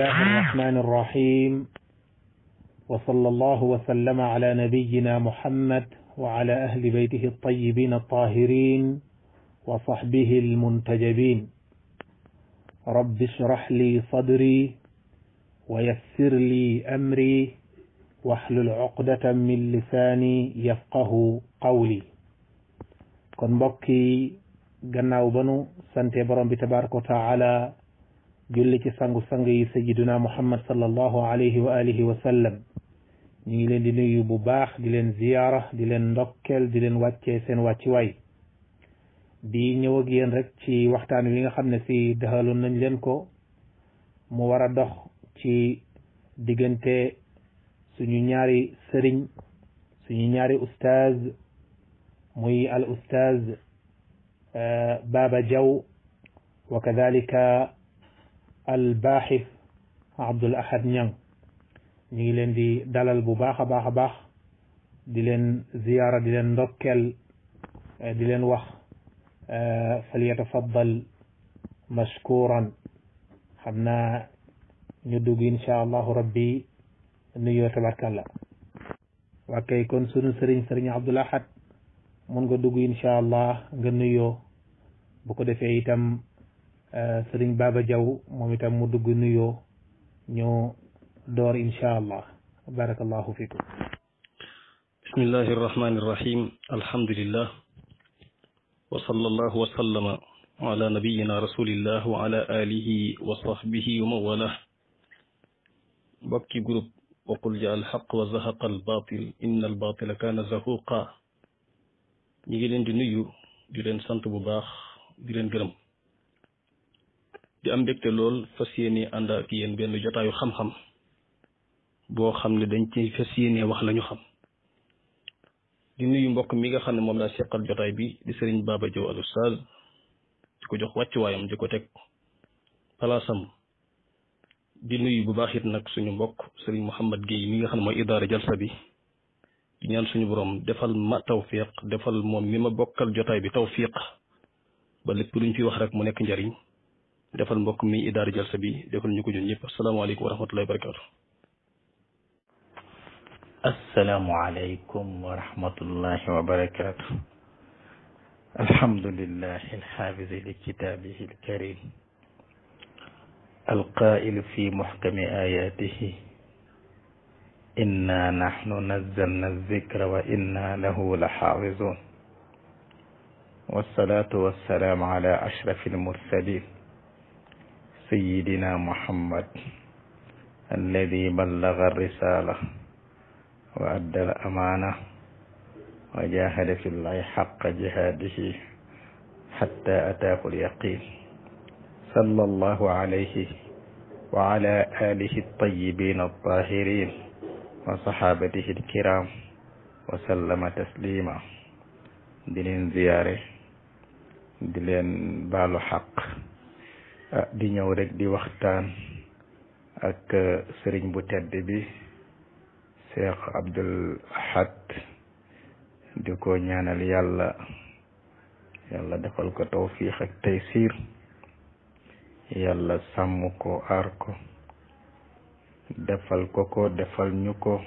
الله الرحمن الرحيم وصلى الله وسلم على نبينا محمد وعلى أهل بيته الطيبين الطاهرين وصحبه المنتجبين رب اشرح لي صدري ويسر لي أمري واحلل عقدة من لساني يفقه قولي kon mbokk yi gannaaw ba nu sante borom bi tabaraka wa taala julli ci sangu sang yi sayiduna muhammad sallallahu alayhi wa alihi wa sallam ñu ngi leen di nuyu bu baax di leen ziyaara di leen ndokkel di leen wàccee seen wàcciwaay di ñëw ak yéen rek ci waxtaan wi nga xam ne si daxaloon nañ leen ko mu war a dox ci diggante suñu ñaari sëriñ suñu ñaari ustaaz muy al ustaaz eh, Baba jaw wa kadalika al baaxis Abdul Ahad Ñang ñu ngi leen di dalal bu baax a baax a baax di leen ziyaara di leen ndokkeel eh, di leen wax eh, falyatafaddal mashkuran xam naa ñu dugg insha allahu rabbi nuyoo tabarkalla waa kay kon sunu sëriñ sëriñ Abdul Ahad mun nga dugg insha allah nga nuyoo bu ko defee itam Euh, sëriñ Baba Diaw moom itam mu dugg nuyoo ñu door incha allah barakallahu fikum bismillahi arrahmani irrahim alhamdulillah wa sallallahu wa sallama ala nabiyina rasulillah wa ala alihi wa sahbihi wa mawala bokki groupe waqul ja alxaq wa zahaqa albatil inna albatila kaana zahuqa ñi ngi leen di nuyu di leen sant bu baax di leen gërëm di am mbégte lool fas yéene ànd ak yéen benn jotaayu xam-xam boo xam ne dañ ci fas yéene wax lañu xam di nuyu mbokk mi nga xam ne moom laa seqal jotaay bi di sëriñ Baba Diaw al di ko jox wàccuwaayam di ko teg palaasam di nuyu bu baax it nag suñu mbokk sëriñ Mouhamed Guèye mi nga xam ne mooy idaara jalsa bi di ñaan suñu borom defal ma tawfiq defal moom mi ma bokkal jotaay bi tawfiq ba lépp luñ fi wax rek mu nekk njariñ defal mbokk mi idaara jalsa bi defal ñu ko ñun ñëpp asalaamaaleykum wa rahmatullahi wa barakaatu. asalaamualeykum wa rahmatullahi wa barakaatu. alhamdulilahi alxaafisi li kitaabihi alkarim. alqaa'ilu fi muxkami aayaatihi. inna naxnu nazzalna azikra wa inna lahu la xaafizuun. wasalaatu wasalaam ala ashrafil mursaliin سيدنا محمد الذي بلغ الرسالة وأدى الأمانة وجاهد في الله حق جهاده حتى أتاه اليقين صلى الله عليه وعلى آله الطيبين الطاهرين وصحابته الكرام وسلم تسليما di leen ziyaare di leen baalu xaq Ah, di ñëw rekk di waxtaan ak ah, sëriñ bu tedd bi Cheikh Abdul Ahad di ko ñaanal yàlla yàlla defal ko tawfiix ak taysiir yàlla sàmm ko aar defal koko defal ñu ko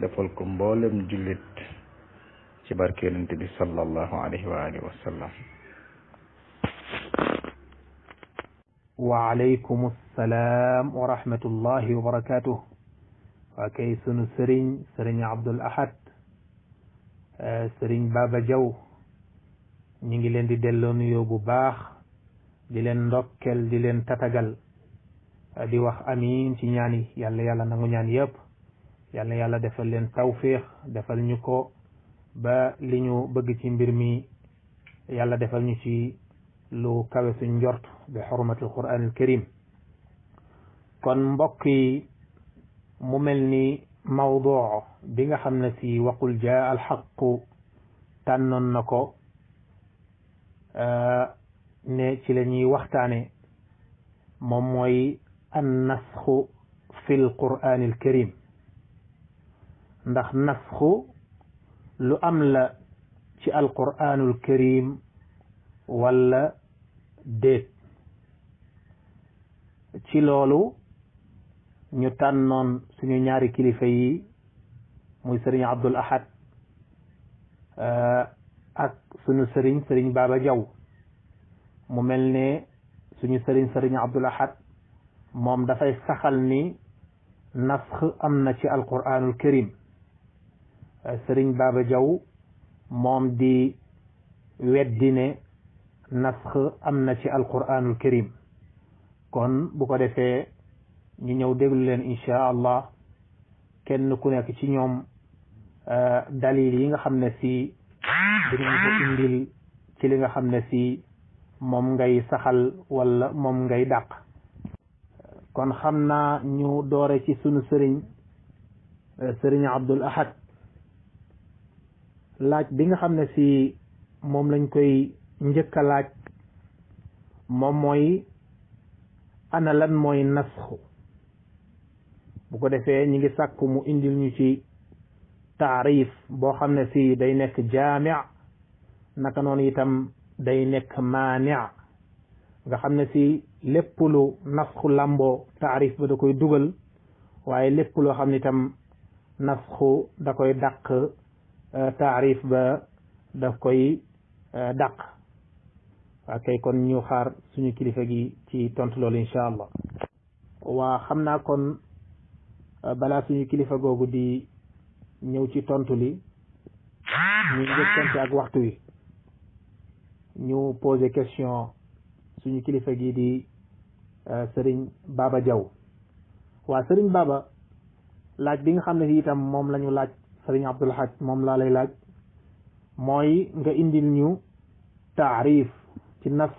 defal ko mboolem jullit ci barke yonent bi sallallahu alayhi wa waaleykum salaam wa rahmatullahi wa barakaatuh waa kay sunu sëriñ sëriñ Abdul Ahad eh, sëriñ Baba Jaw ñu ngi leen di delloo nuyoo bu baax di leen ndokkel di leen tatagal eh, di wax amiin ci ñaan yi yàlla yàlla nangu ñaan yëpp yàlla yàlla defal leen tawfiix defal ñu ko ba li ñu bëgg ci mbir mi yàlla defal ñu ci lu kawe suñ njort bi xormatil quraanil karim kon mbokk yi mu mel ni mawduu bi nga xam ne sii waqul jaa alxaqu tànnoon na ko euh, ne ci la ñuy waxtaane moom mooy an nasxu fi l quraanil ndax nasxu lu am la ci alquraanul karim walla déet ci loolu ñu tànnoon suñu ñaari kilifa yi muy sëriñ Abdul Ahad eh, ak suñu sëriñ sëriñ Baba Jaw mu mel ne suñu sëriñ sëriñ Abdul Ahad moom dafay saxal ni nasx am na ci alquranul karim eh, sëriñ Baba Jaw moom di weddi nasx am na ci alquranul karim kon bu ko defee ñu ñëw déglu leen insha allah kenn ku nekk ci ñoom euh, dalil yi nga xam ne si dinañ ci li nga xam ne si moom ngay saxal walla moom ngay dàq kon xam naa ñu doore ci sunu sëriñ euh, sëriñ Abdul Ahad laaj bi nga xam ne si moom lañ koy njëkk laaj moom mooy ana lan mooy nasxu bu ko defee ñi ngi sàkk mu indil ñu ci taarif boo xam ne si day nekk jaamic naka noonu itam day nekk maanic nga xam ne si lépp lu nasxu làmboo taarif ba da koy dugal waaye lépp loo xam ne itam nasxu da koy dàq euh, taarif ba daf koy euh, dàq waa kay kon ñu xaar suñu kilifa gi ci tontu loolu incha allah waa xam naa kon euh, balaa suñu kilifa googu di ñëw ci tontu li ñu njëkkante ak waxtu wi ñu posé question suñu kilifa gi di euh, sëriñ Baba Diaw waa sëriñ Baba laaj bi nga xam ne itam moom la laaj sëriñ Abdul Hadj moom laa lay laaj mooy nga indil ñu taarif ci nasx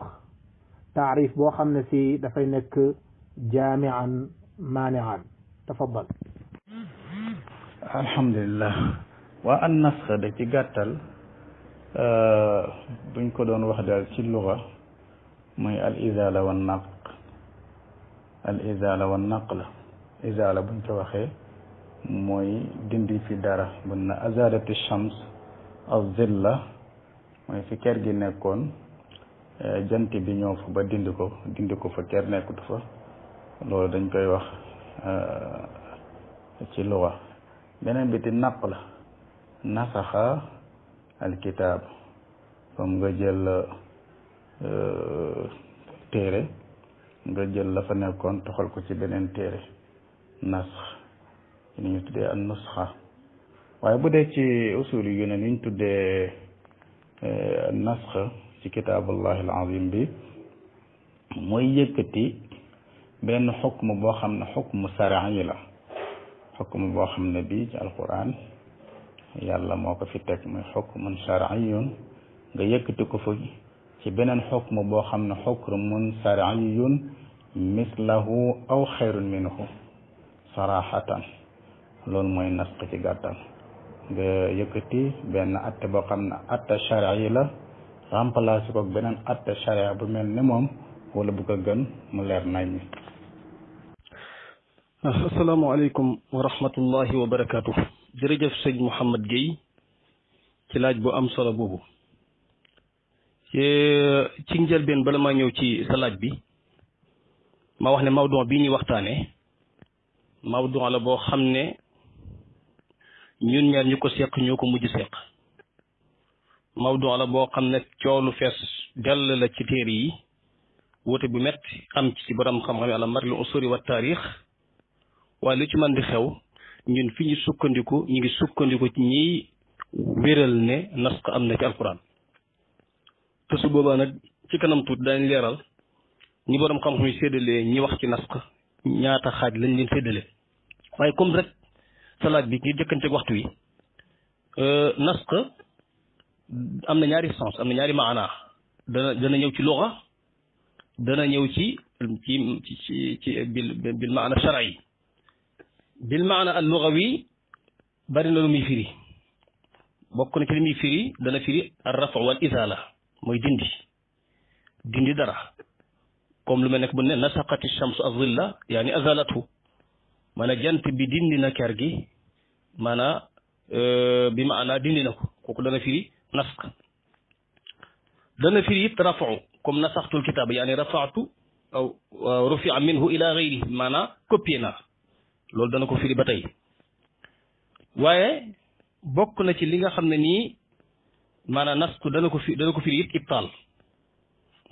taarif boo xam ne si dafay nekk jaamian maanian tafaddal alhamdulillah waa an de ci gàttal euh, buñ ko doon wax daal ci luga mooy al izala wa naq al la izala buñ ko waxee mooy dindi fi dara bun na azalati shams az zilla mooy fi kër gi nekkoon Euh, jant bi ñëw fa ba dindi ko dindi ko fa ker nekkut fa loolu dañ koy wax euh, ci luwa beneen bi di napp la nasaxa alkitaab comme nga jël euh, téere nga jël la nekkoon toxal ko ci beneen téere nasx li ñu tuddee an nusxa waaye bu dee ci usul yu ne ni ñu tuddee nasx ci kitaabullahi alazim bi mooy yëkkati benn xukm boo xam ne xukmu saraan yi la xukm boo xam ne bii ci alquran yàlla moo ko fi teg muy xukmun sariyun nga yëkkati ko fa ci beneen xukm boo xam ne xukmun sariyun mislahu aw xayrun minhu sarahatan loolu mooy nasq ci gàttal nga yëkkati benn atte boo xam ne atte shari la remplacé ko beneen atte charia bu mel ni moom wala bu ko gën mu leer nañ. asalaamaaleykum wa rahmatullahi wa barakaatu. jërëjëf sëñ Mouhamed ci laaj bu am solo boobu. ci njëlbeen bala maa ñëw ci sa laaj bi ma wax ne mawdon bi ñuy waxtaanee mawdon la boo xam ne ñun ñaar ñu ko seq ñoo ko mujj seq. mawdu la boo xam ne coolu fees dell la ci téere yi wute bu metti am ci borom xam-xam yi ala marli usuri wa taarix waaye lu ci mën di xew ñun fi ñu sukkandiku ñu ngi sukkandiku ci ñiy wéral ne nas am na ci alquran te su boobaa nag ci kanam tuuti daañu leeral ñi borom xam-xam yi séddalee ñi wax ci nas ñaata xaaj lañ leen séddalee waaye comme rek salaat bi ngir jëkkante waxtu yi euh, nas am na ñaari sens am na ñaari maana dana dana ñëw ci luga dana ñëw ci ci ci ci bil bil maana shar'i bil maana al lugawi bari na lu muy firi bokk na ci li muy firi dana firi ar rafa wal izala mooy dindi dindi dara comme lu mel nekk bu ne nasaqati shamsu azilla yaani azalatu maanaam jant bi dindi na ker gi maanaam euh, bi maanaa dindi na ko kooku dana firi nasx dana firi it rafau comme nasaxtul kitaaba yaani rafaatu aw rufia minhu ila gayrihi maanaam copier naa loolu dana ko firi ba tey waaye bokk na ci li nga xam ne nii maanaam nasku dana ko fi dana ko firi it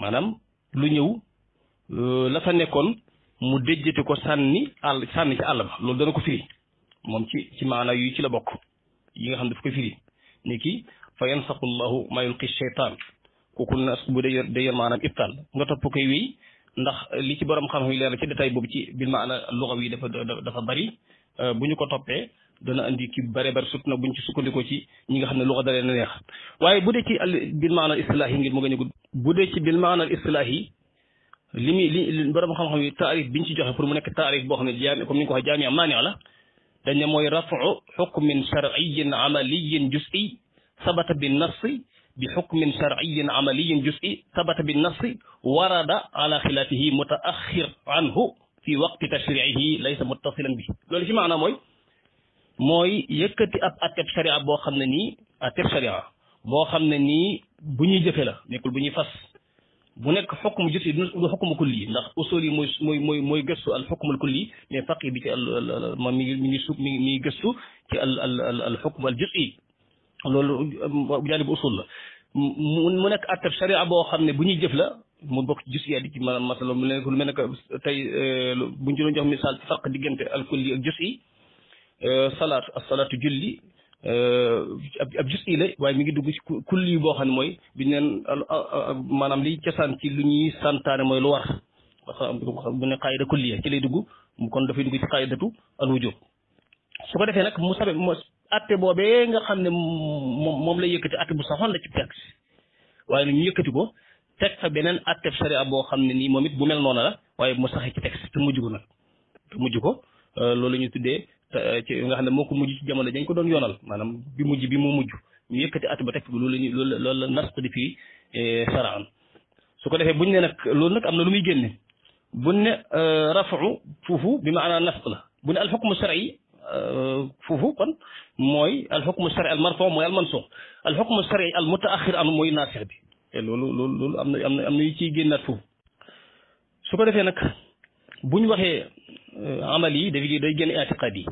maanaam lu ñëw euh, la fa nekkoon mu déjjati ko sànni àll sànni ci àll ba loolu dana ko firi moom ci ci maana yu ci la bokk yi nga xam ne daf ko firi ki fa yansaxu llahu ma yulqi cheytaan kooku nas bu day day yor maanaam ibtal nga topp koy wéy ndax li ci borom xam-xam yi bil maana lugaw yi dafa euh, bu ñu ko toppee dana bu ñu ci sukkandikoo ci ñi nga xam ne luga dalee na neex waaye bu dee ci al bil maana istilaahi ngir mu a gudd bu dee ci bil li muy li borom xam-xam yi taarif bi joxe pour mu nekk taarif boo xam ne jaami comme ni nga ko waxee jaami am maani la dañ ne mooy rafu xukmin sharciyin amaliyin jus'i sabata bi nassi bi hukmin shar'iyyin amaliyin juz'i sabata bi nassi warada ala xilaafihi mutaaxir anhu fi waqti tashriihi laysa muttasilan bi loolu ci maanaam mooy mooy yëkkati ab atteb sharia boo xam ne nii atteb sharia boo xam ne nii bu ñuy jëfe la nekkul bu ñuy fas bu nekk xukmu jës yi du xukmu kulli ndax usul yi mooy mooy mooy mooy gëstu al xukmul kulli mais faqi bi ci al mi ngi mi ngi su mi ngi gëstu ci al al al xukmu al jës yi loolu um, jaani bu usul la mu nekk atteb sharia boo xam ne bu ñuy jëf la mu bokk gis yaa di ci maanaam masala mu nekk lu mel ne que tey euh, jox misaal ci farq diggante ak jus yi euh, salaatu ak salaatu julli euh, ab ab jus yi la waaye mi ngi dugg ci kulli yi boo xam ne mooy bi neen maanaam liy cosaan ci lu ñuy santaane mooy lu war bu ne qaayida kulliya ci lay dugg kon dafay dugg ci qaayidatu al wujub su ko defee nag atte boobee nga xam ne moom moom la yëkkati atte bu saxoon la ci texte waaye nag ñu yëkkati ko teg fa beneen atte sharia boo xam ne nii moom it bu mel noonu la waaye mu saxee ci texte te mujj ko nag te mujj ko euh, loolu ñu tuddee euh, ci nga xam ne moo ko mujj ci jamono dañ ko doon yoonal maanaam bi mujj bi mu mujj ñu yëkkati atte ba teg ko loolu la ñu loolu loolu la nas ko di fii euh, saraan su ko defee buñ ne nag loolu nag am na lu muy génne buñ ne rafu foofu bi maanaam nas la bu ne alxukmu shari Euh, foofu kon mooy alxukmu shari al marfu mooy al mansuux alxukmu shari al mutaaxir anu mooy naasix bi te loolu loolu loolu am na am na am na yu ciy génnaat foofu su ko defee nag buñ waxee euh, amal yi dafay day génne itiqaad yi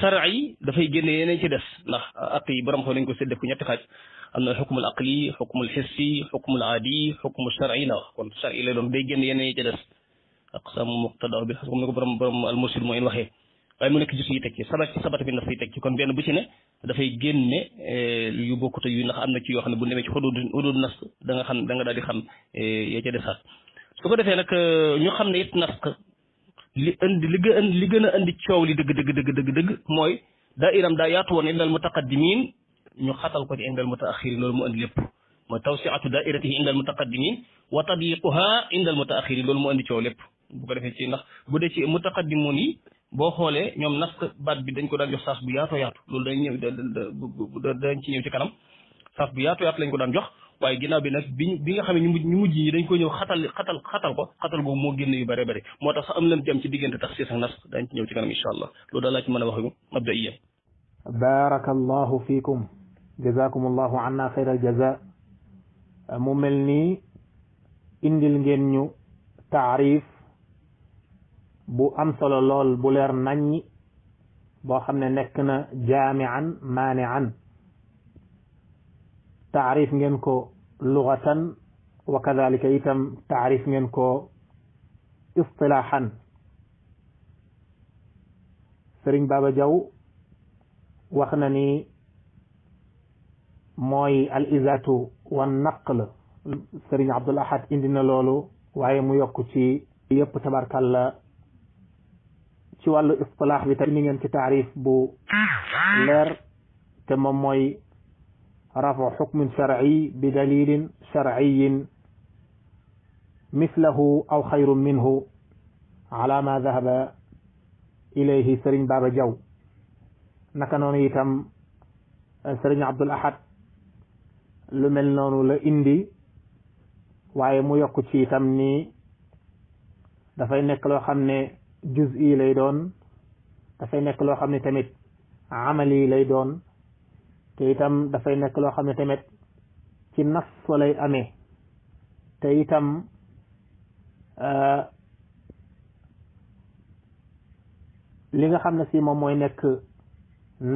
shari yi dafay génne yeneen ci des ndax at yi borom xoo lañ ko sédd def ko ñetti xaaj am na xukmul aqli xukmul xissi xukmul aadi xukmu shari la wax kon shari day génne yeneen yi ci des bi xas comme ni ko borom borom al waxee waaye mu nekk jus yi teg ci sabat ci sabat bi naf yi teg ci kon benn bu ci ne dafay génne eh, yu bokkute yu ndax am na ci yoo xam ne bu demee ci xuduud xuduud nas da nga xam da nga daal di xam eh, ya ca desaat ko defee nag eh, ñu xam ne it nas li indi li gën li gën a indi coow li dëgg dëgg dëgg dëgg dëgg mooy daa iram daa yaatu woon indal mutaqaddimin ñu xatal ko ci indal mutaaxirin loolu mu indi lépp mooy tawsiatu daairatihi indal mutaqaddimin wa tadiquha indal mutaaxirin loolu mu indi coow lépp bu ko defee ci ndax bu dee ci mutaqaddimun yi boo xoolee ñoom nafq baat bi dañ ko daan jox saas bu yaatoo yaatu loolu dañ ñëw dañ ci ñëw ci kanam saas bu yaatoo yaatu lañ ko daan jox waaye ginaaw bi nag bi bi nga xam ne ñu mujj ñu mujj dañ ko ñëw xatal xatal xatal ko xatal boobu moo génn yu bare bare moo tax sax am lam jam ci diggante tax siis ak nas dañ ci ñëw ci kanam incha allah loolu daal laa ci mën a wax yu mabda iya barakallahu fiikum jazakum allahu anna xayral jaza mu mel nii indil ngeen ñu taarif bu am solo lool bu leer nañ boo xam ne nekk na jaamian maanian taarif ngeen ko lugatan wa kadalika itam taarif ngeen ko istilahan sëriñ Baba Jaw wax na ni mooy al wa naql sëriñ Abdul Ahad indi na loolu waaye mu yokk ci yëpp tabarkalla ci wàllu istilaax bi tamit ni ngeen ci bu leer te moom mooy rafu xukmin sharci bi dalilin sharciyin mislahu aw xayrun minhu ala ma dahaba ilayhi sëriñ Baba Jaw naka eh, Abdul Ahad lu mel noonu indi waaye mu yokk ci itam ni dafay nekk loo xam ne juz'i lay doon dafay nekk loo xam ne tamit amali lay doon te itam dafay nekk loo xam ne tamit ci nas lay ame te itam euh, li nga xam ne si moom mooy nekk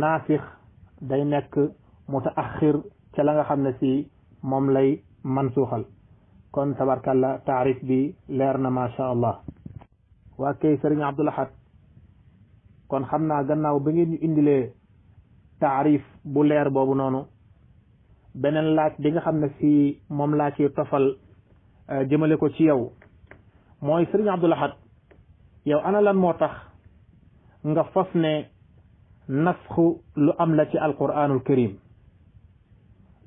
naasix day nekk mutaaxir ca la nga xam ne si moom lay mansuuxal kon tabarkalla taarif bi leer na ma sha allah waa kay sëriñ Abdou kon xam naa gannaaw ba ngeen ñu indilee taarif bu leer boobu noonu beneen laaj bi nga xam ne si moom laa ci tofal euh, jëmale ko ci yow mooy sëriñ Abdou Lahad yow ana lan moo tax nga fas ne nasxu lu am la ci alquranul karim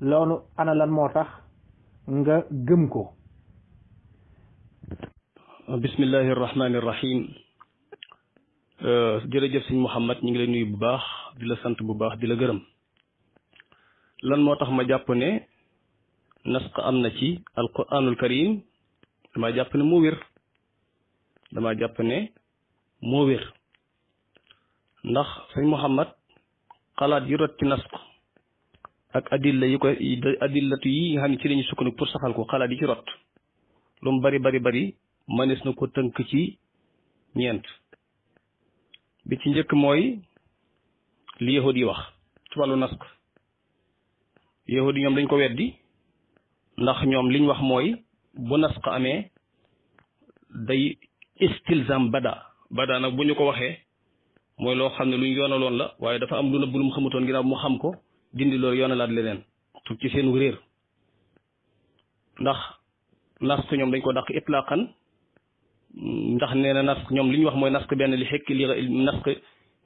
loolu ana lan moo tax nga gëm ko bismillahi irrahmani irrahim euh, jërëjëf sëñ Mouhamed ñu ngi lay nuyu bu baax di la sant bu baax di la gërëm lan moo tax ma jàpp ne nasq am na ci alquranul karim damaa jàpp ne moo wér jàpp ne moo wér ndax sëñ Mouhamed xalaat yu rot ci nasq ak adilla yi koy adillatu yi nga xam ci lañu sukkandiku pour saxal ko xalaat yi ci rot lu mu bari bari bari mënees na ko tënk ci ñeent bi ci njëkk mooy li yahud yi wax ci wàllu nask yahud yi ñoom dañ ko weddi ndax ñoom liñ wax mooy bu nask amee day istilzam bada bada nag bu ñu ko waxee mooy loo xam ne lu ñu yoonaloon la waaye dafa am lu nëbb lu mu xamutoon mu xam ko dindi loolu yoonalaat leneen tug ci seen réer ndax nask ñoom dañ ko dàq itlaqan ndax nee na nasq ñoom li ñu wax mooy nasq benn li xekk li nasq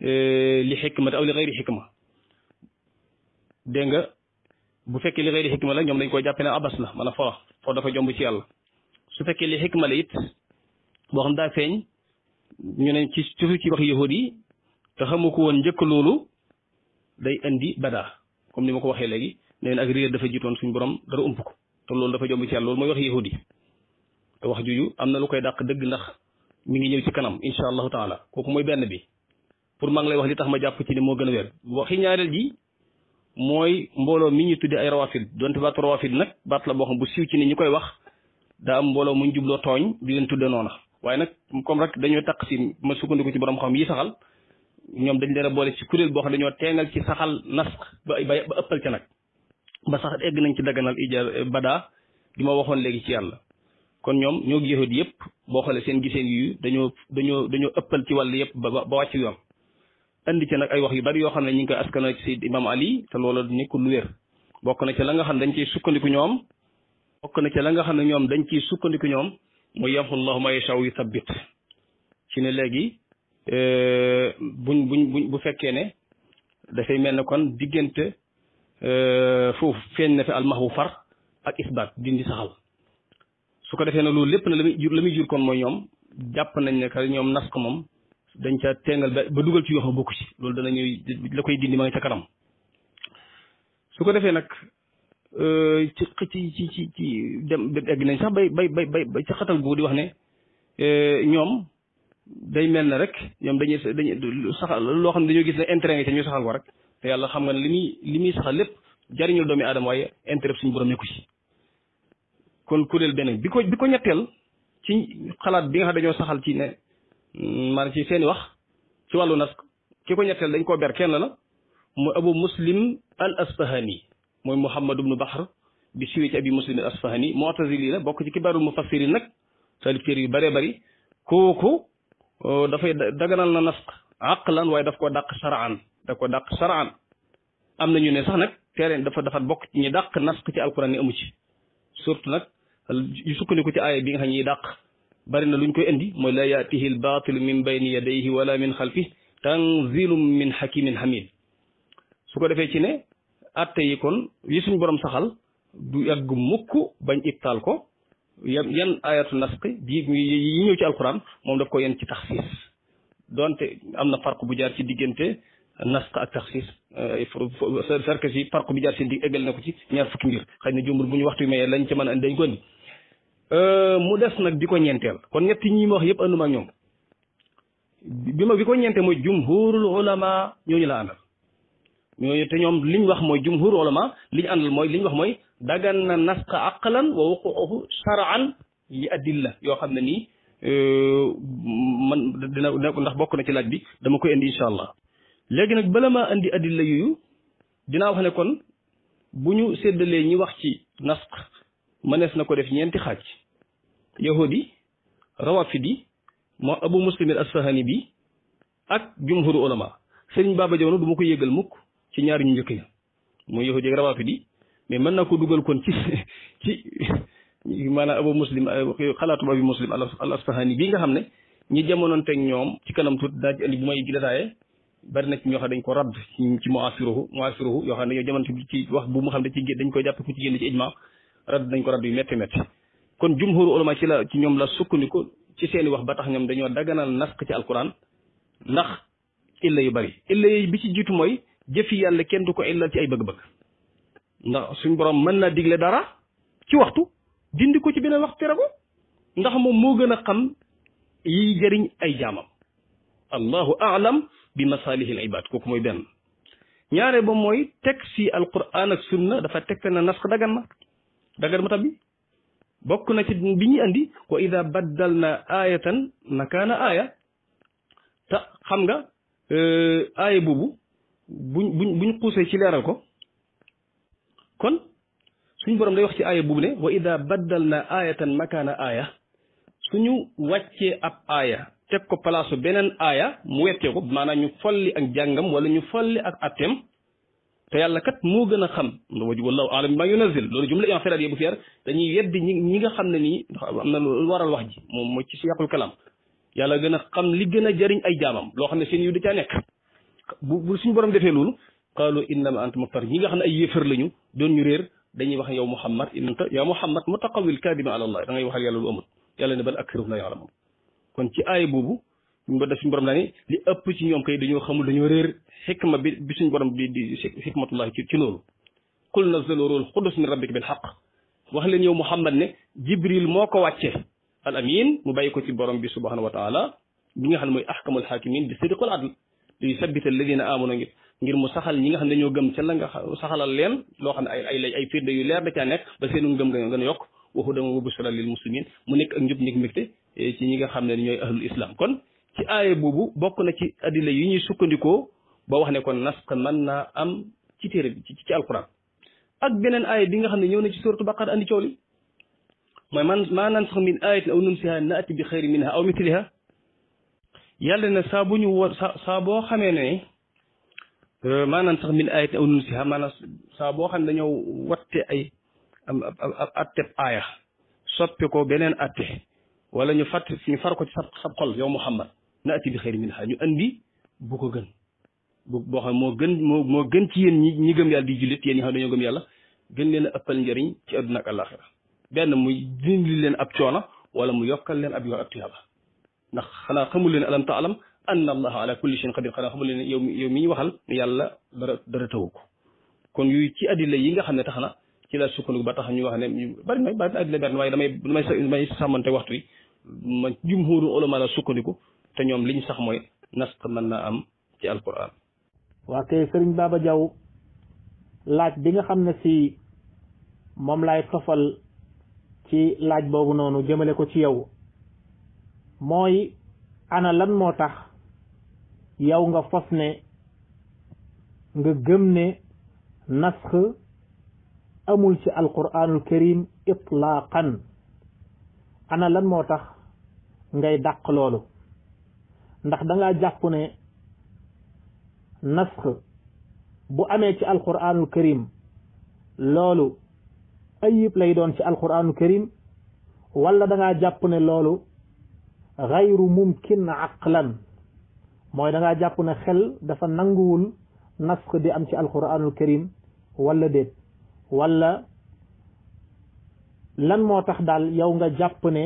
e, li xikmata aw li xayri xikma dégg nga bu fekkee li xayri xikma la ñoom dañ koy jàppe ne abas la maanaam fo fo dafa jomb ci yàlla su fekkee li xikma la it boo xam daa feeñ ñu ci surtout ci wax yahud yi te xamu ko woon njëkk loolu day indi badaa comme ni ma ko waxee léegi nee na dafa jiitoon suñu borom dara ump ko te loolu dafa jomb ci yàlla loolu mooy wax yahud yi te wax juju am na lu koy dàq dëgg ndax mi ngi ñëw ci kanam incha allahu taala kooku mooy benn bi pour maa ngi lay wax li tax ma jàpp ci ni moo gën a wér waxi ñaareel ji mooy mbooloo mi ñu tuddee ay rawafid donte baatu rawafid nag baat la bu siiw ci ni ñu koy wax daa am mbooloo muñ jubloo tooñ di leen tudde noona waaye nag comme rek dañoo taq si ma sukkandiku ci borom xam yi saxal ñoom dañ leen a boole ci kuréel boo dañoo teengal ci saxal nasq ba ba ëppal ca nag ba sax egg nañ ci daganal ija bada di ma waxoon léegi ci yàlla kon ñoom ñoo yahud yëpp boo xoolee seen giseen yu dañoo dañoo dañoo ëppal ci wàll yëpp ba ba wàcc yoon indi ca nag ay wax yu bari yoo xam ne ñu ngi koy askanoo ci Seyd Imam Ali te loola nekkul lu wér bokk na ca la nga xam ne dañ ciy sukkandiku ñoom bokk na ca la nga xam ne ñoom dañ ciy sukkandiku ñoom mu yamhu llahu ma yashaa yu sabbit ci ne léegi euh, buñ buñ buñ bu fekkee ne dafay mel ne kon diggante euh, foofu feeñ na fi almax bu far ak isbaat dindi saxal su ko defee nag loolu lépp na la muy jur la muy jur kon mooy ñoom jàpp nañ ne que ñoom nas ko moom dañ ca teengal ba dugal ci yoo xam bokku ci loolu dana ñuy la koy dindi ma ngi kanam su ko defee nag euh, ci ci ci ci ci nañ sax bay bay bay bay ci xatal gu di wax ne euh, ñoom day mel ne rek ñoom dañuy dañuy saxal loo xam ne dañoo gis ne intérêt nga ca ñu saxal ko rek te yàlla xam nga ne li muy li muy saxal lépp jariñul doomi aadama waaye intérêt suñu borom nekku ci kon kuréel beneen bi ko bi ko ñetteel ci xalaat bi nga xam dañoo saxal ci ne mm, maanaam ci seen wax ci wàllu nas ki ko ñetteel dañ koo ber kenn la mooy abu muslim al asfahani mooy muhammad ibnu bahr bi siwee ci abi muslim al asfahani mu'tazili la bokk ci kibaarul mufassirin nag taalif téere yu bëree bëri kooku euh, dafay daganal na nasq aqlan waaye daf koo dàq sharaan daf ko dàq sharaan am na ñu ne sax nag teereen dafa dafa bokk ci dàq nasq ci alquran ni amu ci surtout nag yu sukkandiku ci aaya bi nga xam ñiy dàq bari na luñ koy indi mooy la yaatihi al baatilu min bayni yadayhi wala min xalfi tanzilum min hakimin hamid su ko defee ci ne atte yi kon yi suñ borom saxal du yàgg mukk bañ ibtaal ko yan yan ayatu nasqi bii yi ñëw ci moom daf ko yan ci taxsiis donte am na farq bu jaar ci diggante nasq ak taxsiis sarkasi euh, farq bu jaar ci di éggal na ko ci ñaar fukki mbir xëy na jumur bu ñu waxtu mayee lañ ca mën a dañ ko Euh, mu des nag bi ko ñeenteel kon ñett ñi ma wax yépp ànduma ak ñoom bi ma bi ko ñeenteel mooy jumhurul ulama ñooñu ñoom liñ wax mooy jumhurul ulama liñ àndal mooy liñ wax mooy dagan na nasqa aqlan wa wuquuhu shar'an li adilla yoo xam ne nii euh, man dina ndax bokk na ci laaj bi dama koy indi incha allah léegi nag bala maa indi adilla yooyu dinaa wax ne kon bu ñu séddalee ñi wax ci nasq mënees na ko def ñeenti xaaj yahudi rawafidi moo abu muslim as-sahani bi ak jumhuru ulama sëriñ Baba Diaw du ma ko yëgal mukk ci ñaari ñu njëkk ya muy yahudi ak rawafidi mais mën na ko dugal kon ci ci maanaam abu muslim xalaatu abu nga xam ne ñi jamononteeg ñoom ci kanam tuut daa ci andi bu may détaillé bari na ñoo xam dañ ko radd ci muasiruhu muasiruhu yoo xam ne yow jamono ci wax bu mu xam ne dañ koy jàpp ku ci génn ci ijma radd nañ ko radd yu métti métti kon jumhuru ulama ci la ci ñoom la sukkandiku ci seeni wax ba tax ñoom dañoo daganal nasq ci alquran ndax illa yu bari illa bi ci jiitu mooy jëfi yàlla kenn du ko illal ci ay bëgg-bëgg suñ borom mën naa digle dara ci waxtu dindi ko ci beneen waxtu tere ndax moom moo gën a xam yiy jëriñ ay jaamam allahu aalam bi masaalihil ibad kooku mooy benn ñaare ba mooy teg si alquran ak sunna dafa tegte na nasx dagan dagan mu tabbi bokk na ci bi ñu indi wa ida baddal na aayatan nakaana aaya te xam nga euh, aaya boobu buñ buñ buñ xuusee ci leeral ko kon suñ borom day wax ci aaya boobu ne wa ida baddal na aayatan makaana aaya suñu wàccee ab aaya teg ko palaasu beneen aya mu wettee ko maanaam ñu folli ak jàngam wala ñu folli ak atteem te yàlla kat moo gën a xam waj wallahu alam maa yunazil loolu jumla yi bu fier dañuy yeddi ñi nga xam ne nii am na lu wax ji moom mooy ci siyaqul kalaam yàlla gën a xam li gën a jëriñ ay jaamam loo xam ne seen yu da caa nekk bu bu suñu borom defee loolu qaalu innama anta muftar ñi nga xam ne ay yéefar lañu doon ñu réer dañuy wax yow muhammad innanta yaa muhammad mutaqawil kadima ala allah da ngay waxal yàlla lu amul yàlla ne bal aktharuhum la ya'lamun kon ci aaya boobu suñu borom suñu borom daa ni li ëpp ci ñoom kay dañoo xamul dañoo réer xikma bi bi suñu borom di di xikmatullahi ci ci loolu qul nazzalahu ruhul qudus min rabbika bil haqq wax leen yow Muhammad ne jibril moo ko wàcce al amin mu bàyyi ko ci borom bi subhanahu wa taala bi nga xam ne mooy ahkamul hakimin bi sidq wal ngir mu saxal ñi nga xam ne dañoo gëm ca la nga saxalal leen loo xam ne ay ay ay firnde yu leer da caa nekk ba seenu ngëm yokk waxu dama wa bushra lil muslimin mu nekk ak njub nekk eh, ñi nga xam ne ñooy ahlul islam kon ci aaya boobu bokk na ci addila yi ñuy sukkandikoo ba wax ne kon nasq mën naa am ci téere bi ci ci ak beneen aaya bi nga xam ne ñëw na ci suratu baqara andi coow li mooy man maa nansax min ayatin aw nunsiha naati bi xayri aw mitliha yàlla ne saa bu ñu war sa saa boo xamee ne euh, maanaam sax min ayat aw nun si maanaam saa boo xam ne dañoo watte ay am ab aaya soppi ko beneen atte wala ñu fàtt ñu far ci sa sab xol yow Muhammad naati bi xayri min ha ñu andi bu ko gën bu boo xam moo gën moo moo gën ci yéen ñi ñi gëm yàlla di jullit yéen ñi xam dañoo gëm yàlla gën leen a ëppal njëriñ ci àdduna benn muy dindi leen ab coono wala mu yokkal leen ab yoon ab tuyaaba ndax xanaa xamul leen alam taalam anna allaha ala kulli shay'in qadir xanaa xamul leen yow yow mi ñu waxal yàlla dara dara tawu ko kon yooyu ci addila yi nga xam ne tax na ci la sukkandiku ba tax ñu wax ne ñu bari na bari na addila bari na waaye damay damay damay sàmmante waxtu yi ma jumhuru ulama a sukkandiku te ñoom liñ sax mooy nasx mën naa am ci alquran. waa kay sëriñ Baba Diaw laaj bi nga xam ne si moom laay tofal ci laaj boobu noonu jëmale ko ci yow mooy ana lan moo tax yow nga fos ne nga gëm ne nasx amul ci alquranul karim itlaaqan ana lan moo tax ngay dàq loolu ndax dangaa jàpp ne nasx bu amee ci alquranul karim loolu ayib lay doon ci alquranul karim walla dangaa jàpp ne loolu xayru mumkin aqlan mooy dangaa jàpp ne xel dafa nanguwul nasx di am ci alquranul karim walla déet wala lan moo tax daal yow nga jàpp ne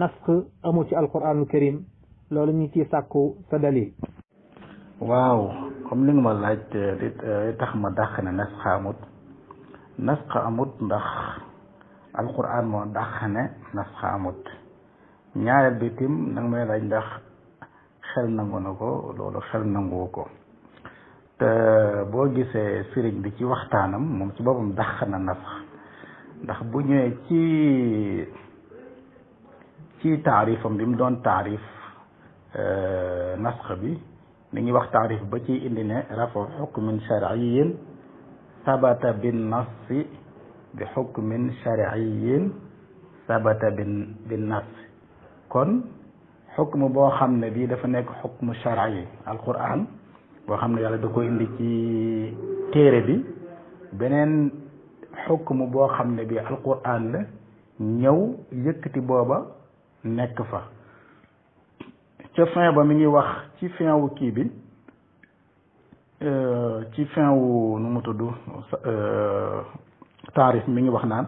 nasx amu ci alquranul karim loolu ñu ciy sàkku sa dalil waaw comme li nga ma laaj li tax ma dàq ne nasxa amut nasxa amut ndax alquran moo dàq ne nasxa amut ñaareel bi tim nag may laaj ndax xel nangu na ko loolu xel nanguwu ko te boo gisee sëriñ bi ci waxtaanam moom ci boppam dàq na nasx ndax bu ñëwee ci ci taarifam bi mu doon taarif Euh, nasx bi mi ngi wax taarif ba ci indi ne rafa xukmin shariyin sabata bin nassi bi xukmin shariyin sabata bin bin nass kon xukm boo xam ne bii dafa nekk xukm shari alquran boo xam ne yàlla da ko indi ci téere bi beneen xukm boo xam ne bii alquran la ñëw yëkkati booba nekk fa ca fin ba mi ngi wax ci fin wu kii bi euh, ci fin wu nu mu tudd euh, taarif mi ngi wax naan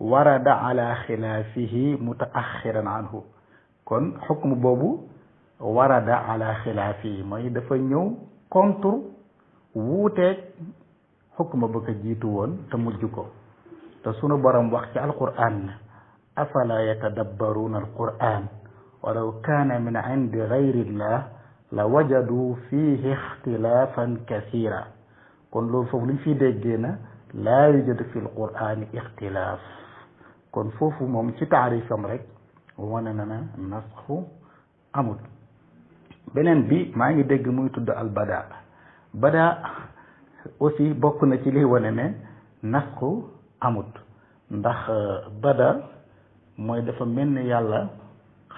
warada ala xilaafihi mutaaxiran anhu kon xukm boobu warada ala xilaafihi mooy dafa ñëw contre wuuteeg xukma ba ko jiitu woon te mujj ko te sunu borom wax ci alquran afala yatadabbaruuna alquran ولو كان من عند غير الله لوجدوا فيه اختلافا كثيرا kon loolu foofu liñ fiy déggee na laa yujadu fi alqurani ixtilaaf kon foofu moom ci taarifam rek wane na na nasxu amut beneen bi maa ngi dégg muy tudd al bada bada aussi bokk na ci liy wane ne nasxu amut ndax euh, bada mooy dafa mel ni yàlla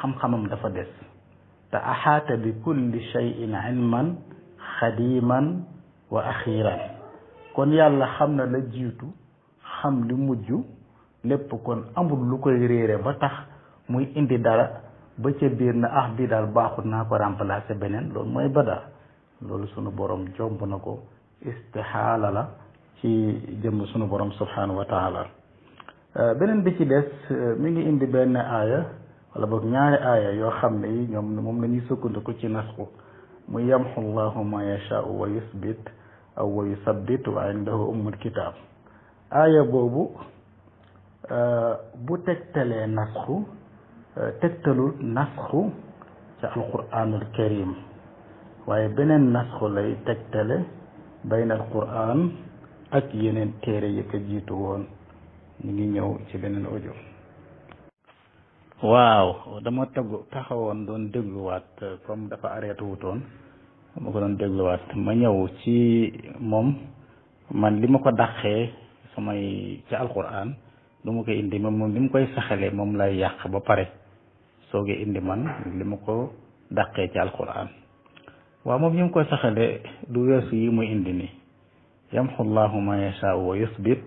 xam-xamam dafa des te axaata bi kulli cheyin ilman xadiman wa axiran kon yàlla xam na la jiitu xam lu mujj lépp kon amul lu koy réere ba tax muy indi dara ba ca biir na ah bii daal baaxut naa ko remplacer beneen loolu mooy bada loolu sunu borom jomb na ko istixaala la ci jëmm sunu boroom subhanahu wa euh, beneen bi ci des euh, mi ngi indi benn aaya wala boog ñaari aaya yoo xam ne yi ñoom moom lañuy ñuy sukkandiku ci nasxu mu yamxu llahu ma yashaau wa yusbit aw wa yusabbit wa indahu ummul kitaab boobu euh, bu tegtalee nasxu euh, tegtalul nasxu ca alquranul karim waaye beneen nasxu lay tegtale bayn alquran ak yeneen téere yi ko jiitu woon ñu ngi ñëw ci beneen audio waaw dama tegu taxawoon doon dégluwaat euh, comme dafa arrêté wutoon ma ko doon dégluwaat ma ñëw ci moom man li ma ko dàqee samay ci alquran lu ma ko indi moom li koy saxalee moom lay yàq ba pare sooge indi man li ma ko dàqee ci alquran waaw moom ñu ngi koy saxalee du weesu yi muy indi nii yamxu llahu ma yashaa wa yuthbit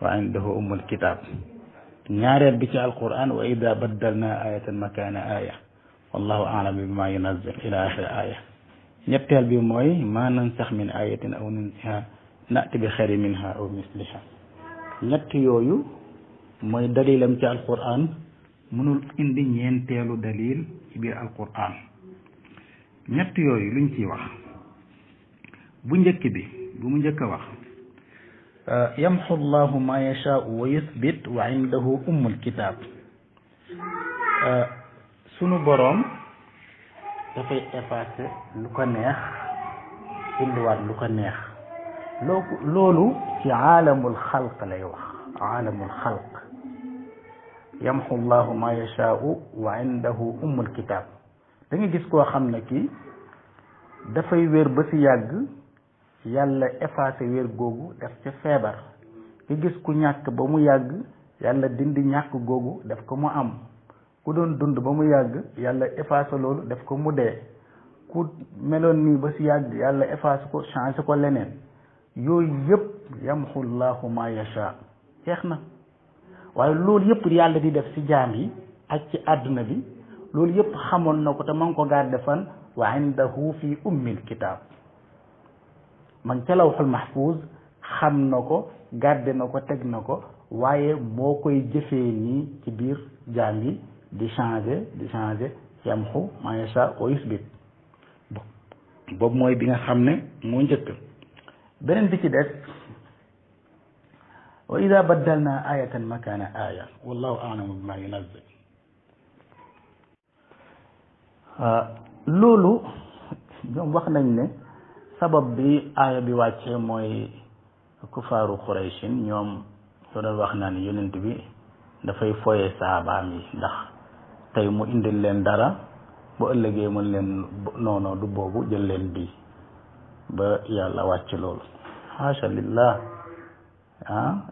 wa indahu umul kitab ñaareel bi ci alquran wa ida baddalna ayatan makana aya wallahu alam bi ma yunazil ila axiri aya ñetteel bi mooy ma nansax min ayatin nunsiha nati bi xayri minha aw misliha ñett yooyu mooy dalilam ci alquran mënul indi ñeenteelu dalil ci biir alquran ñett yooyu luñ ci wax bu njëkk bi bu mu njëkk wax Uh, yamxu llahu ma yashaau wa yuthbit wa indahu ummul kitaab uh, sunu boroom dafay effacer lu ko neex indiwaat lu ko neex loo loolu ci aalamul xalq lay wax aalamul xalq yamxu llahu ma yashaau wa indahu ummul kitaab da nga gis koo xam ne kii dafay wér ba si yàgg yàlla effacé wér googu def ca feebar ki gis ku ñàkk ba mu yàgg yàlla dindi ñàkk googu def ko mu am ku doon dund ba mu yàgg yàlla effacé loolu def ko mu dee ku meloon nii ba si yàgg yàlla effacé ko changé ko leneen yooyu yëpp yamxu llahu ma yacha jeex na waaye loolu yëpp yàlla di def ci jaam yi ak ci àdduna bi loolu yëpp xamoon na ko te ma ngi ko garde fan wa indahu fi ummil kitaab man nga ca lawxul mahfuus xam na ko gàdde na ko teg na ko waaye moo koy jëfee nii ci biir jaam yi di changé di changé yamxu ma yasha wa yusbit boobu mooy bi nga xam ne moo njëkk beneen bi ci des wa ida baddalna ayatan makana aya wallahu alamu bima yunazil ah, loolu ñoom wax nañ ne sabab bi aaya bi wàcce mooy kufaaru Qurayshin ñoom ñoo doon wax naa ni yonent bi dafay foye saabaam yi ndax tey mu indil leen dara bu ëllëgee mën leen noono du boobu jël leen bi ba yàlla wàcc loolu haasha lillah ah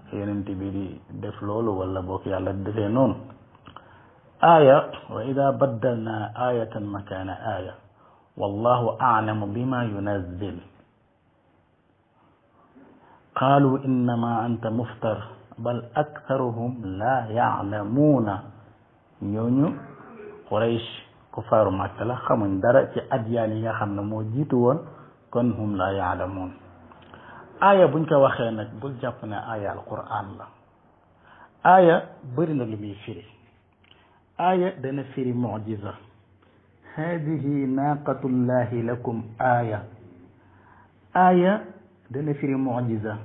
bi di def loolu wala boog yàlla di defee noonu aaya wa ida baddalna ayatan makana aaya wallahu a'lamu bima yunazzil qaalu innama anta muftar bal aktharuhum la ya'lamuuna ñooñu Quraysh kufaaru Makka la xamuñ dara ci adyaan yi nga xam ne moo jiitu woon kon hum la yaalamuun aaya buñ ko waxee nag bul jàpp ne aaya alquran la aaya bëri na lu muy firi aaya dana firi mujiza haadihi naaqatullahi lakum aaya aaya dana firi mujiza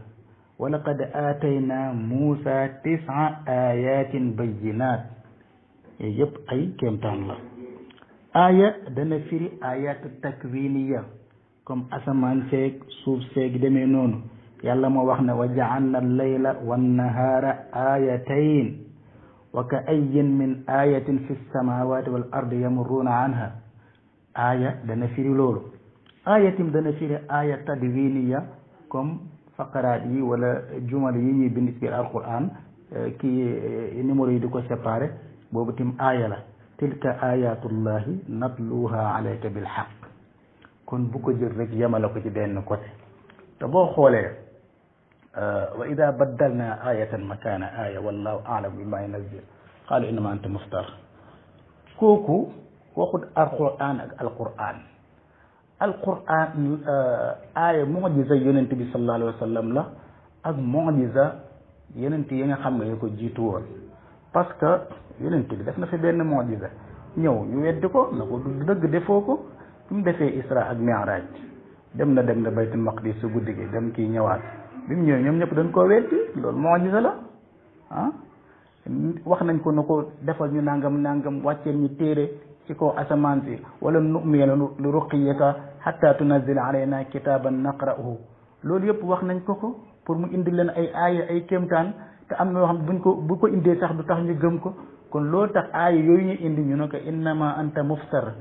wa laqad aatayna muusa tisa ayatin bayyinaat yooyu yëpp ay kéemtaan la aaya dana firi ayatu takwiniya comme asamaan seeg suuf seeg demee noonu yàlla moo wax ne wa ja'alna al layla wannahaara aayatayn wa ka ayin min ayatin fi samawati wal ardi yamurruuna anha aaya dana firi loolu aayatim dana firi aaya tadwiniya comme faqaraat yi wala jumal yi ñuy bind ci alquran kii eh, numéro yi di ko séparé boobu tim aaya la tilka ayatullahi natluha alayka bilhaq kon bu ko jël rek yemale ko ci benn côté te boo xoolee wa ida baddalna ayatan makana aya wallahu alam bima yunazil qaalu innama anta muftar kooku waxut alquran ak alquran alquran aaya mojisa yonent bi sallallahu alayhi wa sallam la ak mojisa yonent yi nga xam ne yu ko jiitu woon parce que yonent bi def na fi benn mojisa ñëw ñu weddi ko na ko du dëgg defoo ko bi mu defee isra ak mi'raj dem na dem na baytul maqdis su guddi gi dem kii ñëwaat bi ñoom ñëpp dañ koo weddi lool moo gisa la ah wax nañ ko na ko defal ñu nangam nangam wàcceel ñi téere ci ko asamaan si wala nu'mina li ruqiyika hatta tunazila alayna kitaaban naqra'uhu loolu yëpp wax nañ ko ko pour mu indi leen ay aaya ay kéemtaan te am na yoo xam ne buñ ko bu ko indee sax du tax ñu gëm ko kon loolu tax aaya yooyu ñu indi ñu ne ko innama anta muftar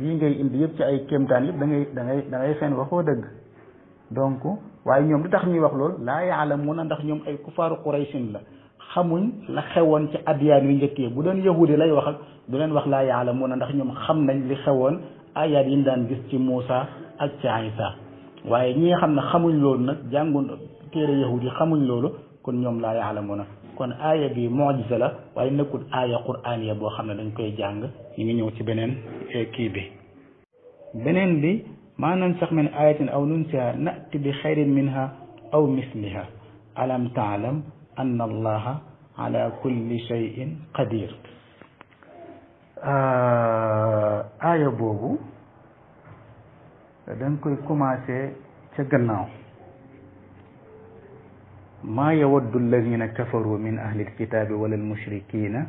yi ngay indi yëpp ci ay kéemtaan yëpp dangay dangay da ngay da ngay fenn dëgg waaye ñoom lu tax ñuy wax loolu laa yaalamuuna ndax ñoom ay kufaaru quraysin la xamuñ la xewoon ci adiyaan yu njëkkee bu doon yahudi lay waxal du leen wax laa na ndax ñoom xam nañ li xewoon ayaat yi ñu daan gis ci Muusa ak ci Isa waaye ñi nga xam ne xamuñ loolu nag jàngun téere yahudi xamuñ loolu kon ñoom laa na kon aaya bi mojisa la waaye nekkul aaya quraaniya boo xam ne dañ koy jàng ñu ngi ñëw ci beneen eh, kii bi beneen bi ma nansax min ayatin aw nunsiha nati bi xayrin minha aw misliha alam taalam anna allaha ala kulli shay'in qadir ah, aaya boobu da nga koy commencé ca gannaaw maa yawaddu alladina kafaru min ahli alkitaabi wala almushrikina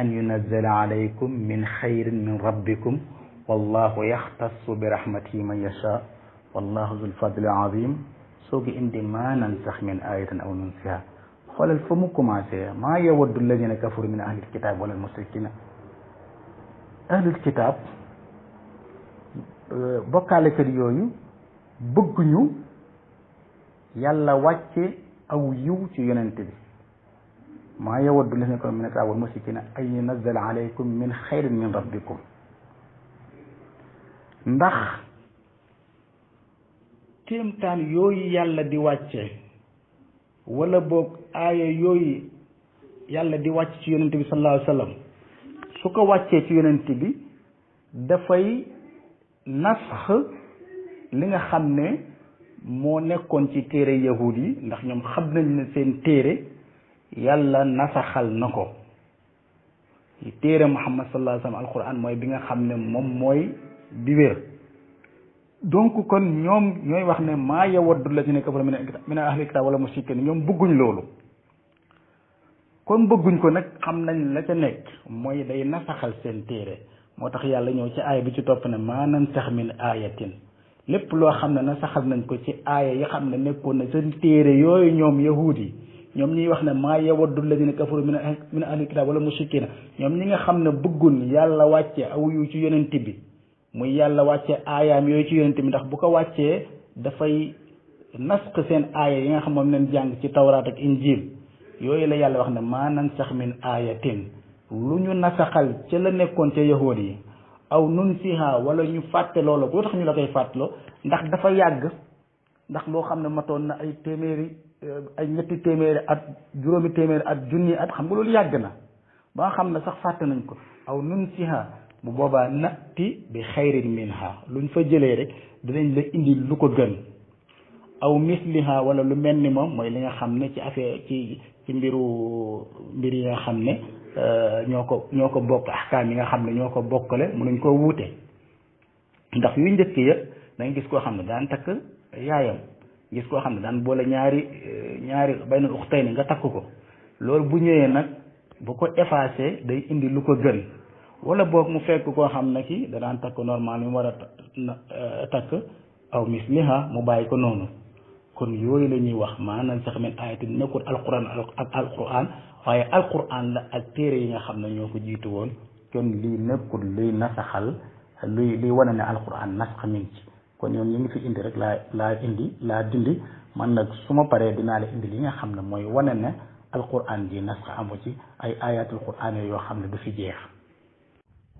an yunazzala alaykum min xayrin min rabbikum wallahu yahtassu bi rahmatihi man yasha wallahu zul fadli azim soo ko indi maa nansax min ayatin aw nunsiha xoolal fa mu commencé maa yawaddu alladina kafaru min ahlil kitab wala almusrikina ahlul kitab euh, bokkaalekat yooyu bëgguñu yàlla wàcce aw yiw ci yonent bi maa yawaddu alladina kafaru min ahlil kitab wal musrikina an yunazzala alaykum min xayrin min rabbikum ndax kéemtaan yooyu yàlla di wàcce wala boog aaya yooyu yàlla di wàcc ci yonent bi su ko wàccee ci yonent bi dafay nasx li nga xam ne moo nekkoon ci téere yahud yi ndax ñoom xam nañ ne seen téere yàlla nasaxal na ko téere muhammad sallallahu alayhi wasallam mooy bi nga xam ne moom mooy bi wér donc kon ñoom ñooy wax ne maa yawaddu lazina kafaru min ahli kitaab wala mushrikiin ñoom bëgguñ loolu kon bëgguñ ko nag xam nañ la ca mooy day nasaxal seen téere moo tax yàlla ñëw ci aaya bi ci topp ne maa nansax min aayatin lépp loo xam ne nasaxal nañ ko ci aaya yi xam ne nekkoon na seen téere yooyu ñoom yahuud yi ñoom ñuy wax ne maa yawaddu lazina kafaru min ahli kitaab wala mushrikiin ñoom ñi nga xam ne bëgguñ yàlla wàcce aw yu ci yonent bi muy yàlla wàcce aayaam yooyu ci yonent tamit ndax bu ko wàccee dafay nasq seen aaya yi nga xamoon moom jàng ci tawraat ak injil yooyu la yàlla wax ne maa nansax min aayatin lu ñu nasaxal ca la nekkoon ca yahood yi aw nun siha wala ñu fàtte loola lu tax ñu la koy fàttaloo ndax dafa yàgg ndax loo xam ne matoon na ay téeméeri euh, ay ñetti téeméeri at juróomi téeméeri at junni at xam nga loolu yàgg na ba nga xam ne sax fàtte nañ ko aw nun siha bu boobaa natti bi xayrin minha luñ fa jëlee rek dinañ la indi lu ko gën aw misliha wala lu mel ni moom mooy li nga xam ne ci affaire ci ci mbiru mbir yi nga xam ne euh, ñoo ko ñoo ko bokk ahkaam yi nga xam ne ñoo ko bokkale mënuñ koo wuute ndax yu njëkk ya danga gis koo xam ne daan takk yaayam gis koo xam ne daan boole ñaari euh, ñaari bayna uxtayni nga takk ko loolu bu ñëwee nag bu ko effacé day indi lu ko gën wala boog mu fekk koo xam na ki danaan takk normal mi war a eh, takk aw misliha mu bàyyi ko noonu kon yooyu la ñuy wax maanaam sax min ayatin nekkul alquran ak alquran waaye alquran la ak téere yi nga xam ne ñoo ko jiitu woon kon lii nekkul luy nasaxal luy luy wane ne alquran nasax mi ngi kon ñoom ñu ngi fi indi rek laa laa indi laa dindi man nag su ma paree dinaa la indi li nga xam ne mooy wane ne alquran ji nasax amu ci ay ayatul quran yoo xam ne du fi jeex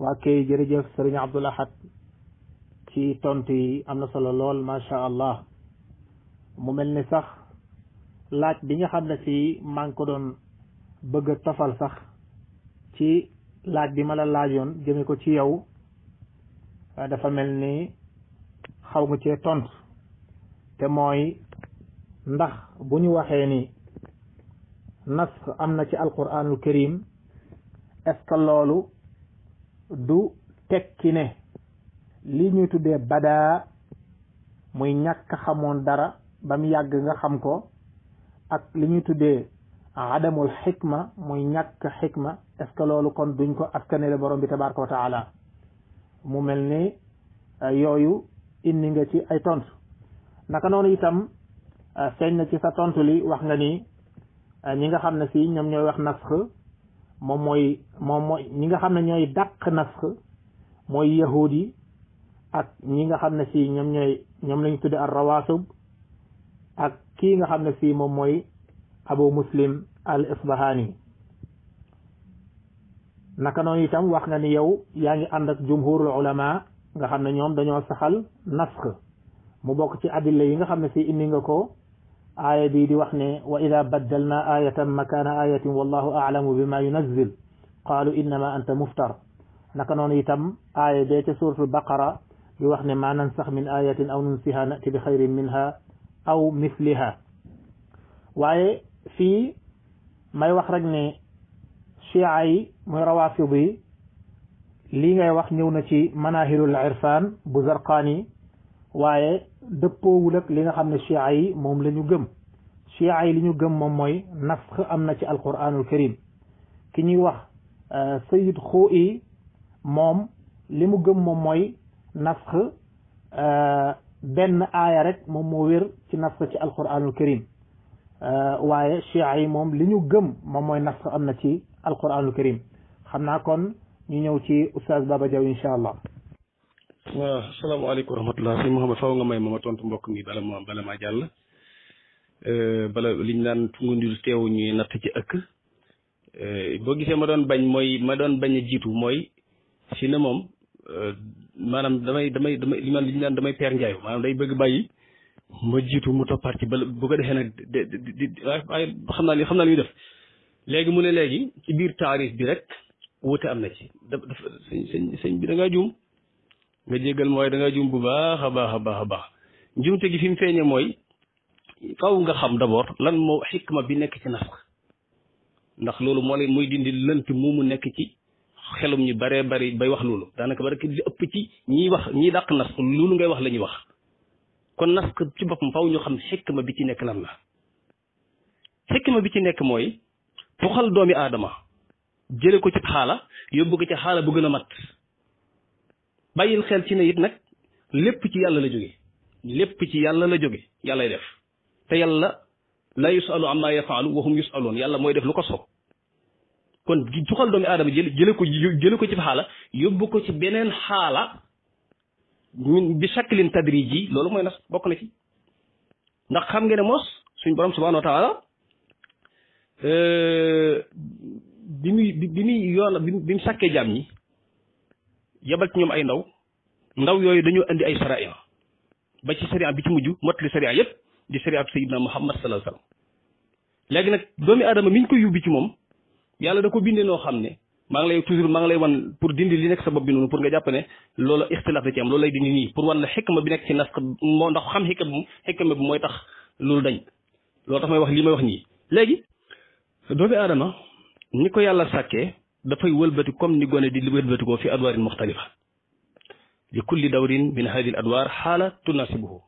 waa kay jërëjëf sëriñ Abdul Ahad ci tontu yi am na solo lool macha allah mu mel ni sax laaj bi nga xam ne si maa ngi ko doon bëgg a tofal sax ci laaj bi ma la laajoon jëme ko ci yow dafa mel ni xaw nga cee tont te mooy ndax bu ñu waxee ni nas am na ci alquranul karim est ce que loolu du tekki ne li ñuy tuddee badaa muy ñàkk xamoon dara ba yàgg nga xam ko ak li ñuy tuddee adamul xikma muy ñàkk xikma est ce que loolu kon duñ ko askanele borom bi tabaraka wa mu mel ni euh, yooyu indi nga ci ay tontu naka noonu itam euh, feeñ na ci sa tontu li wax nga ni euh, ñi nga xam ne si ñoom ñooy wax nasx moom mooy moom mooy ñi nga xam ne ñooy dàq nasx mooy yahuud yi ak ñi nga xam ne si ñoom ñooy ñoom lañu tudde ar rawaasub ak kii nga xam ne si moom mooy abu muslim al isbahani naka noonu itam wax nga ni yow yaa ngi ànd ak jumhurul ulama nga xam ne ñoom dañoo saxal nasx mu bokk ci adilla yi nga xam ne si indi nga ko aaya bii di wax ne wa ida baddalna ayatan makaana ayatin wallahu aalamu bima yunazzil qaalu innama anta muftar naka noonu itam aaya bee ca suratul baqara di wax ne maa nansax min ayatin aw nunsiha nati bi xayrin minha aw misliha waaye fii may wax rek ne chia yi muy rawaafid yi lii ngay wax ñëw na ci manaahilul irfan bu zarqaani waaye dëppoowul ak li nga xam ne chia yi moom la ñu gëm chia yi li ñu gëm moom mooy nasx am na ci alquranul karim ki ñuy wax euh, sayid xoo i moom li mu gëm moom mooy nasx euh, benn aaya rek moom moo wér ci nasx ci alquranul karim euh, waaye chia yi moom li ñu gëm moom mooy nasx am na ci alquranul karim xam naa kon ñu ñëw ci oustaz Baba Diaw incha allah waaw asalaamaaleykum wa rahmatulah sëñ Mouhamed faw nga may ma ma tontu mbokk mi bala ma bala maa jàll euh, bala liñ naan tungandil teew ñuy natt ci ëkk euh, boo gisee ma doon bañ mooy ma doon bañ a jiitu mooy si ne moom euh, maanaam damay damay damay li man liñ naan damay peer njaayu maanaam day bëgg bàyyi ma jiitu mu toppaat ci bala bu ko defee nag de di waaye xam naa li xam naa li def léegi mu ne léegi ci biir taarif bi rek wuute am na ci dafa sëñ sëñ bi da ngaa juum nga jéggal mooy da nga jum bu baax a baax a baax a baax njumte gi fi mu feeñe mooy faw nga xam d'abord lan moo xikma bi nekk ci nasx ndax loolu moo leen muy dindi lënt mu mu nekk ci xelum ñu baree bari bay wax loolu daanaka barek li ëpp ci ñiy wax ñiy dàq nasx loolu ngay wax la ñuy wax kon nasx ci boppam faw ñu xam ma bi ci nekk lan la xikma bi ci nekk mooy tuxal doomi aadama jële ko ci xaala yóbbu ko ci xaala bu gën a mat bàyyil xel ci ne it nag lépp ci yàlla la jóge lépp ci yàlla la jóge yàllay def te yàlla la yusalu amma yafaalu wa hum yusaluun yàlla mooy def lu ko soob kon tuxal doomi aadama jël jële ko jële ko ci xaala yóbbu ko ci beneen xaala min bi shaklin tadriji loolu mooy nas bokk na ci ndax xam nga ne mos suñ borom subhanahu wa euh, bi muy bi muy yoon bi mu sàkkee jaam ñi yebal ci ñoom ay ndaw ndaw yooyu dañoo indi ay sariya ba ci sariya bi ci mujj mottali sariya yëpp di sariya sayyidina Muhammad sallallahu alayhi wasallam léegi nag doomi aadama mi ñu yóbbu ci moom yàlla da ko bindee noo xam ne maa ngi lay toujours maa ngi lay wan pour dindi li nekk sa bopp bi noonu pour nga jàpp ne loolu ixtilaaf da ci am loolu lay dindi nii pour wan la xikma bi nekk moo ndax xam xikma bi xikma bi mooy tax loolu dañ loolu tax wax lii may wax nii léegi doomi aadama ni ko yàlla sàkkee dafay wëlbati comme ni gone di wëlbati ko fi adwaarin muxtalifa li kulli dawrin min hadi al adwaar xaala tunasibuhu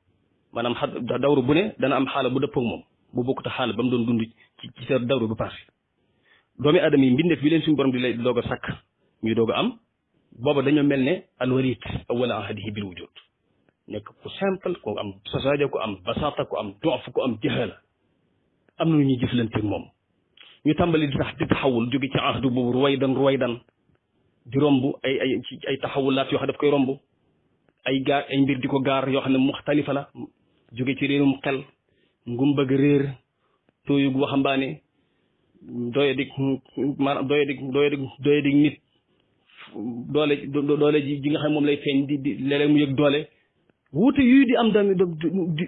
maanaam xa dawru bu ne dana am xaala bu dëppoo moom bu bokkut a xaala bam mu doon dund ci sa dawru bu passé doomi aadama yi mbindeef bi leen suñu borom di lay doog a sàkk ñuy am booba dañoo mel ne alwarit awala ahadihi bil wujud nekk ku simple ku am sasaaja ku am basaata ku am doof ku am jahala am na lu ñuy jëflanteeg moom ñu tàmbali di taxawul jóge ci ahdu boobu ruwaydan ruwaydan di romb ay ay ci yoo xam daf koy romb ay gaar ay mbir gaar yoo xam ne muxtalifa la jóge ci réerum xel ngum bëgg réer tooyug waxambaane doyadig maanaam doyadig doyadig doyadig nit doole doole ji ji nga xam ne moom lay feeñ di di léeg-léeg mu yëg doole wuute yuy di am dami di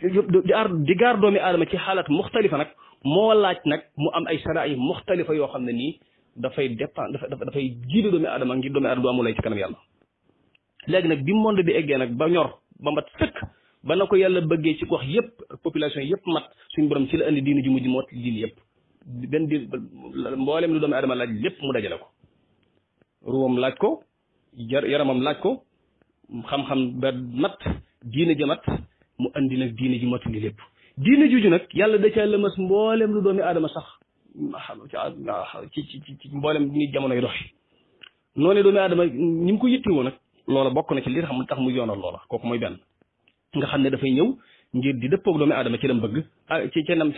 di gaar doomi aadama ci xaalaat muxtalifa nag moo laaj nag mu am ay sharaa yi muxtalifa yoo xam ne nii dafay dépend dafay jiida doomi adama ngir doomi adama du amul lay léegi nag bi monde bi eggee nag ba ñor ba mat ba na ko yàlla bëggee ci gox yépp population yépp mat suñ borom ci la andi diina ji mujj moo diin yépp benn diin mboolem lu doomi adama laaj lépp mu dajale ko ruwam laaj ko yaramam laaj ko xam-xam ba mat diina ja mat mu andi nag diina ji mottali lépp diine juju nag yàlla da caa lëmas mboolem lu doomi aadama sax ci ci ci mboolem ni jamonoy doxi noonu doomi aadama ni mu ko yittewoo nag loola bokk na ci li xam tax mu yoonal loola kooku mooy benn nga xam ne dafay ñëw ngir di dëppoog doomi aadama ci lam bëgg ci ca nam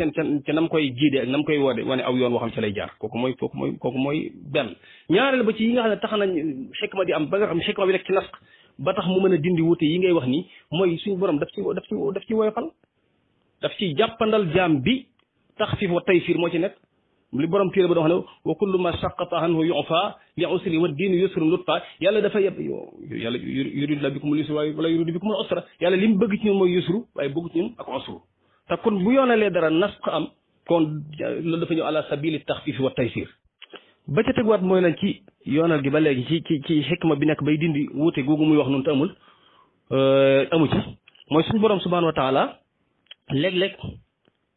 ca nam koy jiidee ak nam koy woode wane aw yoon waxam ci lay jaar kooku mooy kooku mooy kooku mooy benn ñaareel ba ci tax nañ xikma di am ba nga xam xikma bi nekk ci nasq ba tax mu mën a dindi wuute yi ngay wax nii mooy suñu borom daf ci daf ci daf ci jàppandal jaam bi taxfif wa taysiir moo ci nekk li borom téere ba doon wax ne wa kullu ma saqata anhu yufa li usri wa diinu yusrun lutfa yàlla dafa yeb yàlla yuridu la bikumul yusra wala yuridu bikumul usra yàlla li mu bëgg ci ñun mooy yusru waaye bëgg ci ñun ak usru te kon bu yoonalee dara nasq am kon loolu dafa ñëw ala sabili taxfiif wa taysir ba ca waat mooy nañ ci yoonal gi ba léegi ci ci ci xikma bi nekk bay dindi wuute googu muy wax noonu te amul euh, amu ci mooy suñu borom subhanahu wa léeg-léeg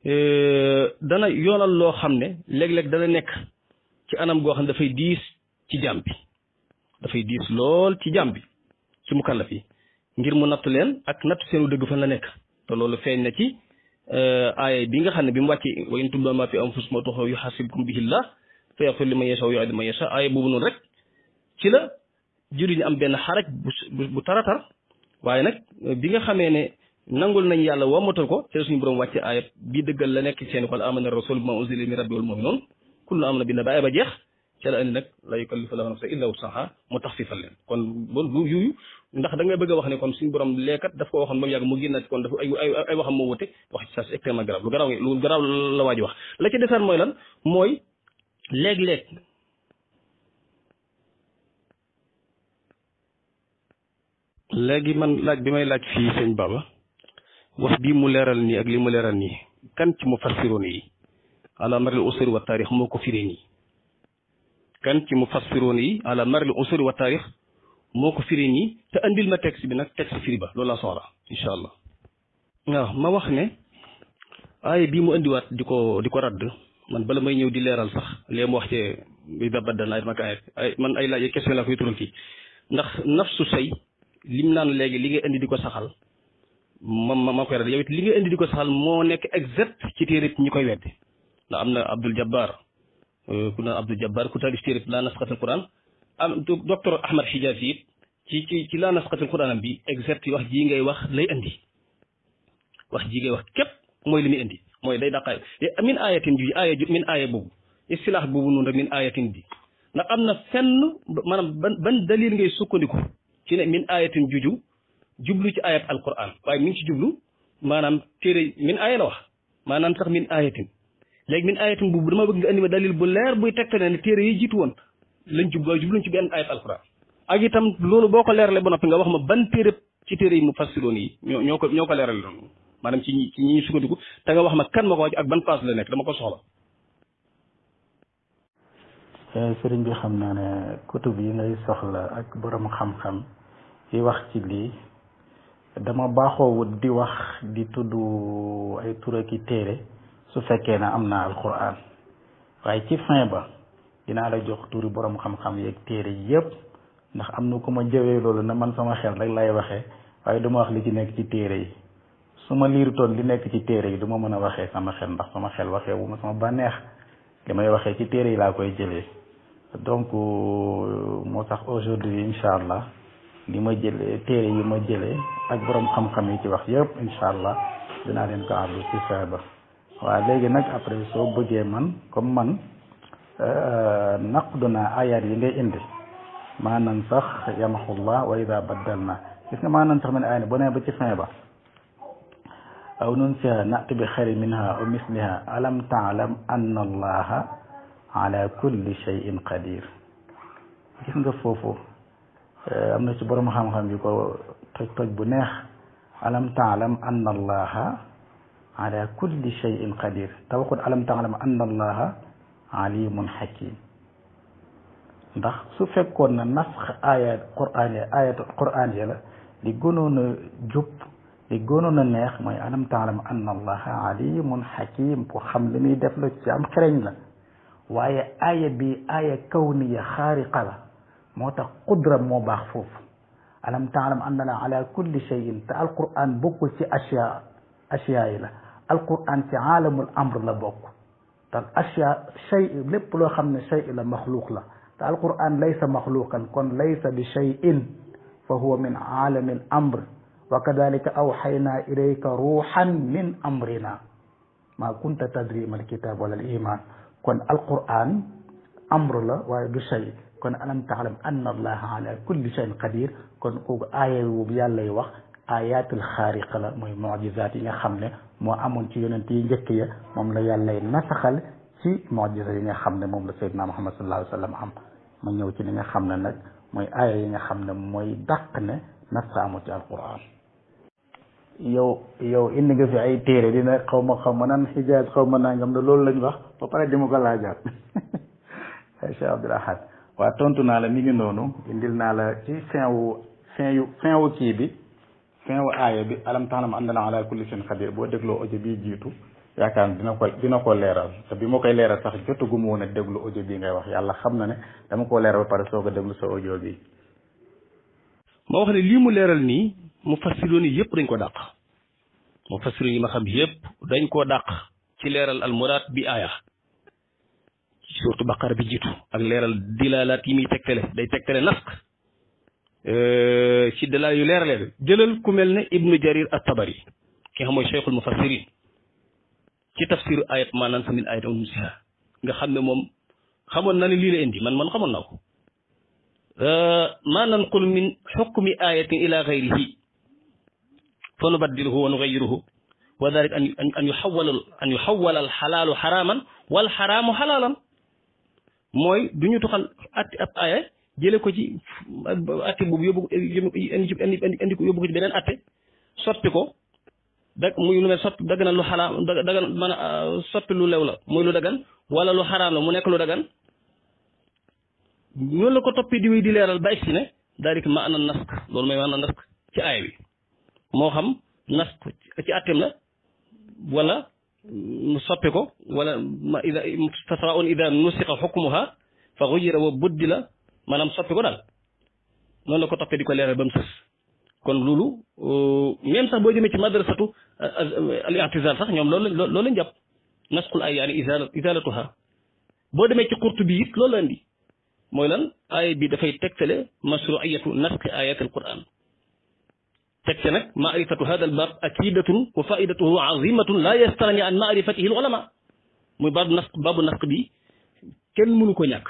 euh, dana yoonal loo xam ne léeg-léeg dana nekk ci anam goo xam ne dafay diis ci jàmm bi dafay diis lool ci jàmm bi ci mu kàllaf yi ngir mu nattu leen ak nattu seenu dëgg fan la nekk te loolu feeñ na ci euh, aaya bi nga xam ne bi mu wàccee wa in tubduu maa fi anfusikum aw tuxfuuhu yuxasibkum bihi Llaah fa yaxfir liman yashaa wa yu'adhibu man yashaa aaya noonu rek ci la juriñ am benn xaraj bu bu taratar waaye nag bi nga xamee ne nangul nañ yàlla wammatal ko te suñu borom wàcc aayat bi dëggal la nekk ci seen xol amana rasul bi ma unzila min bi na ba jeex ci la andi nag la yukallifu llahu nafsan illa wusaha mu taxfifal leen ndax da bëgg wax ne kon suñu borom leekat daf mu yàgg mu génnaat kon dafa ay ay waxam moo wute wax ci saa si extrêmement grave lu garaaw lu garaaw la waa wax la ca desaan mooy lan mooy man laaj bi may laaj fii sëñ Baba wax bii mu leeral nii ak li mu leeral nii kan ci mufassiroon yi ala maril usuri wa taarix moo ko firee nii kan ci mufassiroon yi ala moo ko firee nii te indil ma texte bi nag texte firi ba loolu laa soxla incha allah. waaw ma wax ne aaya bi mu indiwaat di ko di ko radd man bala may ñëw di leeral sax lee mu wax ci bi dabaddal na ay ma ay man ay laaj question laa koy tural kii ndax su say lim naan léegi li nga indi di ko saxal. moom ma koy rek yow li nga indi di ko saxal moo nekk exact ci téereb ñi koy weddi ndax am na Abdul Jabbar euh, ku na Abdul Jabbar ku taalif téereb laa nasxatal am docteur Ahmad Hijazi it ci ci ci laa nasxatal Quran am bi exact wax jii ngay wax lay indi wax jii ngay wax képp mooy li muy indi mooy day daqa min ayatin ji aaya min aaya boobu istilaax boobu noonu rek min ayatin bi ndax am na fenn maanaam ban ban dalil ngay sukkandiku ci ne min ayatin juju jublu ci ayat alquran waaye mi ngi ci jublu maanaam téere min aaya la wax maanaam sax min ayatin léegi min ayatin boobu dama bëgg nga andi ma dalil bu leer buy tegtale ne téere yi jiitu woon lañ jublu waaye jubluñ ci benn ayat alquran ak itam loolu boo ko leeralee ba noppi nga wax ma ban téere ci téere yi mu fassiroon yi ñoo ñoo ko ñoo ko leerale noonu maanaam ci ñi ci te nga wax ma kan ma ko ak ban paas la nekk dama ko soxla eh, bi xam naa ne kutub yi ngay soxla ak borom xam-xam yi wax ci lii dama baaxoo wut di wax di tudd ay tura ki téere su fekkee ne am naa alquran waaye ci fin ba dinaa la jox turi borom xam-xam yeeg téere yépp ndax am na ku ma jëwee loolu na man sama xel rek lay waxee waaye duma wax li ci nekk ci téere yi su ma liirutoon li nekk ci téere yi du ma mën a waxee sama xel ndax sama xel waxee wu ma sama bànneex li may waxee ci téere yi laa koy jëlee donc euh, moo tax aujourd'hui incha allah li ma jëlee téere yi ma jëlee ak borom xam-xam yi ci wax yëpp incha allah dinaa leen ko àddu ci feeba waaw léegi nag après soo bëggee man comme man euh, naqdu naa ayaat yi ngay indi maanaam sax yamxullah wa ida baddal na gis nga maanaam sax min aaya bu nee ba ci fin ba aw nunsiha nati bi xayri minha aw misliha alam taalam anna allaha ala kulli cheyin qadir gis nga foofu Eh, am na ci borom xam-xam yu ko toj toj bu neex alam taalam anna allaha ala kulli cheyin qadir te waxut alam taalam anna allaha alimun hakim ndax su fekkoon na nasx ayat quraan ayatu quraan ya la li gënoon a jub li gënoon a neex mooy alam taalam anna allaha alimun hakim ku xam li muy def la ci am xereñ la waaye aaya bi aaya kawniya xaariqa la moo tax qudra moo baax foofu alam taalam annana ala kulli cheyin te alquran bokkul ci asya asya yi la alquran ci aalamul amr la bokk te asya chey lépp loo xam ne chey la maxluuq la te alquran laysa maxluuqan kon laysa bi cheyin fa huwa min aalami al amr wa kadalika awxayna ilayka ruuxan min amrina maa kunta tadri ma alkitab wala al iman kon alquran amr la waaye du chey kon alam taxlam anna allaha ala kulli shay'in qadir kon kooku aaya boobu yàlla lay wax ayatul xaariqa la mooy mujizaat yi nga xam ne moo amoon ci yonent yi njëkk ya moom la yàlla lay nasaxal ci mujiza yi nga xam ne moom la sayyidina Muhammad sallallahu alayhi wa sallam am ma ñëw ci li nga xam ne nag mooy aaya yi nga xam ne mooy dàq ne nasaamu ci alquran yow yow indi nga fi ay téere dina xaw ma xaw ma nan xijaaj xaw ma nangam ne loolu lañ wax ba pare di ma ko laajaat Cheikh Abdoul Ahad waa tontu naa la mi ngi noonu indil naa la ci fin wu fin yu fin wu kii bi fin wu aaya bi alam ta'lam na Allaaha alaa kulli seen qadiir boo dégloo audio bi jiitu yaakaar na dina ko dina ko leeral te bi ma koy leeral sax jotaguma woon a déglu audio bii ngay wax yàlla xam na ne dama koo leeral ba pare soog a déglu sa audio bi ma wax ne lii mu leeral nii mu fassiroon yi yëpp dañ ko dàq mu fassiroon yi ma xam yëpp dañ koo dàq ci leeral almuraad bi aaya ci suurtu baqara bi jiitu ak leeral dilaalaat yi muy tegtale day tegtale nask euh, ci dalal yu leer leen jëlal ku mel ne ibnu jarir at tabari ki nga xam mooy cheikhul mufassirin ci tafsiru ayat maanaan sa min ayat am nusiha nga xam ne moom xamoon na ne lii la man man xamoon naa ko ma nanqul min xukmi ayatin ila gayrihi fa nubaddiluhu wa nugayiruhu wa dalik an an yuxawala an yuxawala alxalaalu xaraaman wal xaraamu xalaalan mooy du ñu toxal atti ab jële ko ci atte boobu yóbbu indi ci indi ko yóbbu ko ci beneen atte sotti ko dag muy lu mel sotti dagg lu xaraam dagan man euh, sotti lu lew la muy lu dagan wala lu xaraam la mu nekk lu dagan ñoonu la ko toppee di wéy di leeral ba egsi ne daalik ma ana nask loolu mooy maanaam nask ci aaya bi moo xam nask ci atteem la wala mu soppi ko wala ma ida fasraun ida nusiqa xukmuha fa xuyira wa buddi la maanaam soppi ko daal noonu la ko toppee di ko leeral ba mu sës kon loolu euh, même sax boo jëmee ci madrasatu euh, al i'tizal sax ñoom loolu lañ loolu lañ jàpp nasqul ay yaani izala izalatuha boo demee ci Qurtubi it loolu la andi mooy lan aaya bi dafay tegtale mashruiyatu nasqi ayatil quran teg ci nag maarifatu hada al baab akidatun wa faidatuhu azimatun la yastrani an maarifatihi al ulama muy baabu nasq baabu nasq bi kenn mënu ko ñàkk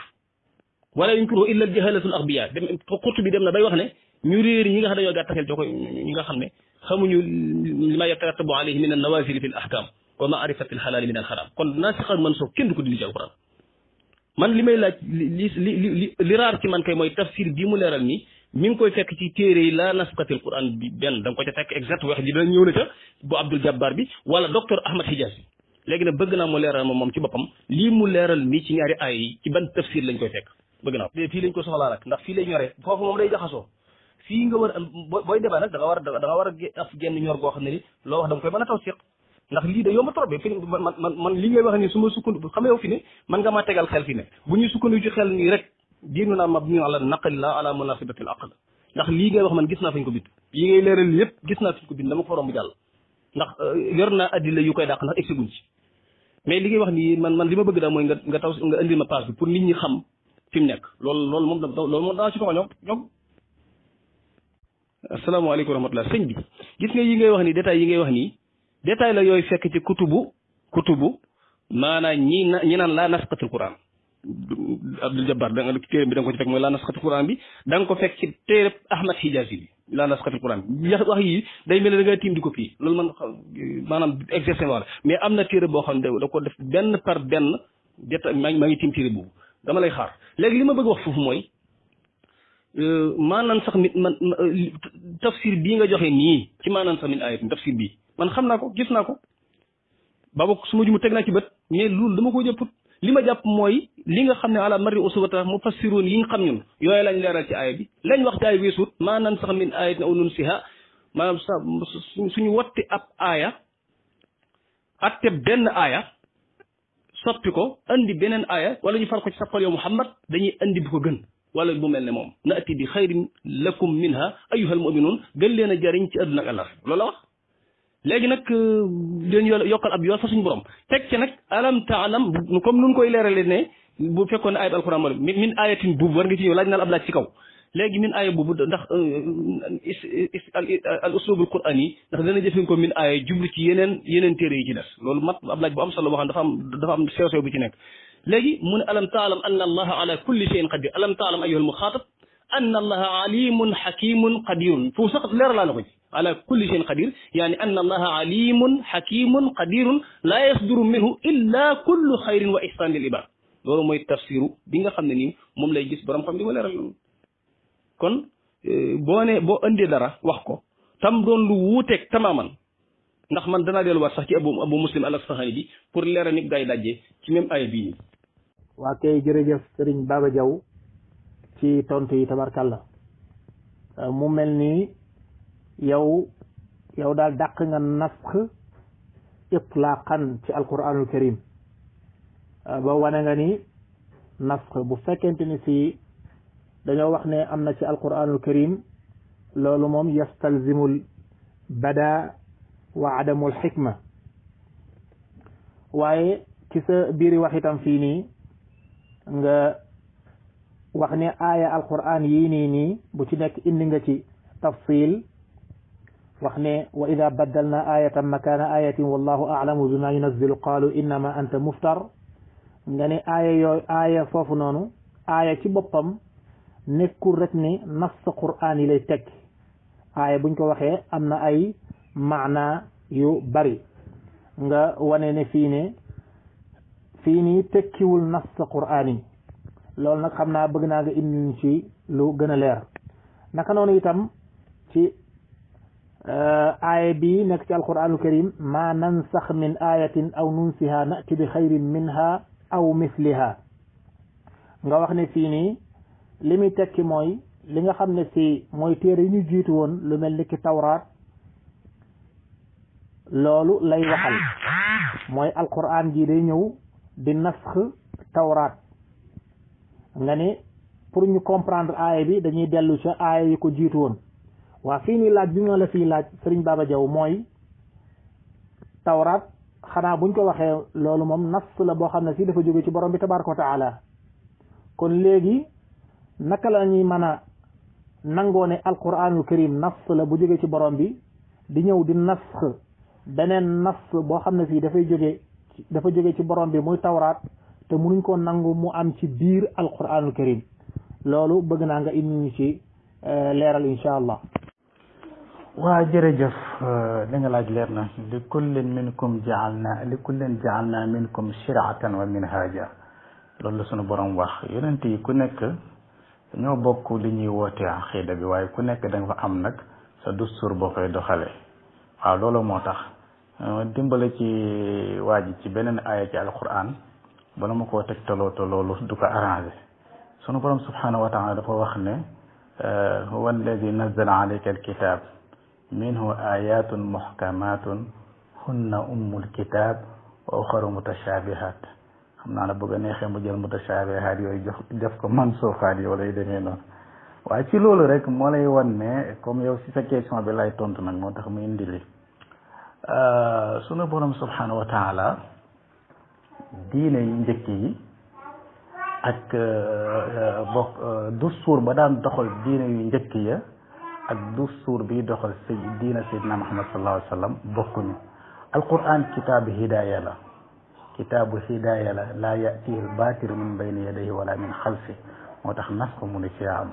wala yunkuru illa al jahalatu al aghbiya dem xurtu bi dem na bay wax ne ñu réer ñi nga xam dañoo gàttaxel ci ko ñi nga xam ne xamuñu lima yatarattabu alayhi min an nawazil fi al ahkam wa maarifati al halal min al haram kon naasix ak mansuux kenn du ko dindi ci alquran man li may laaj li li li li raar ci man kay mooy tafsir bii mu leeral nii mi ngi koy fekk ci téere yi la nasxatil quran bi benn da nga ko ca fekk exact wax ji da ñëw na ca bu Abdul Jabbar bi wala docteur Ahmad Hijazi bi léegi nag bëgg naa mu leeral ma moom ci boppam lii mu leeral nii ci ñaari aay yi ci ban tafsir lañ koy fekk bëgg naa ko. fii lañ ko soxlaa nag ndax fii lay ñoree foofu moom day jaxasoo fii nga war a booy débat nag da nga war a war a genn ñor goo xam ne loo wax da nga koy mën a tawsiq ndax lii da yomba trop bi fi man wax nii su ma sukkandu xam yow fi ne nga maa tegal xel fi bu ñuy sukkandu ci xel rek diinuna mabniun ala naqli la ala munasibati al aql ndax lii ngay wax man gis naa fañ ko bind yi ngay leeral yëpp gis naa fañ ko bind dama ko romb jàll ndax euh, yor naa addila yu koy dàq ndax egsi ci mais li ngay wax nii man man li ma bëgg daal mooy nga nga taw nga indi ma page bi pour nit ñi xam fi mu nekk loolu loolu moom loolu moom daa ci toog a ñoom ñoom asalaamaaleykum wa gis nga yi ngay wax nii détails yi ngay wax nii détail la yooyu fekk ci kutubu kutubu maanaam ñi na ñi naan laa nasqatul quran Abdul Jabbar da nga téere bi da ko ci fekk mooy laa nasxati quran bi da nga ko fekk ci téere Ahmad Hijazi bi laa nasxati quran bi loolu man maanaam exercer wala mais am na téere boo xam ne da ko def benn par benn deta maa ngi maa ngi tiim téere boobu dama lay xaar léegi li ma bëgg wax foofu mooy euh, maanaan sax mit man tafsir bii nga joxe nii ci maanaan sax min ayat tafsir bii man xam naa ko gis naa ko baba su ma ju teg naa ci mais loolu dama ko jëpput li ma jàpp mooy li nga xam ne ala mari uswata mufassiruun yi nga xam ñun yooyu lañ leeral ci aaya bi lañ wax ci ay weesuut maa nan sax min ayatin aw nunsiha maanaam sa suñu wotti ab aaya atte benn aaya soppi ko andi beneen aaya wala ñu far ko ci sappal yow muhammad dañuy andi bu ko gën wala bu mel ne moom naati bi xayrin lakum minha ayyuhal muminuun gën leen a jariñ ci àdduna ak loolu la léegi nag euh, den yo yokkal ab yool fa suñu borom teg ci nag alam taalam comme nun koy leerale ne bu fekkoon ne ayat alquran ma min min ayatin buubu war nga ci ñëw laaj naal ab laaj ci kaw léegi min aaya boobu ndax euh, al uslubul quran yi ndax dana jëfin ko min aaya jublu ci yeneen yeneen téere yi ci des loolu mat ab laaj bu am solo boo xam dafa am dafa am sew sew bi ci nekk léegi mu ne alam taalam anna allaha ala kulli shay'in qadir alam taalam ayyuhal muxaatab anna allaha alimun hakimun qadirun foofu sax leeralaa na ko ci ala kulli shay'in qadir yaani anna allaha alimun hakimun qadirun laa yasduru minhu illa kullu xayrin wa ihsan lil ibad loolu mooy tafsiru bi nga xam ne nii moom lay gis borom xam di ko leeral loolu kon eh, boo ne boo indee dara wax ko tam doon lu wuuteeg tamaaman ndax man danaa delluwaat sax ci abu abu muslim al asfahani bi pour leeral ni gaa yi dajjee ci même ay bii nii. waa kay jërëjëf Serigne Baba Diaw ci tontu yi tabarkalla euh, mu mel ni yow yow daal dàq nga nafx itlaqan ci alquranul karim euh, ba wane nga ni nafx bu fekkent ni si dañoo wax ne am na ci alquranul karim loolu moom yastalzimul bada wa adamul xikma waaye ci sa biiri wax itam fii nga wax ne aaya alquran yii nii nii bu ci nekk indi nga ci tafsil wax ne wa ida baddalna ayatan makaana ayatin wallahu aalamu bima yunazzilu qaalu innama anta muftar nga ne aaya yooyu aaya foofu noonu aaya ci boppam nekkul rek ne nas quraan yi lay teg aaya buñ ko waxee am na ay maana yu bari nga wane ne fii ne fii nii tekkiwul nas quraan yi loolu nag xam naa bëgg naa nga indi ñu ci lu gën a leer naka noonu itam ci euh, aaya bi nekk ci alquranul karim ma nansax min ayatin aw nunsiha nati bi xayrin minha aw misliha nga wax ni fii nii li muy tekki mooy li nga xam ne si mooy téere yi ñu jiitu woon lu mel ni ki tawraat loolu lay waxal mooy alquran ji day ñëw di nasx tawraat nga ni pour ñu comprendre aaya bi dañuy dellu sa aaya yi ko jiitu woon waa fii nii laaj bi nga la fii laaj sëriñ Baba Jaw mooy tawraat xanaa buñ ko waxee loolu moom nas la boo xam ne si dafa jóge ci borom bi tabaraka wa taala kon léegi naka la ñuy mën a nangoo ne alquranul bu jóge ci borom bi di ñëw di nas beneen nas boo xam ne fii dafay jóge dafa jóge ci borom bi muy tawraat te mënuñ ko nangu mu am ci biir alquranul karim loolu bëgg naa nga indi ñu ci euh, leeral incha allah waa jërëjëf euh, li nga laaj leer na li kullin minkum jaalna li kullin jaalna minkum shiratan wa minhaja loolu la sunu borom wax yonent yi ku nekk ñoo bokk li ñuy woote aqida bi waaye ku nekk da nga fa am nag sa dustur boo koy doxale waaw loolu moo tax euh, dimbale ci waa ji ci beneen aaya ci alquran bala ma koo tegtaloo te loolu du ko arrangé sunu borom subhanahu wa taala dafa wax ne huwa alladi nazala alayka alkitab minhu ayatun muhkamatun hunna ummul kitab wa uxaru mutashabihat xam naa ne bëgg a neexee mu jël mutashabihat yooyu jox def ko mansuxaat yow lay demee noonu waaye ci loolu rek moo lay wan ne comme yow si sa question bi lay tontu nag moo tax mu indi li sunu borom subhanahu wa taala diine yu njëkk yi ak euh, euh, bokk euh, dustuur ba daan doxal diine yu njëkk ya ak dustuur bi doxal si diina sayyidina Muhammad sallallahu alayhi wa sallam bokkuñu alquran kitaabu hidaaya la kitaabu hidaaya la laa yatihi albatilu min bayni yadayhi wala min xalfi moo tax nas ko munu ci am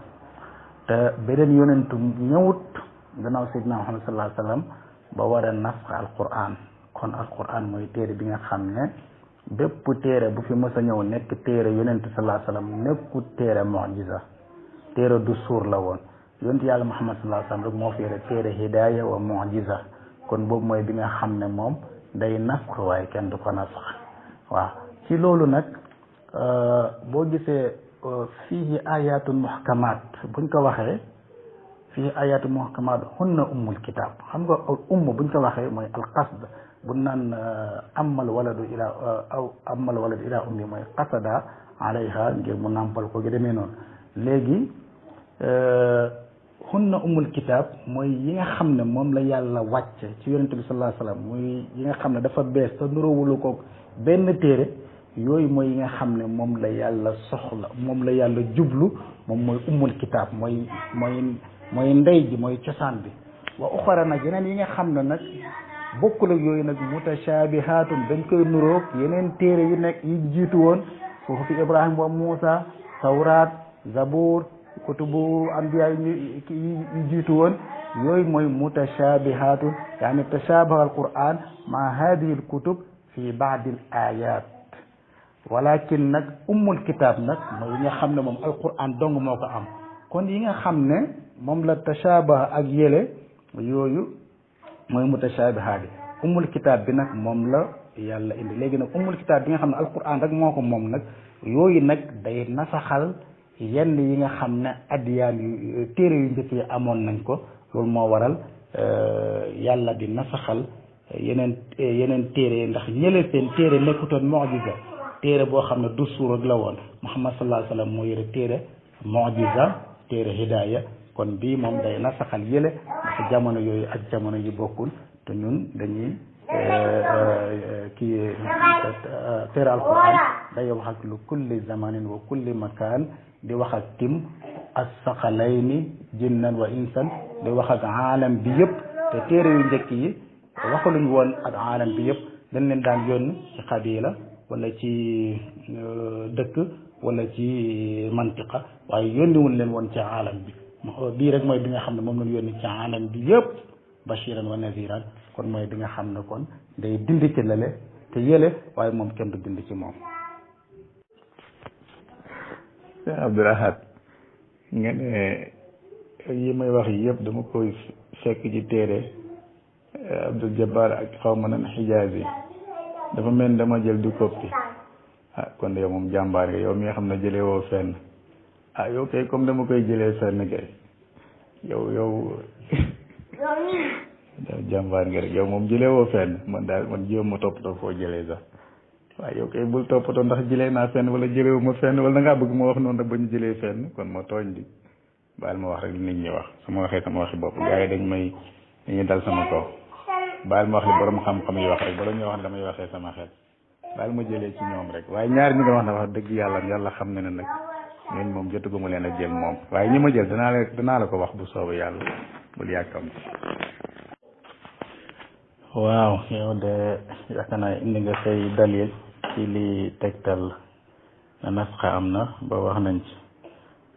te beneen yonentu ñëwut gannaaw sayyidina Muhammad sallallahu alayhi wa sallam ba war a nasx alquran kon alquran mooy téere bi nga xam ne bépp téere bu fi mës a ñëw nekk téere yonent sallallahu alayhi wasallam nekkul téere mu'jiza téere du suur la woon yonent yàlla muhammad sallallahu alayhi rek moo fi yore téere hidaaya wa mu'jiza kon boobu mooy bi nga xam ne moom day nasx waaye kenn du ko nasax waaw ci loolu nag euh, boo gisee euh, fii ayatun muhkamaat buñ ko waxee fii ayatun muhkamaat hunna ummul kitaab xam nga umm buñ ko waxee mooy alqasd bu naan euh, amal waladu ila euh, aw amal waladu ila ummi mooy qasada alayha ngir mu nàmpal ko gi demee noonu léegi euh, na umul kitab mooy yi nga xam ne moom la yàlla wàcce ci yonente bi sallallahu alayhi yi nga xam ne dafa bees te ko benn téere yooyu mooy yi nga xam ne moom la yàlla soxla moom la yàlla jublu moom mooy umul kitab mooy mooy mooy ndey ji mooy cosaan bi wa uxara nag yeneen yi nga xam ne nag bokkul ak yooyu nag mutashaabihaatun dañ koy nuroog yeneen téere yu nekk yi jiitu woon suhufi Ibrahima wa Muusa Tawraat Zabuur kutubu anbiya yi yi jiitu woon yooyu mooy mutashaabihaatun yaani tashaabaha alquran ma hadihi alkutub fi baadi al ayat walakin nag ummul kitaab nag mooy yi nga xam ne moom alquran dong moo kon yi nga xam la tashaabaha ak yële yooyu mooy mutashabihaat yi umul kitaab bi nag moom la yàlla indi léegi nag umul kitaab bi nga xam ne alquran rek moo ko moom nag yooyu nag day nasaxal yenn yi nga xam ne addiyaan yu téere yu njëkk yi amoon nañ ko loolu moo waral euh, yàlla di nasaxal yeneen yeneen téere ndax ñële seen téere nekkutoon mujiza téere boo xam ne du suur rek la woon Muhammad sallallahu alayhi moo yore téere mujiza téere hidaaya kon bii moom day nasaxal yële ndax jamono yooyu ak jamono yi bokkul te ñun dañuy euh, kii téere alquran day wax ak lu kulli wa kulli makaan di wax ak tim asaqalayni jinnan wa insan di wax ak aalam bi yëpp te téere yu njëkk yi waxaluñ woon ak aalam bi yépp dañ leen daan yónni ci xabila wala ci euh, dëkk wala ci mantiqa waaye yónniwuñ leen woon ci aalam bi bii rek mooy bi nga xam ne moom la ñu yónni ci alam bi yëpp bashiran wa naziran kon mooy bi nga xam ne kon day dind ci lale te yële waaye moom kenn du dind ci moom. sëñ Abdou may wax yëpp dama koy fekk ci téere eh, Abdul ak xaw ma nan Xijaazi dafa mel dama jël du koppi ah, kon yow moom jàmbaar nga yow mi xam ne jëlee woo fenn. ah yow kay comme dama koy jëlee fenn kay yow yow jàmbaar nga rek yow moom jëlee woo fenn man daal man jéem ma toppatoo foo jëlee sax waaw yow toppatoo ndax jëlee naa fenn wala jëlewu ma fenn wala da bëgg ma wax noonu rek ba ñu jëlee fenn kon ma tooñ di baal ma wax rek li nit ñi wax sama ma waxee sama waxi bopp gars yi dañ may dañuy dal sama kaw baal ma wax li borom xam-xam yi wax rek bala ñuy wax ne damay waxee sama xel baal ma jëlee ci ñoom rek waaye ñaar ñi nga wax na wax dëgg yàlla yàlla xam na ne nag ñooñu moom jotaguma leen a jël moom waaye ñi ma jël danaa la danaa la ko wax bu sooba yàlla bul yàkkam waaw yow de yaakaar naa indi nga say dalil ci li tegtal na nasxa am na wax nañ ci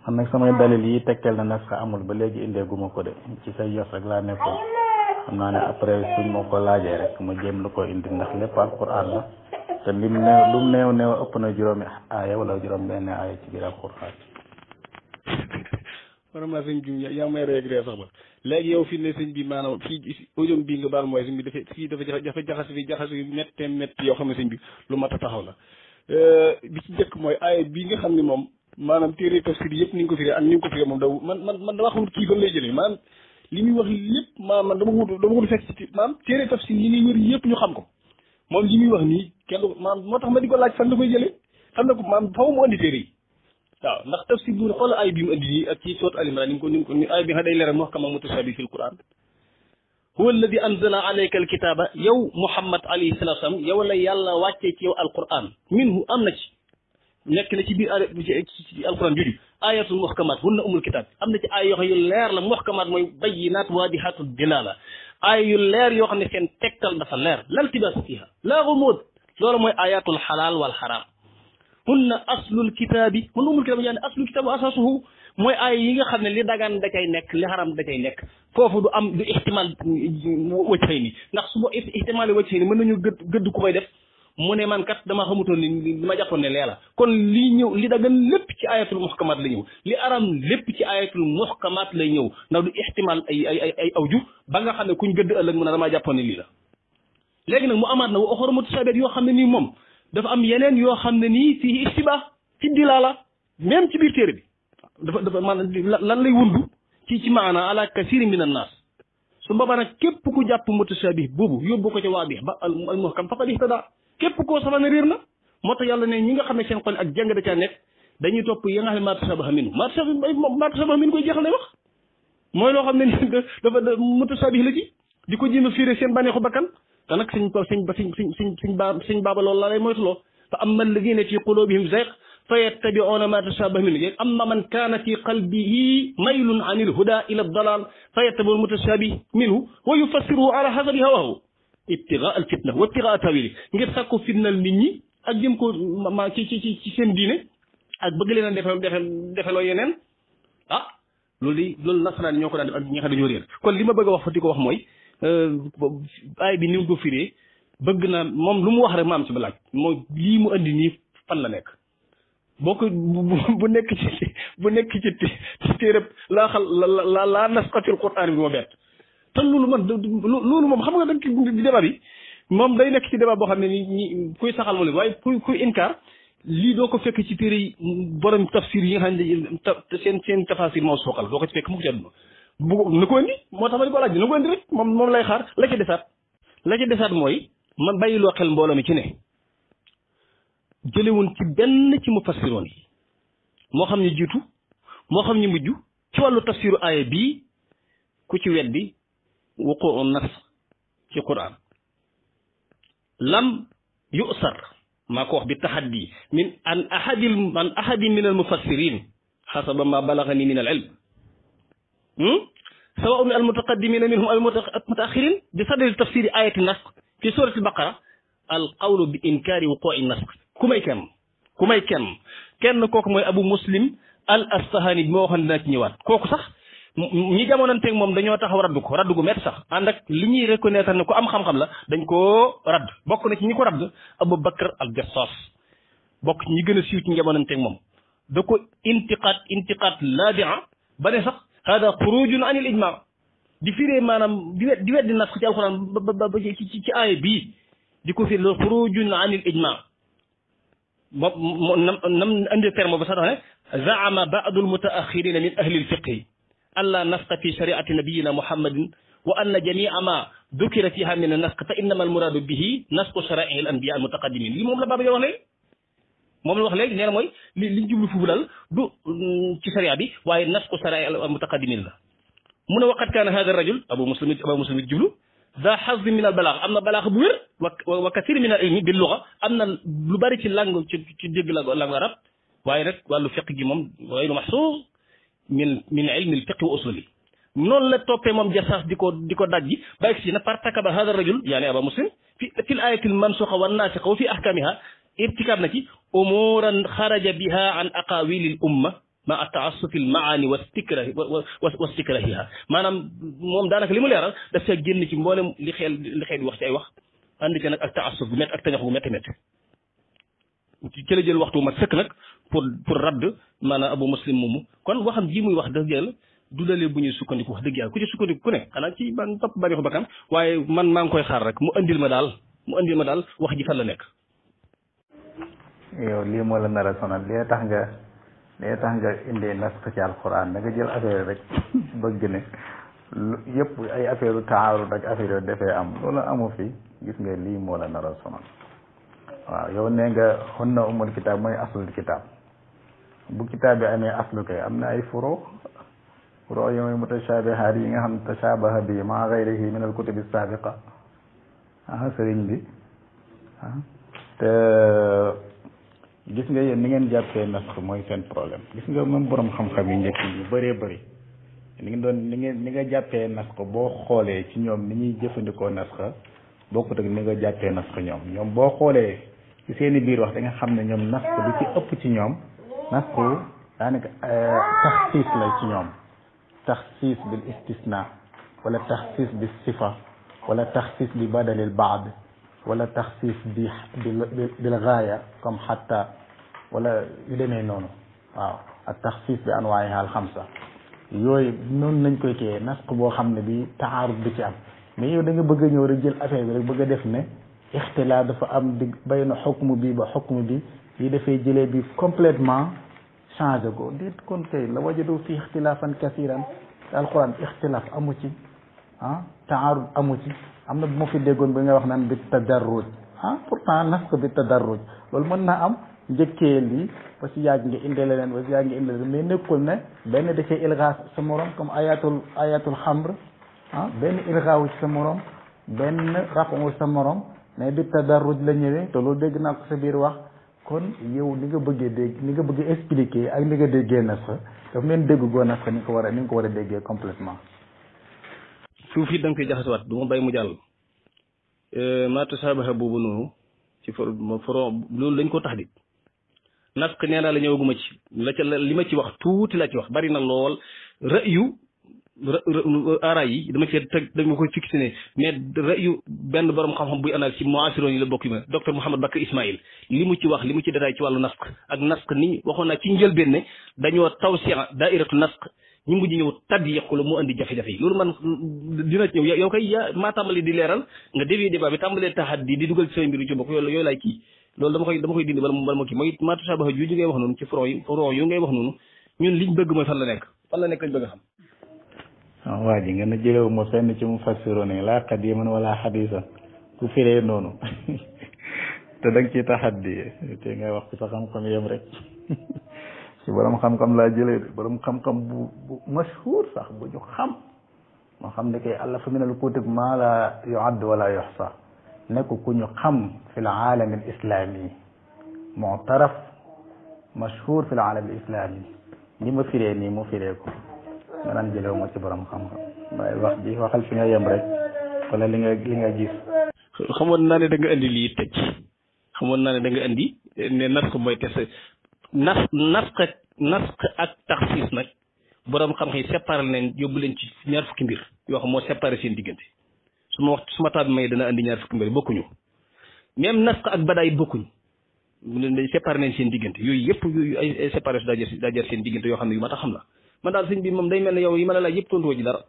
man nag samay dalil yi tegtal na nasxa amul ba léegi indeeguma ko de ci say yos rek laa nekkoon xam naa ne après suñ ma ko laajee rek ma jéem lu ko indi ndax lépp alquran la te lim néew lum néew ëpp na juróomi aaya wala juróom benn aaya ci biir alxuraan maanaam laa sëñ yaa may rek dee yow fi ne sëñ bi maanaam fii audio bii nga baal mooy sëñ bi dafa fii dafa jafe jaxas bi jaxas bi méttee métti yoo xam ne sëñ lu mat a taxaw la bi ci njëkk mooy aaya bii nga xam ne moom maanaam téere yëpp ni nga ko firee ak ni ko firee moom man man man damaa xamul kii fan lay jëlee maanaam li muy wax lépp maanaam man dama wut dama wut fekk ci maanaam téere tafsir yi ngay wër yëpp ñu xam ko moom li muy wax nii kenn maam moo tax ma di ko laaj fan la koy jëlee xam na ko maam faw mu andi téere yi waaw ndax tafsir bu xoolal ay bi mu andi nii ak ci soot al imran ni ko ni ko ni ay bi nga day leeral mu wax kama mutashabi fil quran huwa alladi anzala alayka alkitaba yow muhammad alayhi salatu wasalam yow la yàlla wàccee ci yow alquran minhu am na ci nekk na ci biir ci alquran juju ayatul muhkamat hunna umul kitab am na ci ay yoo xam yu leer la muhkamat mooy bayyinaat waadihaatu dilala aaya yu leer yoo xam ne seen tegtal dafa leer laltibaas fiha laa gumud loolu mooy ayatul xalaal wal xaraam hunna aslul kitaabi hunna umul kitaabi yaani aslul kitaabi wa asaasuhu mooy aaya yi nga xam ne li dagaan da cay nekk li xaraam da cay nekk foofu du am du ihtimal wajhayni ndax su bo ihtimal wajhayni mën nañu gëdd gëdd ku koy def mu ne man kat dama xamutoon ni dama jàppoon ne lee la kon li ñëw li dagan lépp ci ayatul muhkamaat la ñëw li aram lépp ci ayatul muhkamaat lay ñëw ndax du ihtimal ay ay ay aw ju ba nga xam ne kuñ gëdd ëllëg mu ne damaa jàppoon lii la léegi nag mu amaat na wa oxor yoo xam ne nii moom dafa am yeneen yoo xam ne nii fii istibaa ci la même ci biir téere bi dafa dafa la lan lay wundu ci ci maana ala kasiri min an naas su boobaa nag képp ku jàpp mutashabih boobu yóbbu ko ca waadix ba al muhkam faqad ihtada képp koo sabana réer na moo tax yàlla ne ñi nga xam ne seen xol ak jàng da caa nekk dañuy topp yi nga xam ne maatu sabaha minu maatu sa maatu sabaha minu koy jeexal lay wax mooy loo xam ne dafa mutasabih la ci di ko jéem a fiire seen bànneexu bakkan te nag sëñ sëñ sëñ sëñ sëñ sëñ ba sëñ baaba loolu la lay moytuloo fa amma alladina fi qulubihim zayq fa yattabi'una ma tashabaha minhu yéeg amma man kaana fi qalbihi maylun an il huda ila dalal fa yattabi'u mutashabih minhu wa yufassiruhu ala hasabi hawahu ibtigaa al fitna wa ibtigaa tawili ngir sàkku fitnal nit ñi ak jëm ko ma ci ci ci seen diine ak bëgg leen a defe defe defeloo yeneen ah loolu de loolu nasaraan ñoo ko daan def ak ñi nga xam dañoo réer kon li ma bëgg a wax fa di ko wax mooy aay euh, bi ni mu ko firee bëgg na moom lu mu wax rek ma am ci ba lii mu andi nii fan la nekk boo ko bu nekk ci bu nekk ci téereb laa xal laa laa nas xatil quraan bi ma bett te loolu man loolu moom xam nga da ci débat bi moom day nekk ci débat boo xam ne ni ni kuy saxal wala waaye kuy kuy inkar lii doo ko fekk ci téere yi borom tafsir yi nga xam ne ta seen seen moo sookal doo ci fekk mu ko ci moo tax ma di ko laaj na ko indi rek moom lay xaar la ca desaat la ca desaat mooy man ma loo xel mbooloo mi ci ne jëlewun ci benn ci mu fassiroon yi moo xam ñu jiitu moo xam ñu mujj ci wàllu tafsiru aaya bii ku ci weddi wokko on nasa ci qur'an lam yusar maa ko wax bi tahaddi min an ahadil an ahadin min al mufassirin hasaba ma balagani min al ilm hmm? sawaun al mutaqaddimina minhum aw mutaaxirin bi sadri tafsiri ayati nasq fi surati al baqara al qawlu bi inkari wuqui nasq ku may kenn ku may kenn kenn kooku mooy abu muslim al asfahani bi moo waxoon dinaa ci ñëwaat kooku sax ñi jamonoonteeg moom dañoo taxaw raddu ko raddu gu métti sax ànd ak li ñuy reconnaître na ku am xam-xam la dañ koo radd bokk na ci ñi ko radd Abu Bakr al Jassaas bokk ci ñi gën a siiw ci ñi jamonoonteeg moom da ko intiqaat intiqaat laadia ba ne sax hada xurujun anil ijma di firee di wet di weddi nas ko ci alxuraan ba ba ci ci bii di ko firee xurujun anil ijma moom nam nam andi terme ba sax dax ne zaama baadul mutaaxirina min ahli lfiqi alla nafqa fi shariati nabiyina muhammadin wa anna jamia ma dukira fiha min nasq fa innama almuraadu bihi nasqu sharai al anbiya al mutaqaddimin lii moom la Babacar wax léegi moom la wax léegi nee na mooy li liñ jublu foofu daal du ci sharia bi waaye nasqu sharai al mutaqaddimin la mu ne waqad kaana hada rajul abu muslim abu muslim it jublu daa xasdi min al balaax am na balaax bu wér wa wa kasir min al ilmi bi luga am na lu bari ci langue ci ci dégg la langue arab waaye nag wàllu fiq gi moom gayru maxsuus min min ilmi l fiqi wa usuli noonu la toppee moom jasaas di ko di ko dajji ba egsi na partakaba hada rajul yaani aba muslim fi fi l ayati l mansuxa wa nasiqa wa fi ahkamiha irtikab na ci umuran xaraja biha an aqawili l umma ma taassufi l maani wa stikrahi wa stikrahiha maanaam moom daanaka li mu leeral daf see génn ci mboolem li xeel li xeel wax ci ay wax ànd ci nag ak taassuf bu métti ak tañax bu métti métti ci la jël waxtu mat sëkk nag pour pour radd maanaam abu muslim moomu kon waxam ji muy wax dëgg yàlla du dalee bu ñuy sukkandiku wax dëgg yàlla ku ci sukkandiku ku ne xanaa ci ban topp bànneexu bakkan waaye man maa ngi koy xaar rek mu andil ma daal mu andil ma daal wax ji fan la nekk. yow lii moo la nar a tax nga dee tax nga indee nasx ci alquran rek bëgg yëpp ay affaire yu taarud ak affaire yu defee am loolu waaw yow ne nga xon na umul kitaab mooy aslul kitaab. bu kitaab bi amee aslu kay am na ay furo furo yooyu mutashaabihaat yi nga xam tashaabaha bi maa ma gayrihi min al kutubi saabiqa ah sëriñ bi te gis nga yéen ni ngeen jàppee nasx mooy seen problème gis nga même boroom xam-xam yi njëkk yi bëree bëri ni ngeen doon ni ngeen ni nga jàppee ko boo xoolee ci ñoom ni ñuy jëfandikoo nasx bokkut ak ni nga jàppee nasx ñoom ñoom boo xoolee ci seen i biir wax da nga xam ne ñoom nasx lu ci ëpp ci ñoom. nasku daanaka euh, taxsiis la ci ñoom taxsiis bil istisna wala taxsiis bi sifa wala taxsiis bi badalil baad wala taxsiis bi bil gaaya comme xatta wala yu noonu waaw ak taxsiis bi anwaayiha al xamsa yooyu noonu nañ koy téye nasq boo xam ne bi taarud di ci am mais yow danga bëgg a ñëw rek jël affaire bi rek bëgg a def ne ixtilaaf dafa am dig bay na xukmu bi ba xukmu bi kii dafay jële bi complètement changé ko déet kon kay la wajadu fi ixtilaafan kasiran te alquran ixtilaaf amu ci ah taarud amu ci am na bu mu fi déggoon bi nga wax naan bi tadarruj ah pourtant nas ko bi tadarruj loolu mën naa am njëkkee lii ba si yàgg nga indi leneen ba si yàgg nga indi leneen mais nekkul ne benn dafay ilgaas sa moroom comme ayatul ayatul xamr ah benn ilgaawu ci sa moroom benn rafawu sa morom mais bi tadarruj la ñëwee te loolu dégg biir wax kon yow ni nga bëggee dégg ni nga bëggee expliquer ak ni nga déggee nasxa daf mel dégg goo nasxa ni ko war a ni nga ko war a déggee complètement suuf fii da nga koy jaxasewaat du ma bàyyi mu jàll euh, maa tasaabaha boobu noonu ci for foro loolu dañ ko tax dit nasx nee naa la ñëwaguma ci la ca li ma ci wax tuuti laa ci wax bari na lool rëyu aray yi dama cee teg dama koy fixé ne mais rayu benn borom xam-xam buy anal ci moasiron yi la bokk ma docteur Mouhamed Bakk Ismail li mu ci wax li mu ci détail ci wàllu nasq ak nasq ni waxoon naa ci njëlbeen ne dañoo tawsiya daairatu nasq ñu mujj ñëw tadyiq la mu andi jafe-jafe yi loolu man dina ci ñëw yow kay yaa maa tàmbali di leeral nga dévier débat bi tàmbalee tahaddi di dugal ci say mbir ci bokk yooyu yooyu laay kii loolu dama koy dama koy dindi bala bala ma kii mooy maa tashabaha ju ngay wax noonu ci fron yi fron yu ngay wax noonu ñun liñ bëgg mooy fan la nekk fan la nekk lañ bëgg xam Ah, waa ji nga ne jëlewu ma fenn ci mu fassiroon yi laa qadiman wala xadisan ku firee noonu te da nga ciy taxaddi te ngay wax ci sa xam yem rek ci borom xam-xam laa jëlee de borom xam-xam bu bu mashhur sax bu ñu xam moo xam ne kay allafa min al kutub maa la yuadd wala yuxsa nekk ku ñu xam fi l aalami al islami mutaraf mashhur fi l aalami al islami ni ma firee nii mu firee nga naan jëlew ma ci boroom xam-xam waaye wax ji waxal fi nga yem rek wala li nga li nga gis xamoon naa ne da nga indi lii tëj xamoon naa ne danga nga indi ne ko mooy te nas nasq nasq ak taxsiis nag borom xam-xam yi séparé leen yóbbu leen ci ñaar fukki mbir yoo xam moo séparé seen diggante su ma wax su ma taal bi may dana andi ñaar fukki mbir bokkuñu même nasq ak badaay bokkuñu séparé leen seen diggante yooyu yëpp yooyu ay séparé su daa seen xam ne yu a xam la man daal sëñ bi moom day mel ne yow yi ma la laaj yëpp tontuwoo ji dara.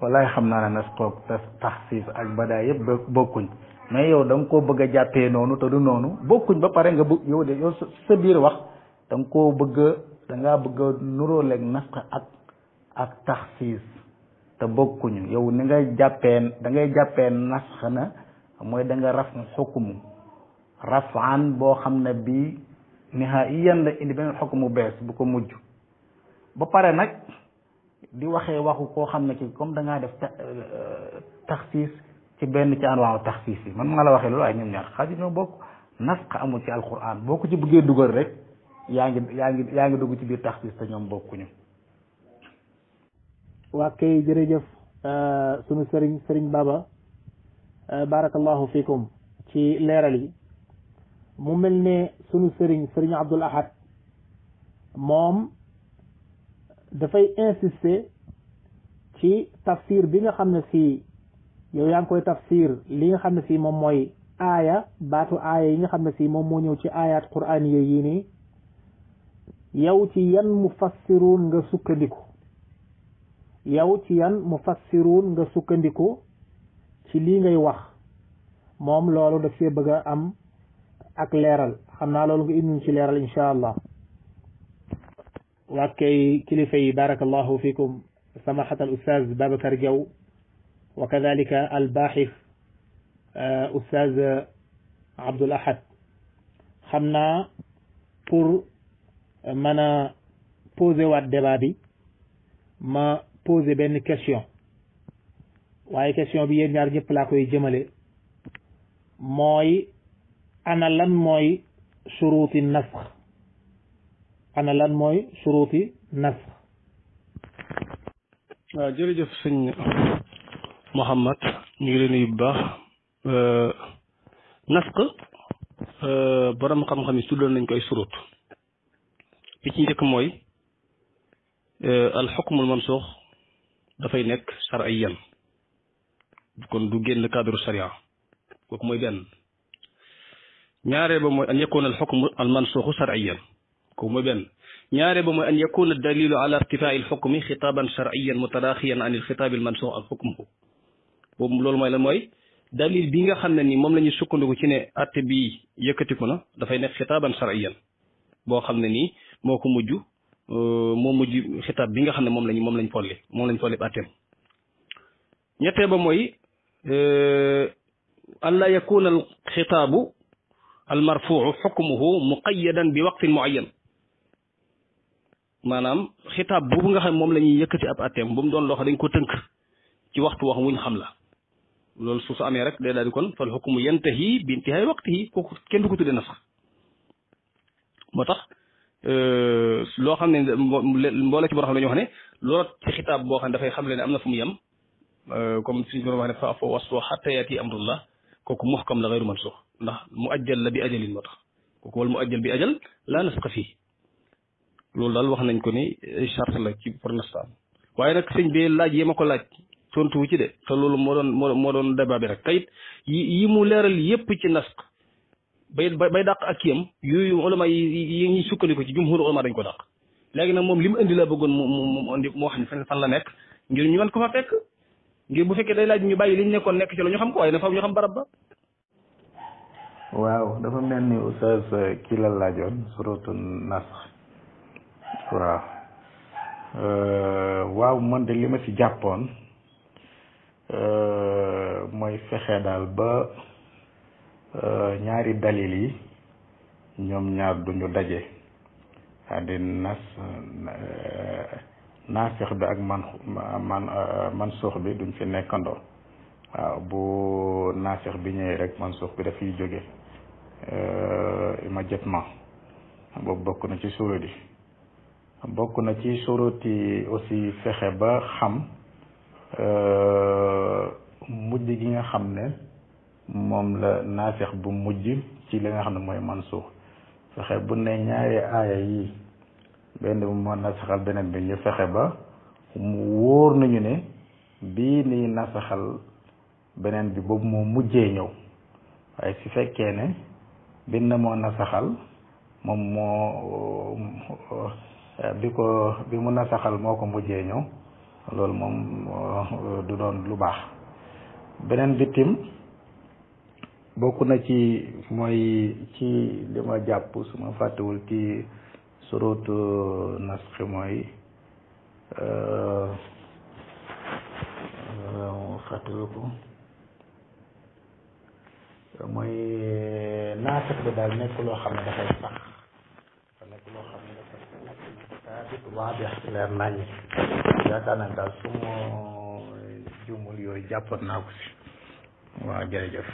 wallaay xam naa ne nasxoog taxsiis ak badaa yëpp bokkuñ mais yow da nga koo bëgg a jàppee noonu te du noonu bokkuñ ba pare nga bëgg yow de yow sa biir wax da nga koo bëgg a da ngaa bëgg a ak ak taxsiis te bokkuñu yow ni nga jàppee da ngay jàppee nasx na mooy da nga raf xukumu rafaan boo xam ne bii nihaayiyan la indi beneen bees bu ko mujj. ba pare nag di waxee waxu koo xam ne ki comme da def def euh, euh, taxsiis ci benn ci anwaaw taxsiis yi man maa la waxee loolu ay ñoom ñaar xaaju ñoo bokk nasq amul ci alquran boo ko ci buggee dugal rek yaa ngi yaa ngi yaa ngi dugg ci biir taxsiis te ñoom bokkuñu. waa kay jërëjëf euh, sunu sëriñ sëriñ Baba barakallahu fiikum ci leeral yi mu mel ne sunu sëriñ sëriñ Abdul Ahad moom. dafay insister ci tafsir bi nga xam ne si yow yaa ngi koy tafsir li nga xam ne si moom mooy aaya baatu aaya yi nga xam ne si moom moo ñëw ci aayaat quraan yii nii yow ci yan mufassiruun nga sukkandiku yow ci yan mufassiruun nga sukkandiku ci lii ngay wax moom loolu daf see bëgg a am ak leeral xam naa loolu nga indiñ ci leeral incha allah waa kay kilifa yi barakallahu fikum samahat al ustaz Babacar Diaw wa kadalika al uh, Abdul Ahad xam naa pour mën a poser waat ma poser benn question waaye question bi yéen ñaar ñëpp laa koy jëmale mooy nasx ana lan mooy suruuti nasx waaw jërëjëf sëñ Mouhamad ñu ngi leen nuyu bu baax nasq euh, borom xam-xam yi tuddoon nañ ko ay surut bi ci njëkk mooy euh, alxukmul mansuux dafay nekk shar'iyan kon du génn cadre sharia kooku mooy benn ñaareel ba mooy an yakuna alxukmu almansuuxu shar'iyan kooku mooy benn ñaare ba mooy an yakuna dalilu ala irtifai alxukmi xitaaban sharciyan mutaraxiyan an ilxitaabi almansuux alxukmu boobu loolu mooy lan mooy dalil bi nga xam ne ni moom la ñu sukkandiku ci ne atte bi yëkkatiku na dafay nekk xitaaban sharciyan boo xam ne nii moo ko mujj euh, moo mujj xitaab bi nga xam ne moom lañ moom lañ folli moom lañ folli atteem ñettee ba mooy euh, an laa yakuna alxitaabu almarfuu xukmuhu muqayadan bi waqtin muayyan maanaam xitaab boobu nga xam moom la ñuy yëkkati ab atteem bu mu doon loo xam dañ ko tënk ci waxtu wax wuñ xam la loolu su su amee rek day daal di kon fal xukmu yantahi bi intihaay waqtihi kooku kenn du ko tuddee nasax moo tax euh, loo xam ne mboole ci boo xam ne dañoo wax ne looloo ci xitaab boo xam ne dafay xam le ne am na fu mu yem euh, comme suñu borom wax ne fa foo wasfoo xatta yaati amrullah kooku muhkam la gayru mansuux ndax mu ajjal la bi ajalin moo tax kooku wal mu ajjal bi ajal laa nasqa fii loolu daal wax nañ ko ni eh, charte la ci pour l'instant waaye nag sëñ bi laaj yi ma ko laaj tontu wu ci de te loolu moo doon moo moo doon débat bi rek tayit yi mu leeral yépp ci nasq bay bay dàq ak kiyam yooyu ulama yi ñuy sukkandiku ci jumhur ulama dañ ko dàq léegi nag moom li mu indi la bëggoon mu mu mu indi fan la nekk ngir ñu mën ko fa fekk ngir bu fekkee day laaj ñu bàyyi li nekkoon nekk ci la ñu xam ko waaye na fa ñu xam barab ba. waaw dafa mel ni oustaz eh, kii la laajoon suratu nasx waaw euh, waaw man de li ma ci jàppoon euh, mooy fexe daal ba euh, ñaari dalil yi ñoom ñaar duñu daje cest à nas naasix bi ak man man mansuux bi duñ fi nekkandoo waaw bu naasix bi ñëwee rek mansuux bi dafiy jóge immédiatement boobu bokk na ci suula di bokk na ci soroti aussi fexe ba xam euh, mujj gi nga xam ne moom la naasix bu mujj ci li nga xam ne mooy man mansuux fexe bu ne ñaari aaya yi benn bu moo nasaxal beneen bi ñu fexe ba mu wóor nañu ne bii nii nasaxal beneen bi boobu moo mujjee ñëw waaye su fekkee ne benn moo nasaxal moom moo bi ko bi mu nasaxal moo ko mujjee ñëw loolu moom euh, du doon lu baax beneen bitim bokk na ci mooy ci li ma jàpp su ma fàttewul ci surut euh, nasxi mooy euh, fàttaliku mooy naasix bi daal nekk xam ne dafay sax waa bi leer nañ yaakaar naa daal su ma jumul yooyu jàppoon naa ko si waaw jërëjëf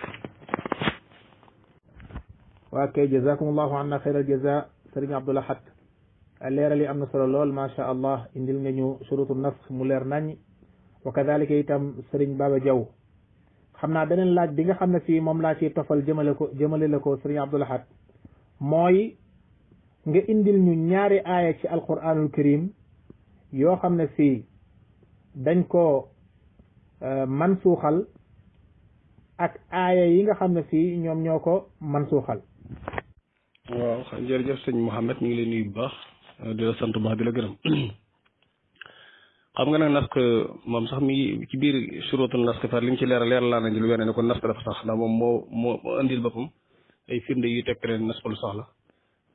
waa kay jazakumullahu anna xayral jaza sëriñ Abdul Ahad leeral yi am na solo lool macha allah indil nga ñu surutu nafs mu leer nañ wa kadalika itam sëriñ Baba Diaw xam naa beneen laaj bi nga xam ne si moom laa ciy tofal jëmale ko jëmale la ko sëriñ Abdul Ahad mooy nga indil ñu ñaari aaya ci alquranul karim yoo xam ne fii dañ ko euh, mansuuxal ak aaya yi nga xam ne fii ñoom ñoo ko mansuuxal waaw jërëjëf sëñ Mouhamed ñu ngi lay bu baax euh, di la sant baax di la gërëm xam nga nag nask moom sax mi ci biir surotul nask far li mu ci leeral leeral laa nañ lu wene ne ko nask dafa sax ndax moom moo moo indil boppam ay firnde yu tegtale nask lu sax la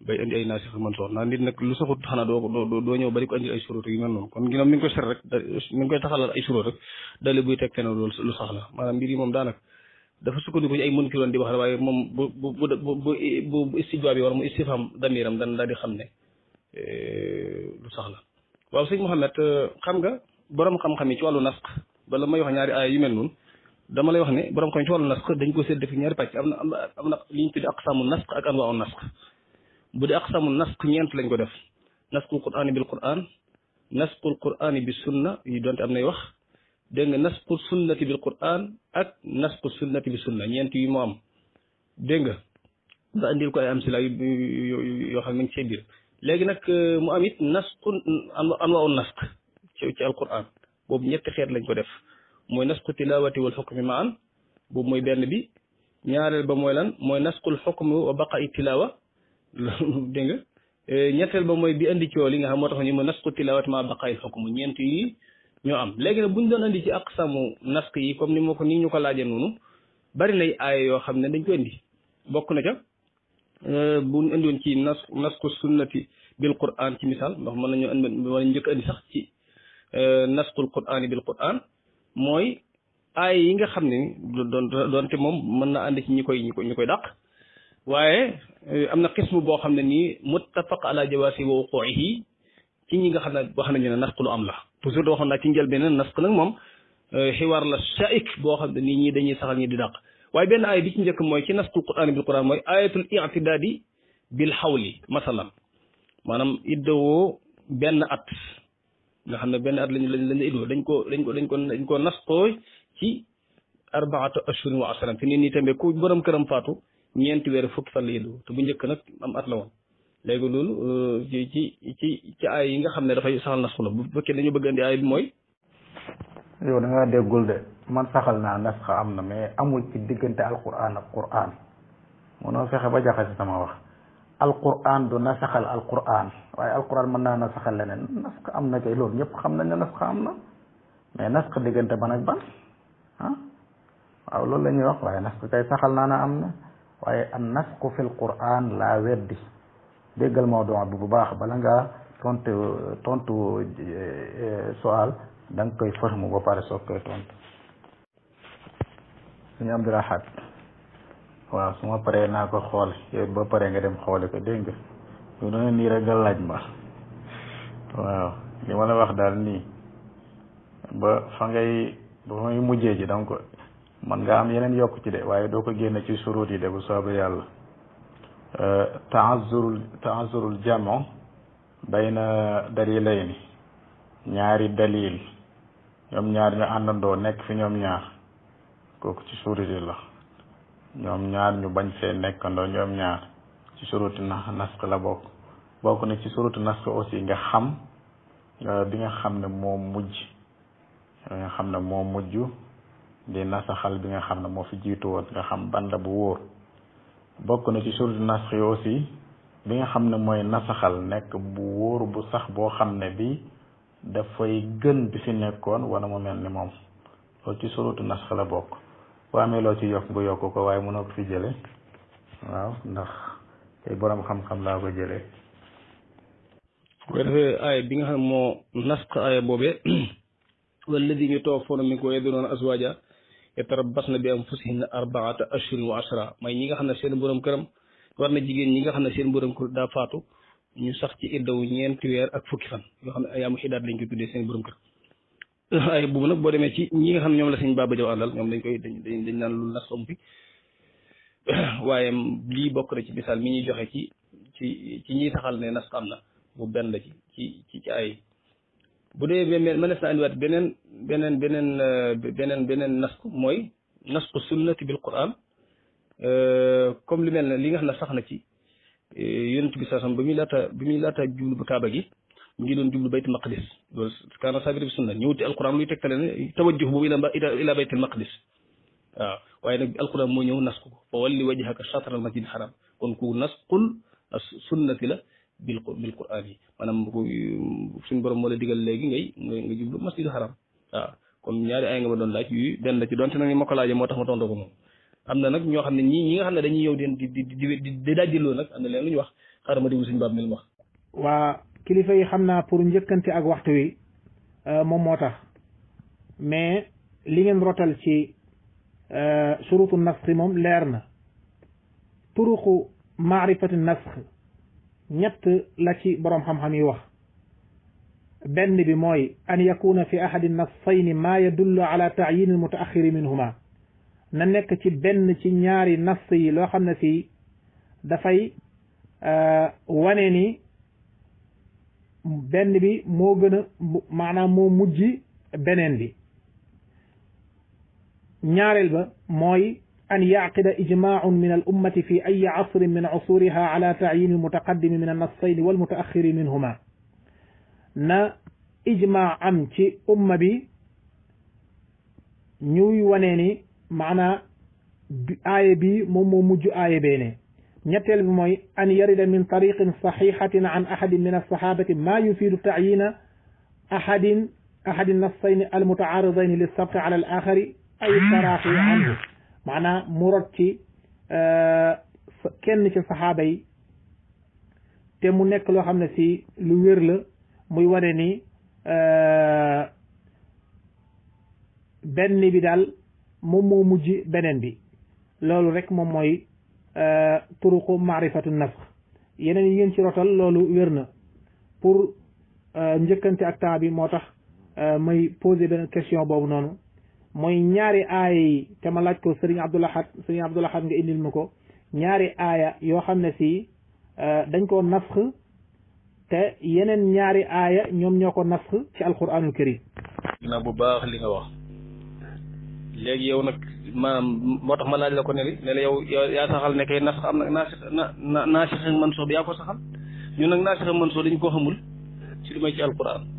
bay indi ay naasix mansuux naa nit nag lu saxut xanaa doo doo doo ñëw ba di ko indi ay suróot yu mel noonu kon ginnaaw mi ngi koy set rek mi ngi koy taxalal ay suróot rek dale buy tegte ne loolu lu sax la maanaam wax waaye moom bu bu bu bu bu istijwaab bi war mu istifham damiram dan daal di xam ne eh, lu sax la waaw sëñ Mouhamed euh, xam nga borom xam-xam yi ci wàllu nasq bala may wax ñaari aaya yi mel noonu dama lay wax ne borom xam ci wàllu nasq dañ ko sedd fi ñaari pàcc am na am na li ñu tuddee aqsaamu nasq ak anwaa'u nasq bu dee aqsaamu nasq ñeent lañ ko def nasqul qur'aani bil qur'aan nasqul qur'aani bi sunna yi donte am nay wax dégg nga nasqul sunnati bil qur'aan ak nasqul sunnati bi sunna ñeent yi moo am dégg nga nga koy ko ay am sila yoo xam ne ngi biir léegi nag euh, mu am it nasqu anwaa'u nasq ci ci alquran boobu ñetti xeet lañ ko def mooy nasqu tilawati wal xukmi maan boobu mooy benn bi ñaareel ba mooy lan mooy nasqul xukmi wa baqa'i tilawa loolu dégg nga euh, ñetteel ba mooy bi andi coow li nga xam moo tax ñu ma nasqu tilawat ma baqaay xokkumu ñeent yi ñoo am léegi nag bu ñu doon andi ci ak aqsamu nasq yi comme ni ma ko ni ñu ko laajee noonu bari nay aaya yoo xam ne dañ ko indi bokk na ca euh, bu ñu indiwoon ci nas nasqu sunnati bil quran ci misaal ndax mën nañu indi wala njëkk indi sax ci euh, nasqul qurani bil quran mooy aaya yi nga xam ne doon doonte moom mën na ànd ci ñi koy ñi koy koy dàq waaye euh, am na xismu boo xam ne nii muttafaq ala jawaasi wa wuquuhi ci ñi nga xam na wax nañu ne nasq lu am la toujours da waxoon naa ci njëlbeen na nag moom euh, xiwaar la shaik boo xam ne nii ñii dañuy saxal ñi di dàq waaye benn aaya bi ci njëkk mooy ci nasqul quraan bil quraan mooy ayatul i'tidaadi bil xawli masalan maanaam iddawoo benn at nga xam ne benn at lañ lañ iddoo dañ ko dañ ko dañ ko dañ ko nasqoo ci arbaatu ashhurin wa asran fi ne nii tamit ku borom këram faatu ñeenti weer fukki fan la yëndu te bu njëkk nag am at la woon léegi loolu ci euh, ci ci ci aay yi nga xam ne dafay saxal nas la bu fekkee dañu bëgg andi aay bi da ngaa déggul de man saxal naa nasxa am na mais amul ci diggante alquran ak quran noo fexe ba jaxase sama wax alquran du nasaxal alquran waaye alquran mën naa nasaxal leneen nasxa am na kay loolu ñëpp xam nañ ne nasxa am na mais nasxa diggante ban ak ban ah? waaw loolu lañuy wax waaye nasxa kay saxal naa na am na. waaye an nafqu fi alquran laa weddi déggal moo doon bi bu baax bala ngaa tontu tontu eh, soal da nga koy mu ba pare soog koy tontu suñu abdulahat waaw su ma paree naa ko xool yow ba pare nga dem xooli ko dégg nga lu nii rek laaj ma waaw li ma la wax daal nii ba fa ngay ba may mujjee ji donc man nga am yeneen yokk ci de waaye doo ko génne ci surut yi de bu soobee yàlla euh, taazurul taazurul jamo bayna dalilayni ñaari dalil ñoom ñaar ñu àndandoo nekk fi ñoom ñaar kooku ci surut yi la ñoom ñaar ñu bañ fee nekkandoo ñoom ñaar ci suruti na nasq la bokk bokk na ci suruti nasq aussi nga xam euh, bi nga xam ne moom mujj nga xam ne moo mujj di nasaxal bi nga xam ne moo fi jiitu woon nga xam ban la bu wóor bokk na ci surtu nasx aussi bi nga xam ne mooy nasaxal nekk bu wóor bu sax boo xam ne bi dafay gën bi fi nekkoon wala mu mel ni moom loolu ci surtu nasx la bokk boo amee loo ci yokk nga ko waaye mënoo ko fi jële waaw ndax tey boroom xam-xam laa ko jëlee bu ko nga xam ne moo nasx aaya boobee walladi ñu toog na bi anfusihinna arbaata ashhurin wa ashra may ñi nga xam ne seen borom këram war na jigéen ñi nga xam ne seen borom kër daa faatu ñu sax ci iddaw ñeenti weer ak fukki fan yoo xam ne ayaamu xidaat lañ koy tuddee seen borom kër ay boobu nag boo demee ci ñi nga xam ne ñoom la sëñ Baaba Jaw àndal ñoom dañ koy dañ dañ naan lu nas om fi waaye lii bokk na ci misaal mi ñuy joxe ci ci ci ñiy taxal ne nas xam na mu benn la ci ci ci ay bu dee beneen mënees na andiwaat beneen beneen beneen euh, beneen beneen nasku mooy nasku sunnati bil quran euh, comme li mel ne li nga na sax na ci euh, yonent bi saasam ba muy laata ba muy laata jublu ba gi mu ngi doon jublu baytul maqdis loolu kaana saabira bi sunna ñëwati alquran luy tegtale ne tawajjuh boobu ila ila baytul maqdis waaw waaye nag alquran moo ñëw nasku ko fa walli wajhaka shatral masjidil haram kon ku nasqul sunnati la bil bil quraan yi maanaam suñu borom moo la digal léegi ngay nga jublu masjidu haram waaw comme ñaari ay ma doon laaj yu benn la ci donte na ma ko laajee moo tax ma tontu ko moom na nag ñoo xam ne ñi ñi nga dañuy yow den di di di di dajjiloo nag am na leen lu ñu wax xaaral ma déglu suñu baab mi lu waa kilifa yi xam naa pour njëkkante ak waxtu wi euh, moom moo tax mais li ngeen rotal ci euh, surutu nasx moom leer na turuqu maarifati nasx ñett la ci boroom xam-xam yi wax benn bi mooy an yakuna fi ahadi nassayni maa yadullu ala taayin al minhuma na nekk ci benn ci ñaari nass loo xam ne si dafay euh, wane ni benn bi moo gën a maanaam moo mujj beneen bi ñaareel ba mooy أن يعقد إجماع من الأمة في أي عصر من عصورها على تعيين المتقدم من النصين والمتأخر منهما na ijmaa am ci umma bi ñuy wane ni maanaa aaya bi moom moo mujj aaya bee ne ñetteel bi mooy an yarida min tariqin saxiixatin an ahadin min alsaxaabati maa yufiidu tayiina ahadin ahadi nasayni almutacaaridayn lilsabqi ala al axari ay taraaxi anhu maanaam mu rot ci euh, kenn ci saxaaba yi te mu nekk loo xam ne si lu wér la muy wane ni euh, benn bi daal moom moo mujj beneen bi loolu rek moom mooy euh, turuqu maarifatu nafx yeneen yi ngeen ci rotal loolu wér na pour njëkkante ak temps bi moo tax may poser benn question boobu noonu mooy ñaari aaya yi te ma laaj ko sëriñ Abdou Lahad sëriñ Abdou Lahad nga indil ma ko ñaari aaya yoo xam ne si euh, dañ koo nasx te yeneen ñaari aaya ñoom ñoo ko nasx ci alquranul karim na bu baax li nga wax léegi yow nag maanaam moo tax ma laaj la ko ne li ne la yow yaa saxal ne kay nasx am na naasix na naasix mansuux bi yaa ko saxal ñun nag naasix mansuux dañ koo xamul ci li may ci alquran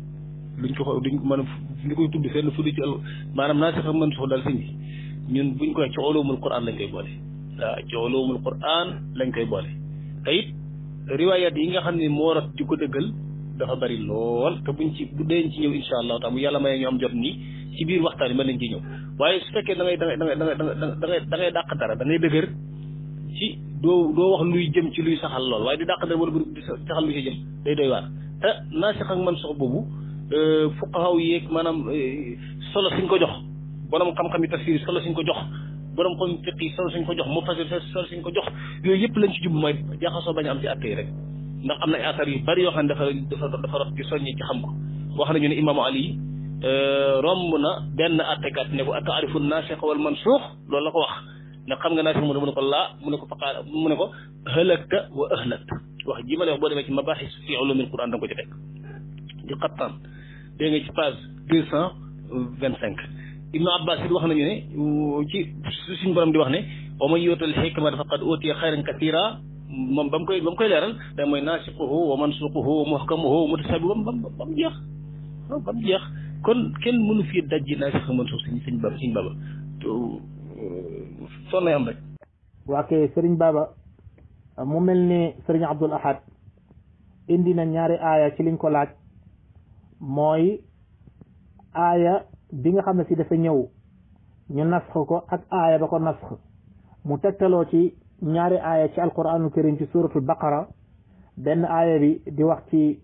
luñ ko xool duñ mën a ñu koy tudd fenn fu di ci maanaam naa si xam mën suxu daal sëñ bi ñun buñ koy ci ulumul Qur'an lañ koy boole waaw ci ulumul Qur'an lañ koy boole te it riwayat yi nga xam ne moo di ko dëggal dafa bari lool te buñ ci ci ñëw insha allahu taala bu yàlla mayee ñu jot nii ci biir waxtaan yi mën nañ ci ñëw waaye su fekkee da ngay da ngay da ngay da ngay da ngay dàq dara da dëgër ci doo doo wax luy jëm ci luy saxal lool waaye di dàq dara wala bu saxal lu ci jëm day doy waar te naa sax man sox boobu Euh, fuqahaw yeeg maanaam euh, solo suñ ko jox borom xam-xam yi tafsir solo suñ ko jox borom xam fiq yi solo suñ ko jox mu fasir solo suñ ko jox yooyu yëpp lañ ci jub mooy jaxasoo bañ am ci àtte yi rek ndax am na ay asar bari yoo xam ne dafa dafa dafa rot ci soññi ci xam ko wax nañu ne imaamu ali euh, romb na benn attekat ne ko ataarifu naasixa wal mansuux loolu la ko wax ne xam nga naasix mu ne mu ne ko laa mu ne ko faqaal mu ne ko halakta wa ahlakta wax ji ma lay wax boo demee ci mabaaxis fi ulumil quran da nga ko ci fekk di xattaan dégg nga ci page deux cent vingt cinq ibnu abbas it wax nañu ne euh, ci suñ borom di wax ne wa man yootal xikmata faqad utiya xayran kasira moom ba koy ba mu koy leeral da mooy naasiquhu wa mansuquhu wa muhkamuhu wa ba mu jeex kon kenn mënu fii dajji naasiq mansuq si sëñ baba sëñ baba son lay am rek waa sëriñ baba mu mel ni sëriñ abdul ahad indi na ñaari aaya ci liñ ko laaj mooy aaya bi nga xam ne si dafa ñëw ñu nasx ko ak aaya ba ko nasx mu tegtaloo ci ñaari aaya ci alquranul karim ci suratul baqara benn aaya bi di wax ci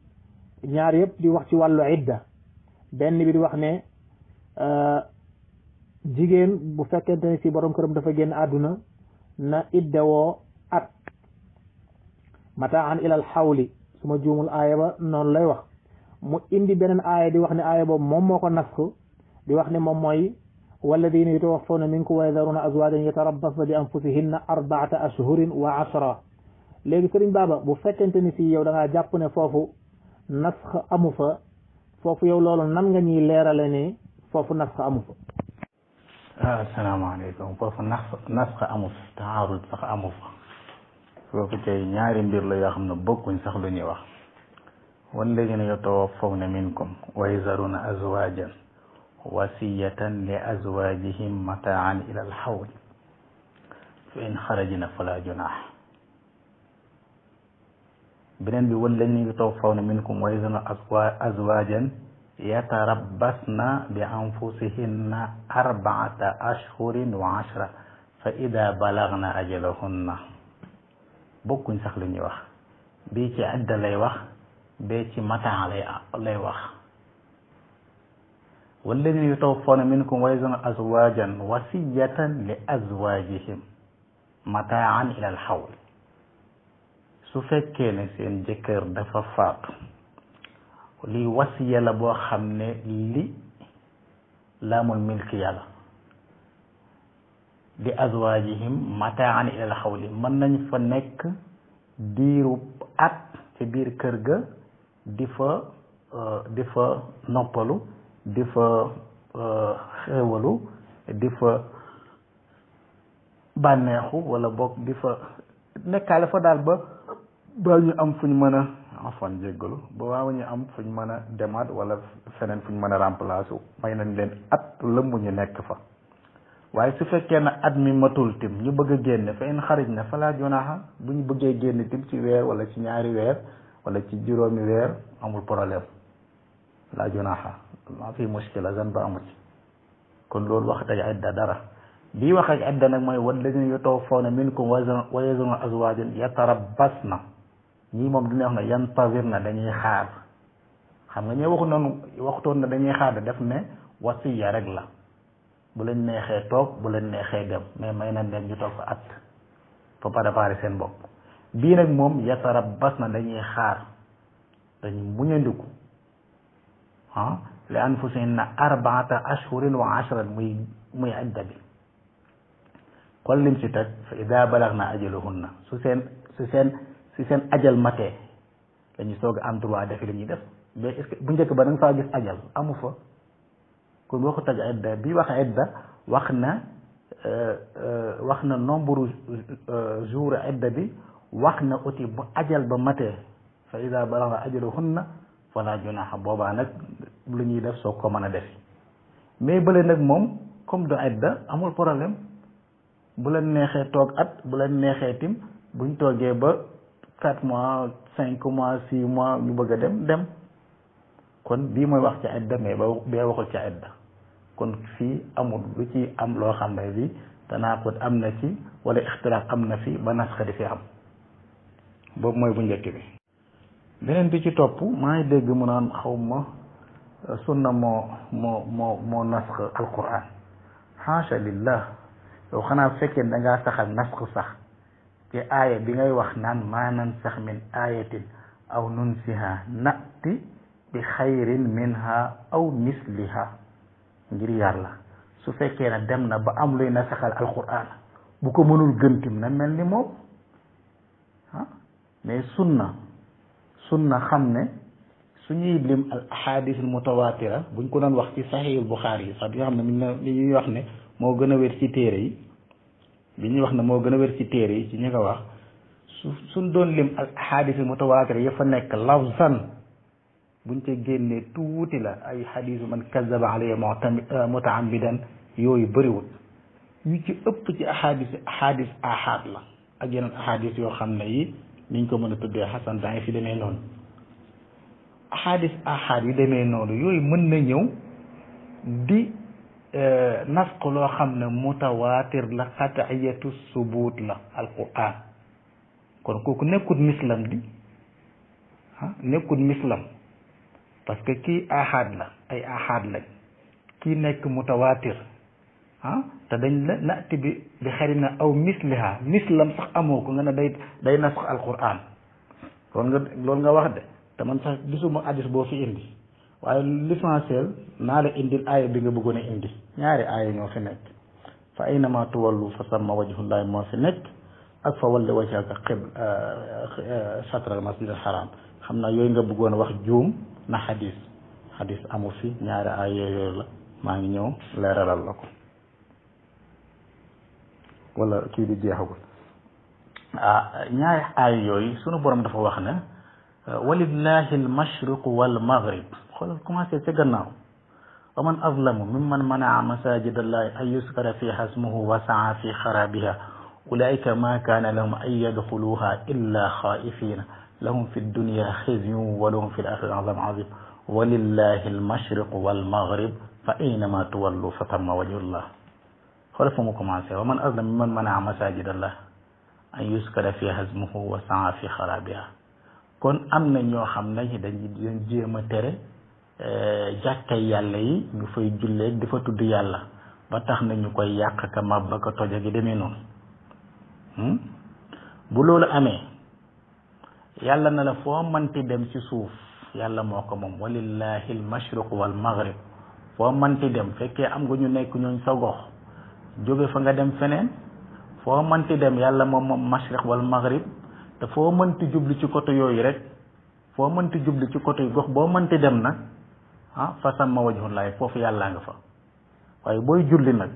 ñaar yëpp di wax ci wàllu idda benn bi di wax ne euh, jigéen bu fekkente ne si borom këram dafa génn àdduna na idda woo at mataan ilal xawli su ma juumul aaya ba noonu lay wax mu indi beneen aaya di wax ne aaya boobu moom moo ko nasku di wax ne moom mooy di na walladina yutawaffawna minkum wa yadharuna azwajan yatarabbasna bi anfusihinna arbaata ashhurin wa ashra léegi sëriñ baaba bu fekkente ni si yow da jàpp ne foofu nasx amu fa foofu yow loolu nan nga ñuy leerale ni foofu nasx amu fa ah, asalaamaaleykum foofu nasx nasx amu fa taarud sax amu fa foofu kay ñaari mbir la yoo xam ne bokkuñ sax lu ñuy wax والذين يتوفون منكم ويذرون أزواجا وصية لأزواجهم متاعا إلى الحول فإن خرجنا فلا جناح beneen bi والذين يتوفون منكم ويذرون أزواجا يتربصن بأنفسهن أربعة أشهر وعشرة فإذا بلغن أجلهن bokkuñ sax lu ñuy wax bii ci adda lay wax bee ci matin lay lay wax walladina yutawfawna minkum wa yazaruna azwajan wasiyatan li azwajihim mataan ila al xawl su fekkee ne seen jëkkër dafa faatu li wasiya la boo xam ne li laamul milki yàlla di azwaajihim mataan ilal xawli mën nañ fa nekk diirub at ci biir kër ga di fa euh, di fa noppalu di fa euh, xéewalu di fa bànneexu wala boog di fa nekkaale fa daal ba ba ñu am fu ñu mën a afan jéggalu ba waaw ñu am fu ñu mën a demaat wala feneen fu ñu mën a remplacer may nañ leen at lëmb ñu nekk fa waaye su fekkee ne at mi matul tim ñu bëgg a génne fa in xarit na fa laa junaaxa bu ñu bëggee génn tim ci weer wala ci ñaari weer wala ci juróomi weer amul problème la junaha ma fi muskila zan ba amu ci kon loolu wax ak idda dara bii wax ak idda nag mooy walladina yutawaffawna minkum wa yazaruna azwajan na ñii moom du neex na yantazir na dañuy xaar xam nga ñoo waxu noonu waxtoon na dañuy xaar def ne wasiya rek la bu leen neexee toog bu leen neexee dem mais may na leen ñu toog fa at fa préparer seen bopp bii nag moom yatarabas na dañuy xaar dañuy muñandiku ah li anfusihinna arbaata ashhurin wa ashran muy muy idda bi kon lim si teg fa ida na ajaluhunna su seen su seen su seen ajal matee dañuy soog a droit def li ñuy def mais bu njëkk ba da nga faa gis ajal amu fa kon waxu tag bi wax idda wax na euh, euh, wax na nombre euh, jour idda bi wax na uti bu ajal ba matee fa ida balaga ajaluhunna fala junaha boobaa nag lu ñuy def soo ko mën a defi mais bële nag moom comme du idda amul problème bu leen neexee toog at bu leen neexee tim buñ toogee ba quatre mois cinq mois six mois ñu bëgg a dem dem kon bii mooy wax ci idda mais ba bee waxul ci idda kon fii amul lu ci am loo xam ne bi tanaaqut am na ci wala ixtilaaf am na fi ba nasxa di fi am boobu mooy bu njëkk bi beneen bi ci topp maa ngi dégg mu naan xaw ma euh, sunna moo moo moo moo nasx alquran xaasha lillah yow xanaa fekkee da ngaa saxal nasx sax ci aaya bi ngay wax naan maa nan sax min ayatin aw nunsiha natti bi xayrin minha aw misliha ngir yàlla su fekkee ne dem na ba am luy nasaxal alquran bu ko mënul gëntim na mel ni moom ah. mais sunna sunna xam ne suñuy lim al ahadis al mutawatira buñ ko doon wax ci saxiihul Buxaari yi sax bi nga xam ne mi li ñuy wax ne moo gën a wér ci téere yi bi ñuy wax ne moo gën a wér ci téere yi ci ñu ko wax su suñ doon lim al ahadis al mutawatira ya fa nekk lafzan buñ ca génnee tuuti la ay xadiisu man kazaba alayya euh, mutaamidan yooyu bëriwul yu ci ëpp ci ahadis ahadis ahad la ak yeneen ahadis yoo xam ne yi niñ ko mën a tuddee xasan daa fi demee noonu ahadis ahad yi demee noonu yooyu mën na ñëw di euh, nasq loo xam ne mutawaatir la qatiyatu subut la alquran kon kooku nekkut mislam di ah nekkut mislam parce que kii ahad la ay ahad lañ kii nekk mutawaatir Ah te dañ la naati bi bi xarina aw misliha mislam sax amoo ko nga ne day day na sax alquran loolu nga lool nga wax de te man sax gisuma addis boo fi indi waaye l'essentiel naa la indil aaya bi nga bëggoon indi ñaari aaya ñoo fi nekk fa aynama tuwallu fa samma wajhullahi moo fi nekk ak fa walli wajhaka qibla euh, satral masjidil haram xam naa yooyu nga bëggoon a wax juum na xadis xadis amu fi ñaari aaya yooyu la maa ngi ñëw leeralal la ko wala kii bi jeexagul ah ñaari aay yooyu sunu borom dafa wax ne walillahi almashriqu walmaghrib xoolal commencé ca gannaaw wa man azlamu mimman manaa masajid allahi an yuskara fiha ismuhu wa saa fi xarabiha ulaika ma kaana lahum an yadxuluha illa xaifina lahum fi dunya xizyun wa lahum fi laxirati azab azim walillahi almashriqu walmaghrib fa aynama tuwallu fa tamma wajhullah xoola fa mu commencé wa man azlam mi man manaa masajid allah an yuskara fi hasmuhu wa saa fi xarabiha kon am na ñoo xam ne dañuy dañ jéem a tere eh, jàkkay yàlla yi ñu fay jullee di fa tudd yàlla ba tax na ñu koy yàq ka màbb ka tojo gi demee noonu hmm? bu loolu amee yàlla na la foo manti dem ci suuf yàlla moo ko moom walillahi al mashriq wal maghrib foo manti dem fekkee am nga ñu nekk ñooñ sa gox jóge fa nga dem feneen foo mënti dem yàlla moom moom mashriq wala maghrib te foo mënti jublu ci côté yooyu rek foo mënti jublu ci côté gox boo mënti dem nag ah fa sama wajhullaay foofu yàllaa nga fa waaye booy julli nag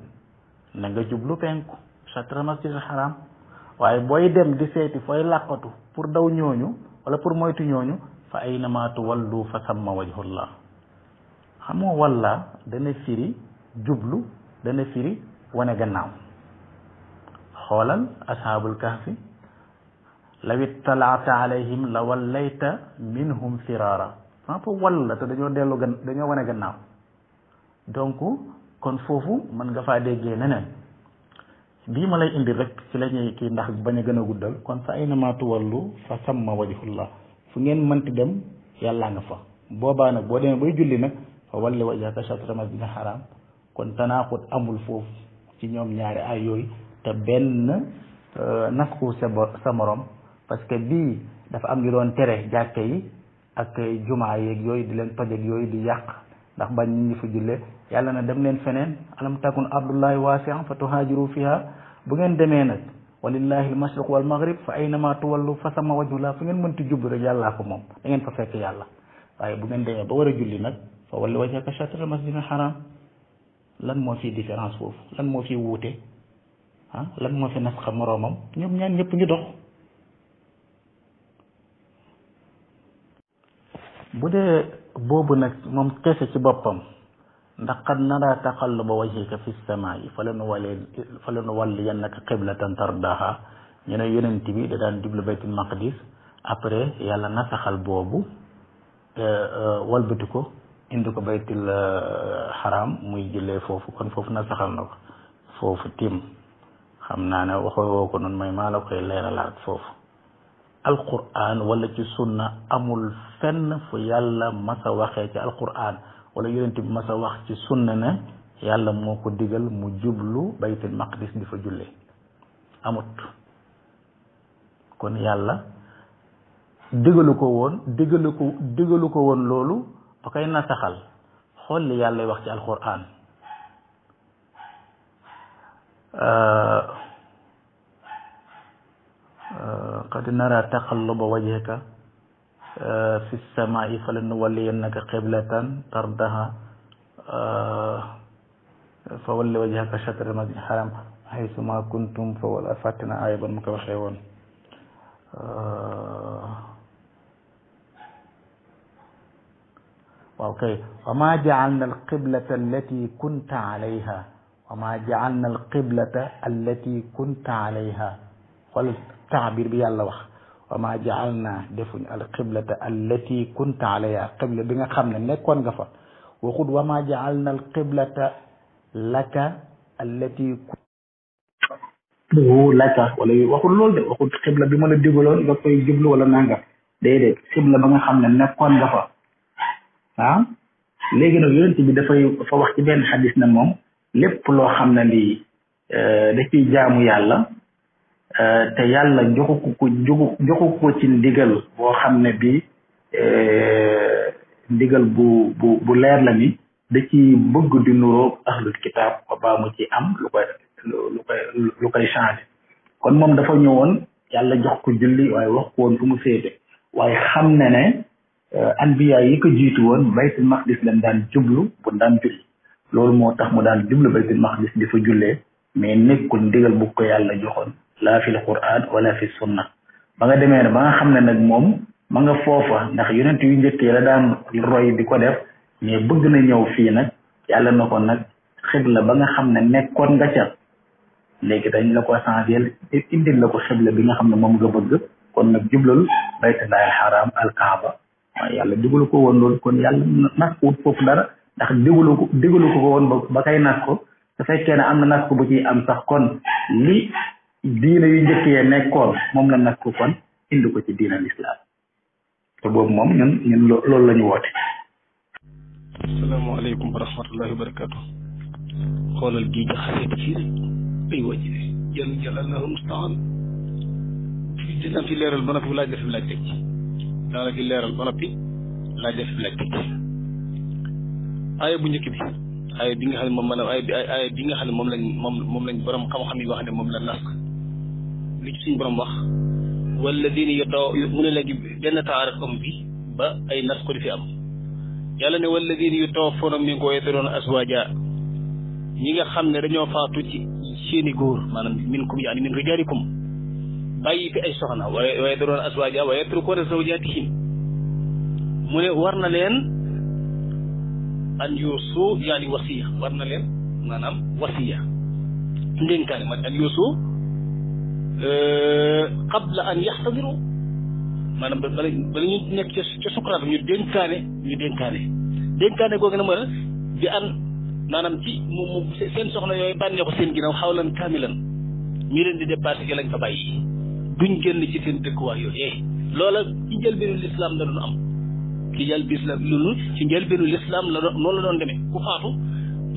na nga jublu penku shatral masjidil haram waaye booy dem di seeti fooy làqatu pour daw ñooñu wala pour moytu ñooñu fa aynama tuwallu fa sama wajhullah xamoo walla dana firi jublu dana firi wane gannaaw xoolal ashaabul kahfi law ittalaata alayhim la wallayta minhum firaara maa foofu wall la te dañoo dellu gan dañoo wane gannaaw donc kon foofu man nga faa déggee neneen bii ma lay indi rek ci la kii ndax bañ a gën a guddal kon fa aynama tuwallu fa samma wajhullah fu ngeen mënti dem yàllaa nga fa boobaa nag boo demee bay julli nag fa walli wajhaka shatra masjidil haram kon tanaaxut amul foofu ci ñoom ñaari ay yooyu te benn euh, nasku sa sa morom parce que bii dafa am ñu doon tere jàkke yi ak jumaa yeeg yooyu di leen toj yooyu di yàq ndax bañ ñu fa julle yàlla na dem leen feneen alam takun abdullahi waasian fa tuhajiru fiha bu ngeen demee nag walillahi almashriq wal maghrib fa aynama tuwallu fa sama wajhullah fu ngeen mënti jublu rek yàllaa ko moom da fa fekk yàlla waaye bu ngeen demee ba war a julli nag fa walli wajhaka shatril masjidil lan moo fi différence foofu lan moo fi wuute ah lan moo fi nasxa moroomam ñoom ñaan ñëpp ñu dox bu dee boobu nag moom kese ci boppam ndax qad nara taqalluba wajhika fi samaa'i fa lanu wali fa lanu walliyannaka qiblatan tardaha ñu ne yonent bi da daan jublu baytul maqdis après yàlla nasaxal boobu euh, euh, walbati ko indi ko baytil xaraam euh, muy jullee foofu kon foofu na saxal na ko foofu tim xam naa ne waxoo woo ko noonu may maa la koy leeralaat foofu alquran wala ci sunna amul fenn fu yàlla masa waxee ci alquran wala yonent ma masa wax ci sunna ne yàlla moo ko digal mu jublu baytil maqdis di fa jullee amut kon yàlla digalu ko woon digalu ko digalu ko woon loolu fa koy nasaxal xool li yàlla wax ci alquran euh, qad nara taqalluba wajhika euh, fi samaai fa lanuwalliyannaka qiblatan tardaha euh, fa walli wajhaka shatra masjid haram haythu ma kuntum fa wala fàtte na aaya ba mu ko waxee woon waaw kay wa ma jaalna alqiblata allati kunta alayha wa ma jaalna alqiblata allati kunta alayha wala taabir bi yàlla wax wa ma jaalna defuñ alqiblata allati kunta alayha qibla bi nga xam ne nekkoon nga fa waxut wa ma jaalna alqiblata laka allati kunta laka wala yu waxul loolu de waxul qibla bi ma la digaloon nga koy jublu wala nanga déedéet qibla ba nga xam ne nekkoon nga fa ah léegi na yonent bi dafay dafa wax ci benn xadis na moom lépp loo xam na ni euh, da ciy jaamu yàlla euh, te yàlla joxu ko joxu ko ci ndigal boo xam ne bi euh, ndigal bu bu bu leer la ni da ci bëgg di nuroog ahlul kitaab ba baa mu ci am lu koy lu koy lu kon moom dafa ñëwoon yàlla jox ko julli waaye wax ko fu mu féete waaye xam ne ne Euh, anbiya yi ko jiitu woon baytul maqdis lañ daan jublu bu daan julli loolu moo tax mu daan jublu baytul maqdis di fa jullee mais nekkul ndigal bu ko yàlla joxoon laa fil quran wala fi sunna ba nga demee ne ba nga xam ne nag moom ma nga foofa ndax yonent yu njëkk yi la daan roy di ko def mais bëgg na ñëw fii nag yàlla na ko nag xibla ba nga xam ne nekkoon nga ca léegi dañ la ko changé te la ko xibla bi nga xam ne moom nga bëgg kon nag jublul baytullahi al waaye yàlla digalu ko woon loolu kon yàlla nas ko wut dara ndax digalu ko digalu ko woon ba kay nas ko su fekkee ne am na nas ko bu ciy am sax kon li diina yu njëkk yee nekkoon moom la nas ko kon indi ko ci diina lislaam te boobu moom ñun ñun loolu la woote. asalaamaaleykum wa rahmatullahi wa daa la ci leeral ba noppi laaj def laaj bi aaya bu njëkk bi aaya bi nga xam ne moom maanaam aaya bi aaya xam ne moom lañ moom moom lañ borom xam-xam yi wax ne moom la nas li ci suñu borom wax walladina yataw mu ne léegi benn taarif am bi ba ay nas ko di fi am yàlla ne walladina yutawaffawna minkum wa yadharuna azwaja ñi nga xam ne dañoo faatu ci seeni góor maanaam minkum yaani min rijaalikum bàyyi fi ay soxna wa yadruuna azwaaja wa yatrukuuna zawjaatihim mu ne war na leen an yuusu yaani wasiya war na leen maanaam wasiya ndénkaane man an yuusu euh, qabla an yaxtadiru maanaam bala bala ñu nekk ca sukuraat ñu dénkaane ñu dénkaane dénkaane googu na mooy bi an maanaam ci mu mu seen soxna yooyu bànneexu seen ginnaaw xawlan kaamilan ñu leen di dépassé ci lañ fa bàyyi duñ génn ci seen dëkkuwaay yooyu loola ci njëlbeenu lislaam la doon am ci njëlbeenu lislaam loolu ci njëlbeenu lislaam la doon noonu la doon demee ku faatu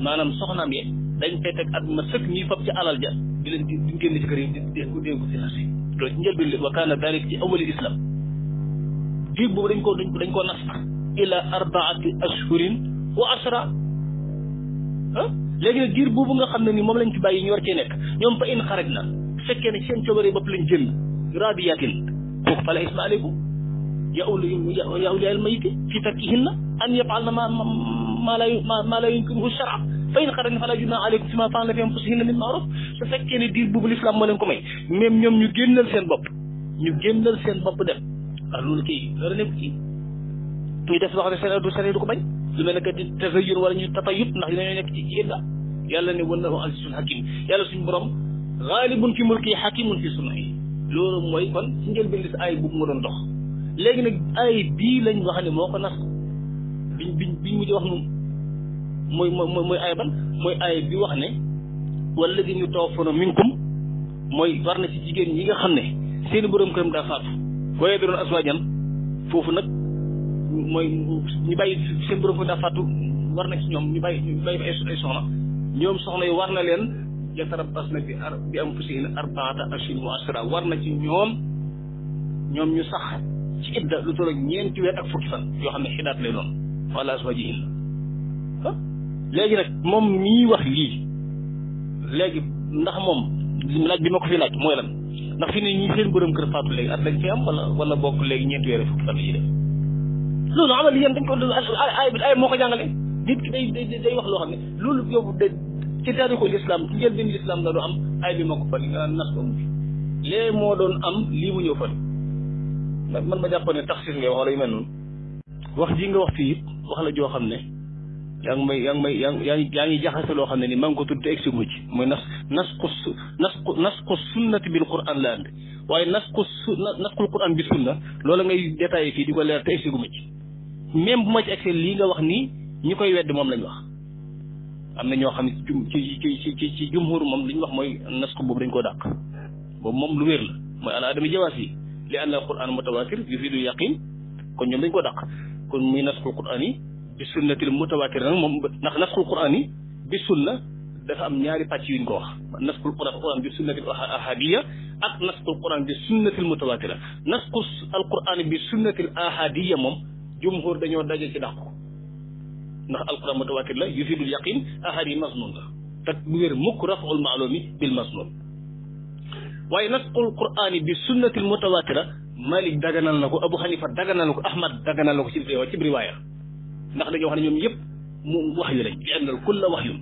maanaam soxnaam ye dañ fay teg at ma sëkk ñuy fab ci alal ja di leen di duñ génn ci kër yi di dénku ci njëlbeenu li wa kaana dalik ci awali dañ koo dañ koo nas ila arbaati ashhurin wa asra ah léegi nag diir boobu nga xam ne ni moom lañ ci bàyyi ñu war cee nekk ñoom fa in xaraj na fekkee ne seen coobare bopp lañ jënd raadiyatin kooku fala isma aleykum ya awliyaa almayiti fi tarkihinna an yafalna ma ma la ma la yumkinuhu shara fa in xarajna fala junaaha aleykum fi ma fa'alna fi anfusihinna min ma'ruf su fekkee ne diir boobu l'islam moo leen ko may même ñoom ñu génnal seen bopp ñu génnal seen bopp dem waaw loolu kay dara nekk ci ñuy def loo xam ne seen addu seen du ko bañ lu mel ne que di tasayyur wala ñu tatayut ndax dinañoo nekk ci idda yàlla ne wallahu azizun hakim yàlla suñu borom ghalibun fi mulki hakimun fi sunnahi loolu mooy kon ci njëlbéen gis aay boobu nga doon dox léegi nag ay bii lañ wax ne moo ko nas biñ biñ biñ mujj wax moom mooy mooy ay aay mooy ay bi wax ne wala di ñu tawafana minkum mooy war na ci jigéen ñi nga xam ne seen borom këram daa faatu waaye da doon aswaajan foofu nag mooy ñu bàyyi seen borom war na ci ñoom ñu bàyyi ñu bàyyi ay soxna ñoom soxla yi war na leen. yatarabas nag bi ar bi am fusihin arbaata ashhur wa ashra war na ci ñoom ñoom ñu sax ci idda lu tolloog ñeenti weer ak fukki fan yoo xam ne xidaat lay doon wala aswajihin léegi nag moom mii wax lii léegi ndax moom laaj bi ma ko fii laaj mooy la ndax fi ne ñii seen borom kër faatu léegi at lañ fi am wala bokk léegi ñeenti weer ak fukki fan la ñuy def loolu amal yéen dañ ko ay ay moo ko jàngale nit ki day day wax loo xam ne loolu yow ci taarixul islam ci njëlbeen islam la du am ay bi ma ko fal nga euh, nas ko fi lee moo doon am lii mu ñëw fal man ma jàppoon ne taxsiir ngay wax wala yu mel noonu wax jii nga wax fii wax la joo xam ne yaa ngi may yaa ngi may yaa ngi yaa ngi jaxase loo xam ne ni maa ngi ko tudd te egsi ci mooy nas nas ko su nas ko nas ko sunnati bil quran la andi waaye nas ko su naskul quran bi sunna loola ngay détaillé fii di ko leer te egsi gu ma ci même bu ma ci egsi lii nga wax nii ñi koy wedd moom lañ wax am na ñoo xam ne jum ci ci ci ci jumhur moom li ñu wax mooy nasxu boobu dañ koo daq boobu moom lu wér la mooy ala adami jawaas yi li anna alquran mutawatir yufidu yaqin kon ñoom dañ koo daq kon muy nasxul quran yi bi sunnatil mutawatir nag moom ndax nasxul quran yi bi sunna dafa am ñaari pàcc yuñ ko wax nasxul quran bi sunnatil ahadiya ak nasxul quran bi sunnatil mutawatira nasxu alquran bi sunnatil ahadiya moom jumhur dañoo daje ci daq ko ndax alquran mutawaatir la yufidul yaqin ahad yi masnun la te bu wér mukk raful maalumi bil masnun waaye nag qul quraan yi bi sunnatil mutawaatira malik daganal na ko abu xanifa daganal na ko ahmad daganal na ko ci ci riwaaya ndax dañoo wax ne ñoom yëpp mu wax yu lañ bi annal kulla wax yun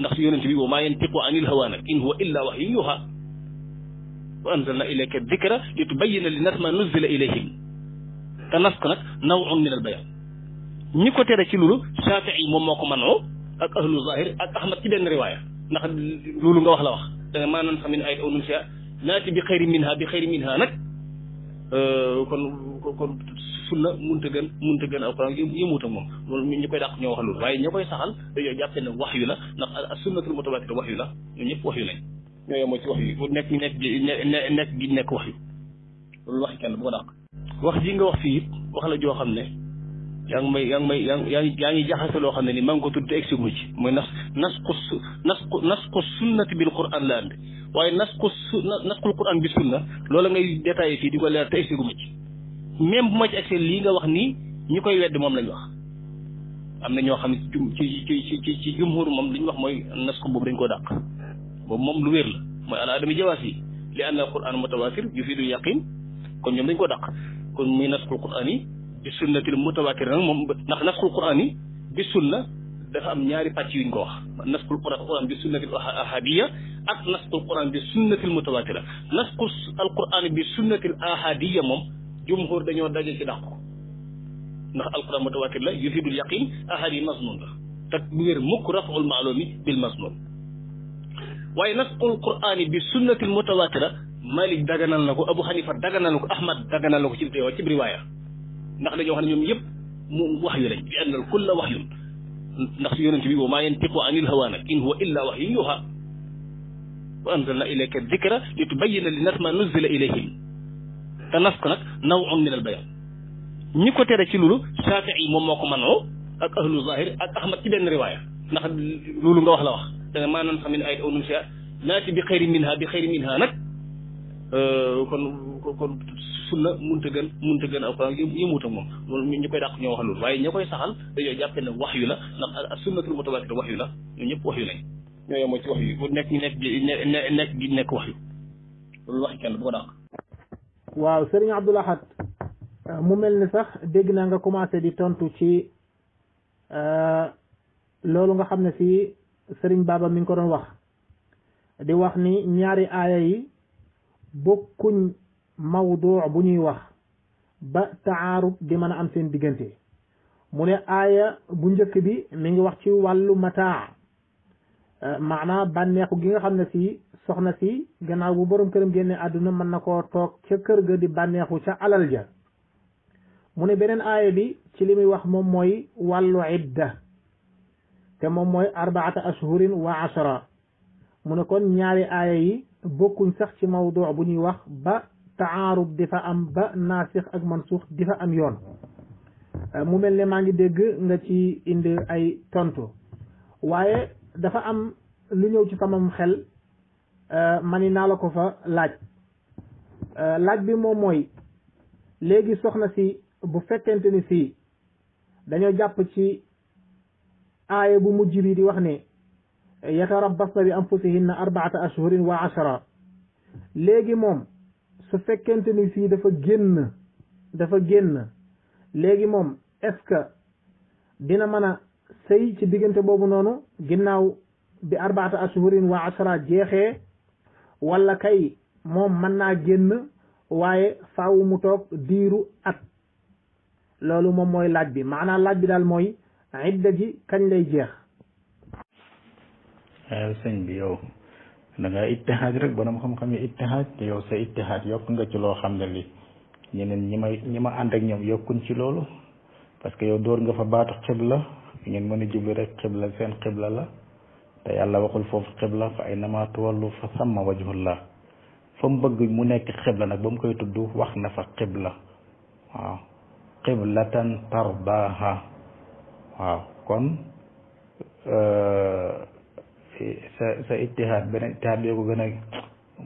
ndax su yonente bi wa maa yantiqu anil hawa nag in huwa illa wax yun yuuxa wa anzalna ilayka dikra li tubayina linnas ma nuzila ilayhim te nas ko nag nawun min al bayan ñi ko tere ci loolu Shaafi'i yi moom moo ko man manoo ak ahlu zahir ak Ahmad ci benn riwaaya ndax loolu nga wax la wax da nga maanaam xam ne ay aw nuncia naati bi xayri minha bi xayri minha nag euh, kon kon mun ta gën munta gën alquran yëmuut ak moom ñu koy dàq ñoo wax waaye ñoo koy saxal dañoo wax yu la ndax as sunnatul mutawaatir wax yu la ñoom ñëpp wax yu lañ ñoo mooy ci wax yu nekk nekk nekk gi nekk wax yu loolu waxi kenn bu ko dàq wax ji nga wax fii wax la joo xam ne yaa ngi may yaa ngi may yaa ngi yaa ngi jaxase loo xam ne ni maa ngi ko tudd te egsi mu ci mooy nas su nasqu nasqu sunnati bil quran la andi waaye nasqu su nasqul quran bi sunna loola ngay détaillé fii di ko leer te egsi mu ci même bu ma ci egsee lii nga wax nii ñi koy wedd moom lañ wax am na ñoo xam ne ci ci ci ci jumhur moom li ñu wax mooy nasqu boobu dañ koo dàq boobu moom lu wér la mooy ala adami jawaas yi li anna al quran mutawatir yufidu yaqin kon ñoom dañ koo dàq kon muy nasqul quran yi bi sunnatil mutawatir nag moom ndax nasxul quran yi bi sunna dafa am ñaari pàcc yuñ ko wax nasxul quran bi sunnatil ahadiya ak nasxul quran bi sunnatil mutawatira nasxul al quran ahadiya moom jumhur dañoo daje ci dàq ko ndax al quran mutawatir la yufidul yaqin ahad yi masnun la te bu wér mukk raful maalumi bil masnun waaye nasxul quran bi sunnatil mutawatira malik daganal na ko abu xanifa daganal na ko ahmad daganal na ko riwaaya ndax dañoo wax ne ñoom yëpp mu wax yu lañ bi annal kulla wax yun ndax si yonent bi boo maa yantiqu anil hawa nag in huwa illa wax yun yuuxa wa anzalna ilayka dikra li tubayyina linnas ma nuzila ilayhim te nas ko nag nawun min al bayan ñi ko tere ci loolu Shaafi'i yi moom moo ko mënoo ak ahlu zahir ak ahmad ci benn riwaaya ndax loolu nga wax la wax danga maa nan xam min ayat aw nun shia naati bi xayri minha bi xayri minha nag Euh, kon kon sunna munta gën munta gën alquran yëmuwut ak moom loolu ñu koy dàq ñoo wax loolu waaye ñoo koy saxal dañoo jàppe ne wax yu la ndax sunnatul mutawaatir wax yu la ñoom ñëpp wax yu lañ ñoo yemoo ci wax yu bu nekk ñu nekk nekk gi nekk wax yu loolu waxi kenn bu ko dàq waaw sëriñ Abdoul Ahad euh, mu mel ni sax dégg naa nga commencé di tontu ci euh, loolu nga xam ne si sëriñ Baba mi ngi ko doon wax di wax ni ñaari aaya yi bokkuñ mawdu bu ñuy wax ba taarub di mën a am seen diggante mu ne aaya bu njëkk bi mi ngi wax ci wàllu mataa euh, maanaa bànneexu gi nga xam ne si soxna si gannaaw bu borom këram génne àdduna mën na ko toog ca kër ga di bànneexu ca alal ja mu ne beneen aaya bi ci li wax moom mooy wàllu idda te moom mooy arbaata ashhurin wa ashara mu ne kon ñaari aaya yi bokkuñ sax ci mawdu bu ñuy wax ba taarub di fa am ba naasix ak mansuux di fa am yoon euh, mu mel ne maa ngi dégg nga ci indi ay tontu waaye dafa am lu ñëw ci samam xel euh, mani naa la ko fa laaj euh, laaj bi moom mooy léegi soxna si bu fekkente ni si dañoo jàpp ci aaya bu mujj bi di wax ne yatarabbasna bi anfusihinna arbaata ashhurin wa ashara léegi moom su fekkente ni fii dafa génn dafa génn léegi moom est-ce que dina mën a sëy ci diggante boobu noonu ginnaaw bi arbaata ashhurin wa ashara jeexee walla kay moom man naa génn waaye faaw mu toog diiru at loolu moom mooy laaj bi maanaam laaj bi daal mooy idda ji kañ lay jeex sëñ bi yow da nga ittihaad rek borom xam-xam yi ittihaad te yow sa ittihaad yokk nga ci loo xam ne li ñeneen ñi may ñi ma ànd ak ñoom yokkuñ ci loolu parce que yow dóor nga fa baatu xibla ngeen mën a jublu rek xibla seen xibla la te yàlla waxul foofu xibla fa ay nama tuwallu fa samma wajhullah fa bëgg mu nekk xibla nag ba mu koy tuddu wax na fa xibla waaw qiblatan tardaha waaw kon euh, sa sa ijtihaad beneen ijtihaad bee ko gën a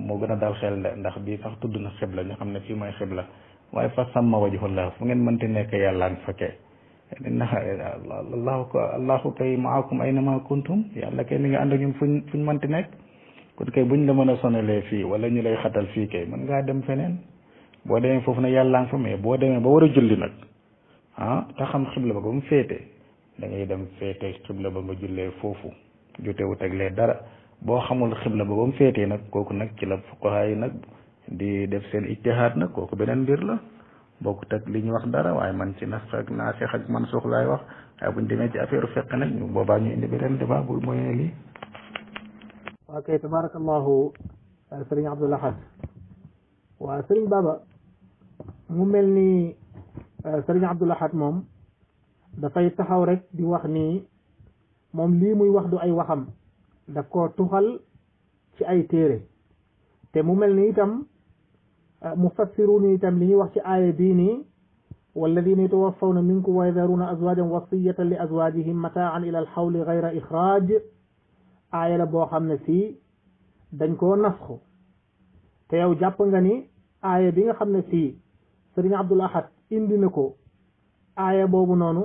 moo gën a dal xel de ndax bii sax tudd na xibla ñu xam ne fii mooy xibla waaye fa sàmma wajhullah fu ngeen man mënti nekk yàllaan fakke na allahu ko allahu kay maakum ay nama kuntum yàlla kay mi nga ànd ak ñun fuñ man ti nekk kon kay ñu la mën a lee fii wala ñu lay xatal fii kay mën ngaa dem feneen boo demee foofu ne yàllaan fa mais boo demee ba war a julli nag ah te xam xibla ba ba mu féete dangay ngay dem féete xibla ba nga jullee foofu jotewut ak lee dara boo xamul xibla ba ba mu féetee nag kooku nag ci la fuqaha yi nag di def seen ijtihaad nag kooku beneen mbir la bokkut ak li ñu wax dara waaye man ci nas ak naasix man suux laay wax waaye buñ demee ci affaire fiqh nag ñu boobaa ñu indi beneen débat bu mooy ne lii waa kay tabarakallahu euh, sëriñ Abdul Ahad waa mu mel ni euh, sëriñ Abdul Ahad moom dafay taxaw rek di wax ni moom lii muy wax du ay waxam da ko tuxal ci ay téere te mu mel ni itam ah, mufassirun itam li ñuy wax ci aaya bii nii walladina yatawaffawna minkum wa yadharuna azwajan wasiyatan li azwajihim mataan ila alxawli gayra ixraaj aaya la boo xam ne sii dañ koo nasxu te yow jàpp nga ni aaya bi nga xam ne sii sëriñ Abdul Ahad indi na ko aaya boobu noonu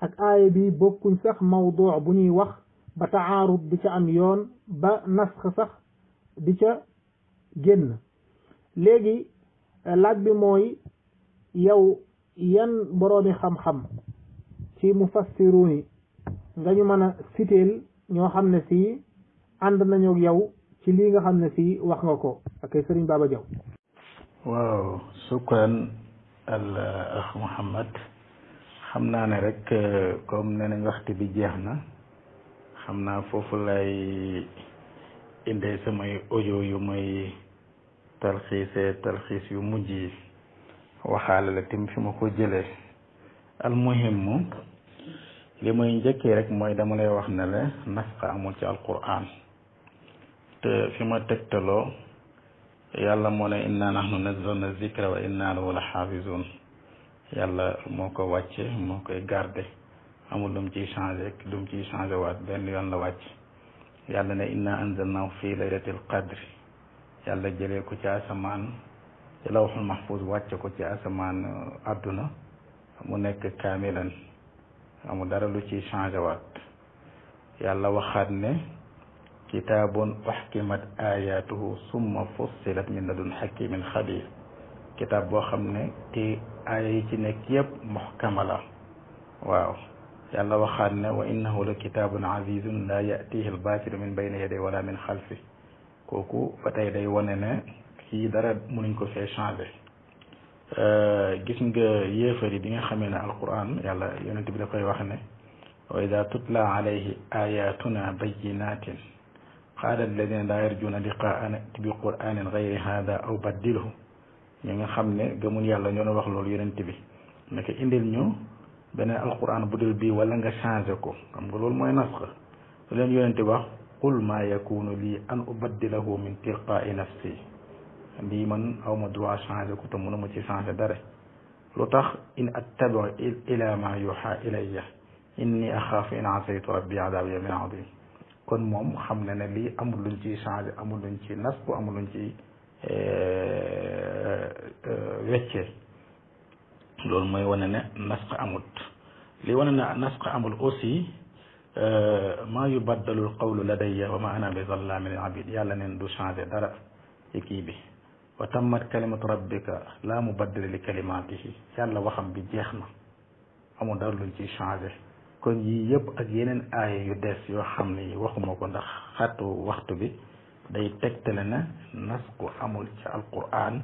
ak aaya bi bokkuñ sax mawduu bu ñuy wax ba taarud di ca am yoon ba nasx sax di ca génn léegi eh, laaj bi mooy yow yan boroomi xam-xam ci mufassiruni nga ñu mën a siteel ñoo xam ne sii ànd nañu ak yow ci lii nga xam ne sii wax nga ko ak sëriñ Baba Diaw waaw al akh euh, Muhammad xam naa ne rek kom euh, nee nañ waxtu bi jeex na xam naa foofu lay indee samay audio yu may talxiise talxiis yu mujj yi waxaale la tim fi ma ko jëlee almuhim li may njëkkee rek mooy dama lay wax ne la nafqa amul ci alquran te fi ma tegtaloo yàlla moo ne inna nahnu nazzalna zikra wa inna lahu la xaafizun yàlla moo ko wàcce moo koy garde amul lu mu ciy changé lu mu ciy changé waat benn yoon la wàcc yàlla ne inna anzalnaahu fii laylatil qadri yàlla jëlee ko ci asamaan ci lawxul mahfuz wàcce ko ci asamaan uh, àdduna mu nekk kaamilan amul dara lu ciy changé waat yàlla waxaat ne kitaabun uxkimat ayatuhu summa fussilat min ladun xakimin xabir kitaab boo xam ne te aaya yi ci nekk yépp muhkama la waaw yàlla waxaat ne wa innahu la kitaabun azizun la yatihi albatilu min bayni yaday wala min xalfi kooku ba tey day wane ne kii dara mënuñ ko fee changé euh, gis nga yéefar yi bi nga xamee ne alquran yàlla yonent bi da koy wax ne wa ida tutla alayhi ayatuna bayinatin qaala alladina laa yarjuna liqaana ati bi quranin gayri hada aw baddilhu ñi nga xam ne gëmul yàlla ñoo doon wax loolu yonent bi naka indil ñu beneen alquran bu dul bii wala nga changé ko xam nga loolu mooy nasx lu leen yonent bi wax qul maa yakunu lii an ubaddilahu min tilqaai nafsi lii man awma droit changé ko te mënuma ci changé dara lu tax in attabiu ila ma yuha ilayya inni axaafu in asaytu rabbi adab yawmin adim kon moom xam na ne lii amul luñ ciy changé amul luñ ciy nas bu amul luñ ciy E, e, weccee loolu mooy wane ne nasq amut li wane ne nasq amul aussi e, maa yubaddalul qawlu ladayya wa ma ana bi zallamin lil abid yàlla neen du changé dara ci kii bi wa tammat kalimatu rabbika laa mubaddila li kalimatihi yàlla waxam bi jeex na amul dara luñ ciy changé kon yii yëpp ak yeneen aaya yu des yoo xam ne waxuma ko ndax xattu waxtu bi day tegtale na nas ko amul ci alquran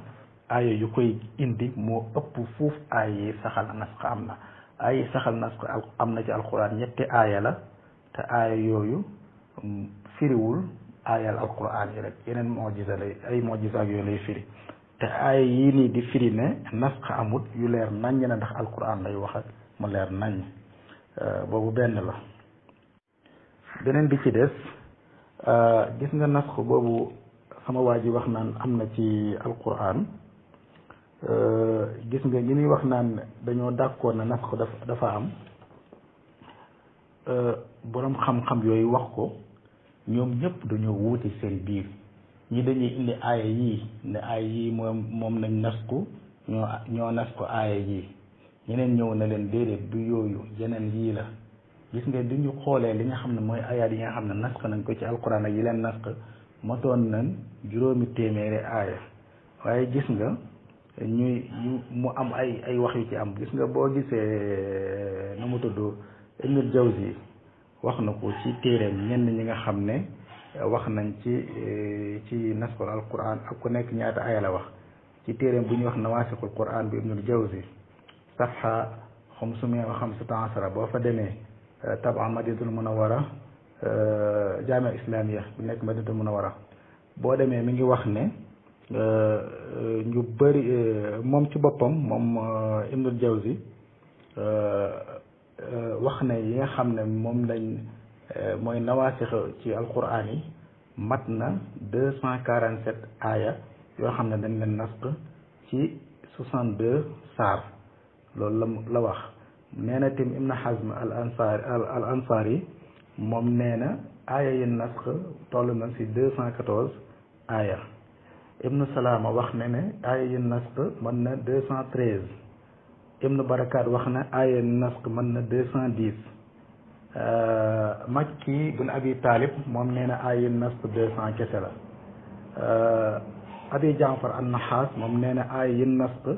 aaya yu koy indi moo ëpp fuuf aaya yi saxal nasx am na aaya yi saxal nasx na ci alquran ñetti aaya la te aaya yooyu mm, firiwul aayal alquran yi rek yeneen mojisa lay ay mojisa ak yooyu lay firi te aaya yii nii di firi ne nasx amut yu leer nañ na ndax alquran lay wax ak mu leer nañ euh, boobu benn la beneen bi ci des Euh, gis nga nasx boobu sama waa ji wax naan am na ci alquran euh, gis nga ñi muy wax naan dañoo dàkkoon na nasx dafa dafa am euh, boroom xam-xam yooyu wax ko ñoom du dañoo wuute seen biir ñi dañuy indi aaya yii ne aaya yii moom moom nañ nas ko ñoo ñoo nas ko aaya yii ñeneen ñëw na leen déedéet du yooyu yeneen yii la gis nga bi ñu xoolee li nga xam ne mooy ayaat yi nga xam ne nasq nañ ko ci alquran ak yi leen nasq motoon nañ juróomi téeméeri aaya waaye gis nga ñuy mu am ay ay wax yu ci am gis nga boo gisee nu mu tudd Ibnul Jawzi wax na ko ci téereem ñenn ñi nga xam ne wax nañ ci ci nasqul alquran ak ku nekk ñaata aaya la wax ci téereem bu ñuy wax nawaasikul quran bi Ibnul Jawzi safha xamsumiya wa xamsata asara boo fa demee taban madinatul munawara euh, jaamia islamia bu nekk madinatul munawara boo demee mi ngi wax ne euh, ñu bëri euh, moom ci boppam moom Ibnul Jawzi wax na yi nga xam ne moom lañ mooy nawaasix ci alquran yi mat na deux cent quarante sept aaya yoo xam ne dañ leen nasq ci soixante deux saar loolu la la wax nee na tim Ibn Hazm al ansaar al ansaar yi moom nee na aaya yi nasx toll na ci deux cent quatorze aaya Ibn Salaama wax na ne aaya yi nasx mën na deux cent treize Ibn Barakaat wax na aaya yi nasx mën na deux cent dix euh, Makki bin Abi Taalib moom nee na aaya yi nasx deux cent kese la euh, Abi Jaafar an moom nee aaya yi nasx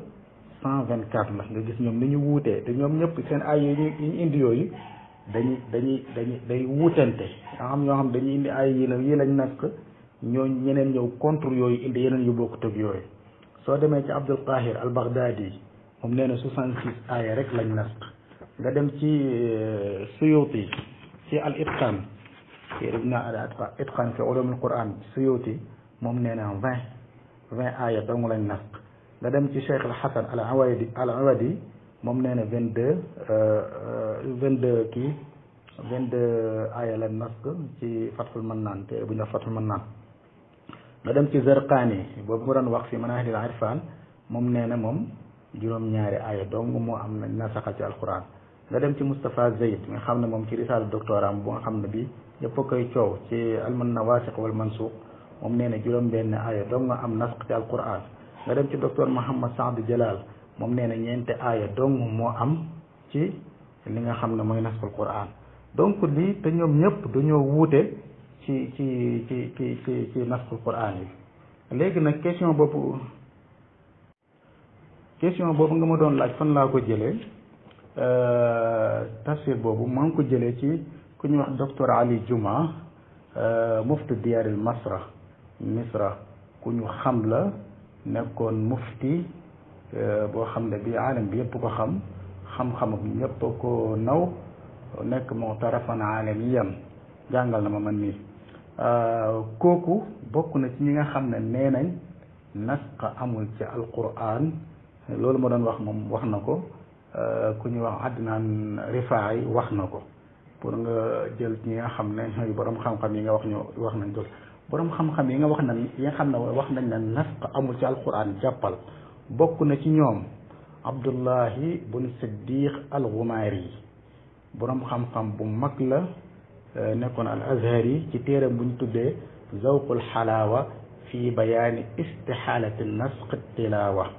cent vingt quatre la nga gis ñoom ni ñu wuutee te ñoom ñëpp seen ay yi ñu indi yooyu dañuy dañuy dañuy day wuutante nga xam ñoo xam dañuy indi ay yi la yi lañ ñoo ñeneen ñëw contre yooyu indi yeneen yu bokk tëb yooyu soo demee ci Abdul Qahir al Baghdadi moom nee na soixante six aaya rek lañ nas nga dem ci euh, Suyuti ci al Itqan téere bi naa Itqan fi ulumul Quran Suyuti moom nee na vingt vingt aaya dong lañ nas nga dem ci Cheikh al Hasan al Awadi al Awadi moom nee na vingt deux euh, euh, vingt deux kii vingt deux aaya la nas ci Fathul Mannaan téere bu ñu wax Fathul Mannaan nga dem ci Zarqaani boobu nga doon wax fi Manaahil Irfaan moom nee na moom juróom-ñaari aaya dong moo am na nasaxa ci alquran nga dem ci Moustapha Zayd nga xam ne moom ci risaala doctorat am bu nga xam ne bi ñëpp a koy coow ci alman nawaasiq wal mansuuq moom nee na juróom-benn aaya dong nga am nasq ci alquran nga dem ci docteur sa Saadou Jalal moom nee na ñeenti aaya dong moo am ci li nga xam ne mooy nasxul Qur'an donc lii te ñoom ñëpp dañoo wuute ci ci ci ci ci ci nasxul Qur'an yi léegi nag question boobu question boobu nga ma doon laaj fan laa ko jëlee euh, tafsir boobu maa ngi ko jëlee ci ku ñuy wax docteur Ali Juma euh, muftu diyaaril Masra Misra ku ñu xam la. nekkoon mufti euh, boo xam ne bi aalam bi yëpp ko xam xam-xamam ñëpp ko naw nekk moo tarafan aalamiyan jàngal na ma man nii euh, kooku bokk na ci ñi nga xam ne nee nañ nasqa amul ci alquran loolu ma doon wax moom wax na ko euh, ku ñuy wax Adnan Rifaay wax na ko pour nga jël ñi nga xam ne ñooy borom xam-xam yi nga wax ñu wax nañ ko borom xam-xam yi nga wax na yi nga xam ne wax nañ ne nafq amul ci alquran jàppal bokk na ci ñoom abdullahi bun siddiq al-Gumaari borom xam-xam bu mag la euh, nekkoon al azhari ci téeram bu ñu tuddee zawqul xalaawa fii bayaani istixaalati nasq tilaawa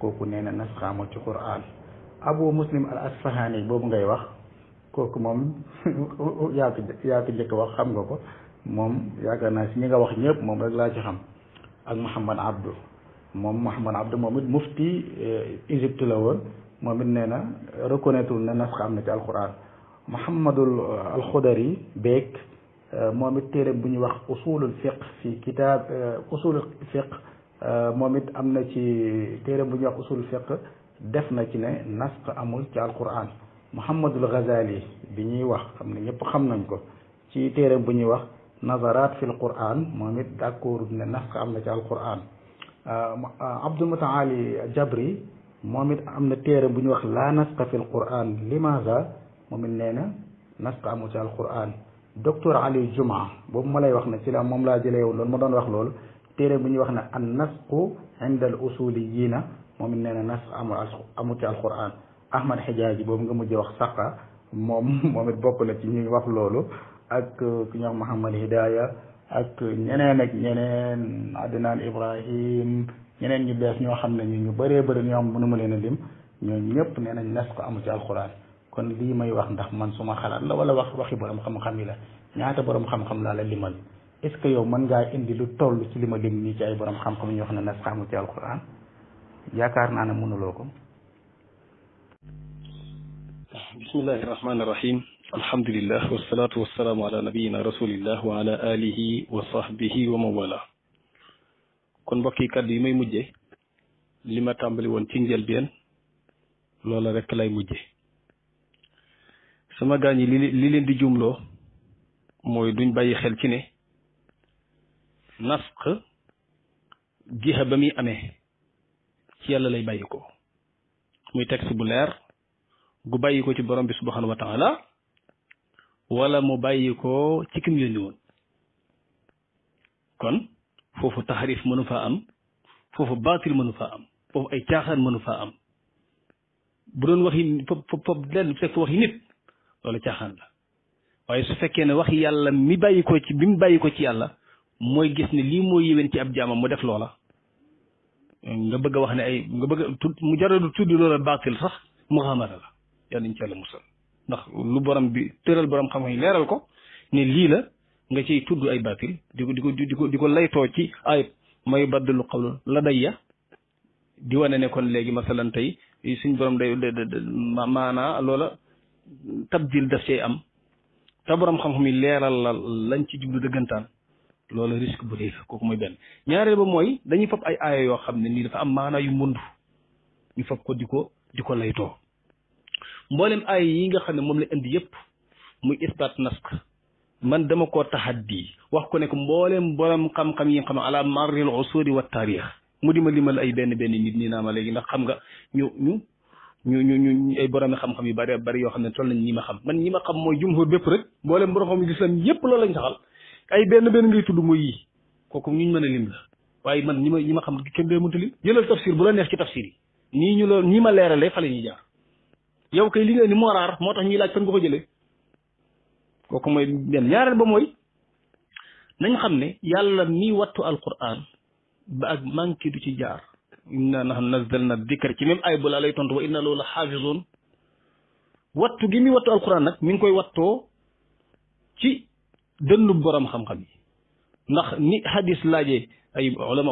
kooku nee na nasq amul ci quran abu muslim al asfahani boobu ngay wax kooku moom yaa ko wax xam nga ko moom yaakaar naa si ñi nga wax ñëpp moom rek laa ci xam ak Mouhamad Abdou moom Mouhamad Abdou moom it mufti eh, Égypte la woon moom it nee na reconnaître ne nasx am na ci alquran Mouhamadul eh, alxudari beek eh, moom it téere bu ñuy wax usulul fiq fi kitaab usulul fiq moom it am na ci téere bu ñuy wax usulul def na ci ne nasx amul ci alquran Mouhamadul Ghazali bi ñuy wax xam ne ñëpp xam nañ ko ci téere bu ñuy wax. nazaraat fil quraan moom it d'accord ne nafka am na ci alquran euh, Abdul Mutaali Jabri moom it am na téere bu ñu wax laa nasqa fil quraan limaza moom it nee na nasqa amu ci alquran docteur Ali Juma boobu ma lay wax ne ci la moom laa jëlee woon loolu ma doon wax loolu téere bu ñuy wax ne an nasqu inda al usuliyiina moom it nee na nasq amul amu ci alquran Ahmad Xijaaji boobu nga mujj wax saqa moom moom it bokk na ci ñuy wax loolu ak ku ñuy wax Mouhamad Hidaya ak ñeneen ak ñeneen Adnan Ibrahim ñeneen ñu bees ñoo xam ne ñu ñu bëree bëri ñoo xam mënu ma leen a lim ñooñu ñëpp nee nañ nas ko amu ci alxuraan kon lii may wax ndax man suma xalaat la wala wax waxi borom xam-xam yi la ñaata borom xam-xam laa la limal est ce que yow man ngaa indi lu toll ci li ma lim nii ci ay borom xam-xam ñu wax ne nas ko amu ci alxuraan yaakaar naa ne mënuloo ko. bismillahi alhamdulillah wasalaatu wasalaamu ala nabiyina rasulillah wa ala alihi wa sahbihi wa kon mbokki kàddu yi may mujje li ma tàmbali woon ci njëlbeen loola rekk lay mujje sama gaañ yi li li leen di jumloo mooy duñ bàyyi xel ci ne nasq jiha ba muy amee ci yàlla lay bàyyi ko muy texte bu leer gu bàyyi ci borom bi subhanahu wa taala wala mu bàyyi ko ci kim yónni woon kon foofu taxarif mënu faa am foofu baatil mënu faa am foofu ay caaxaan mënu faa am bu doon waxi fop fop lenn fekk waxi nit loolu caaxaan la waaye su fekkee ne wax yàlla mi bàyyi ko ci bi mu bàyyi ko ci yàlla mooy gis ne lii moo yéwén ci ab jaamam mu def loola nga bëgg a wax ne ay nga bëgg a tudd mu jaradu tudd loola baatil sax mu xamara la yàlla nañ ci musal ndax lu borom bi tëral borom xam-xam yi leeral ko ne lii la nga ciy tudd ay baatil di ko di ko laytoo ci ayib may baddalu xawlu la dayya di wane ne kon léegi suñ borom day maanaa loola tabdil daf cay am te borom yi leeral la lañ ci jublu dëggantaan loolu risque bu rëy la mooy dañuy fab ay yoo xam ne nii dafa am maanaa yu mëndu ñu fab ko di ko di ko laytoo mboolem ay yi nga xam ne moom la indi yëpp muy isbaat nask man dama koo taxaddi wax ko nekk mboolem borom xam-xam yi nga xam ne ala marril usuri wa taarix mu di ma limal ay benn benn nit naa ma léegi xam nga ñu ñu ñu ñu ñu ay borom xam yu bari bari yoo xam ne toll nañ ñi ma xam man ñi ma xam mooy jumhur bépp rek mboolem borom xam lislam yëpp loolu lañ saxal ay benn benn ngay tudd mooy yii kooku ñu mën a lim la waaye man ñi ma ñi ma xam kenn dee mënta lim jëlal tafsir bu la neex ci tafsir yi nii ñu la nii ma leerale fa la ñuy jaar yow kay li ni indi moo raar moo tax ñuy laaj fan nga ko jëlee ñaareel ba mooy nañ xam ne yàlla mi wattu alquran ba ak manqué du ci jaar inna nahnu nazzalna dikr ci même ay bu tontu wa inna lahu la xaafizoon wattu gi mi wattu alquran nag mi ngi koy wattoo ci dënnu borom xam-xam yi ndax ni hadis laajee ay ulama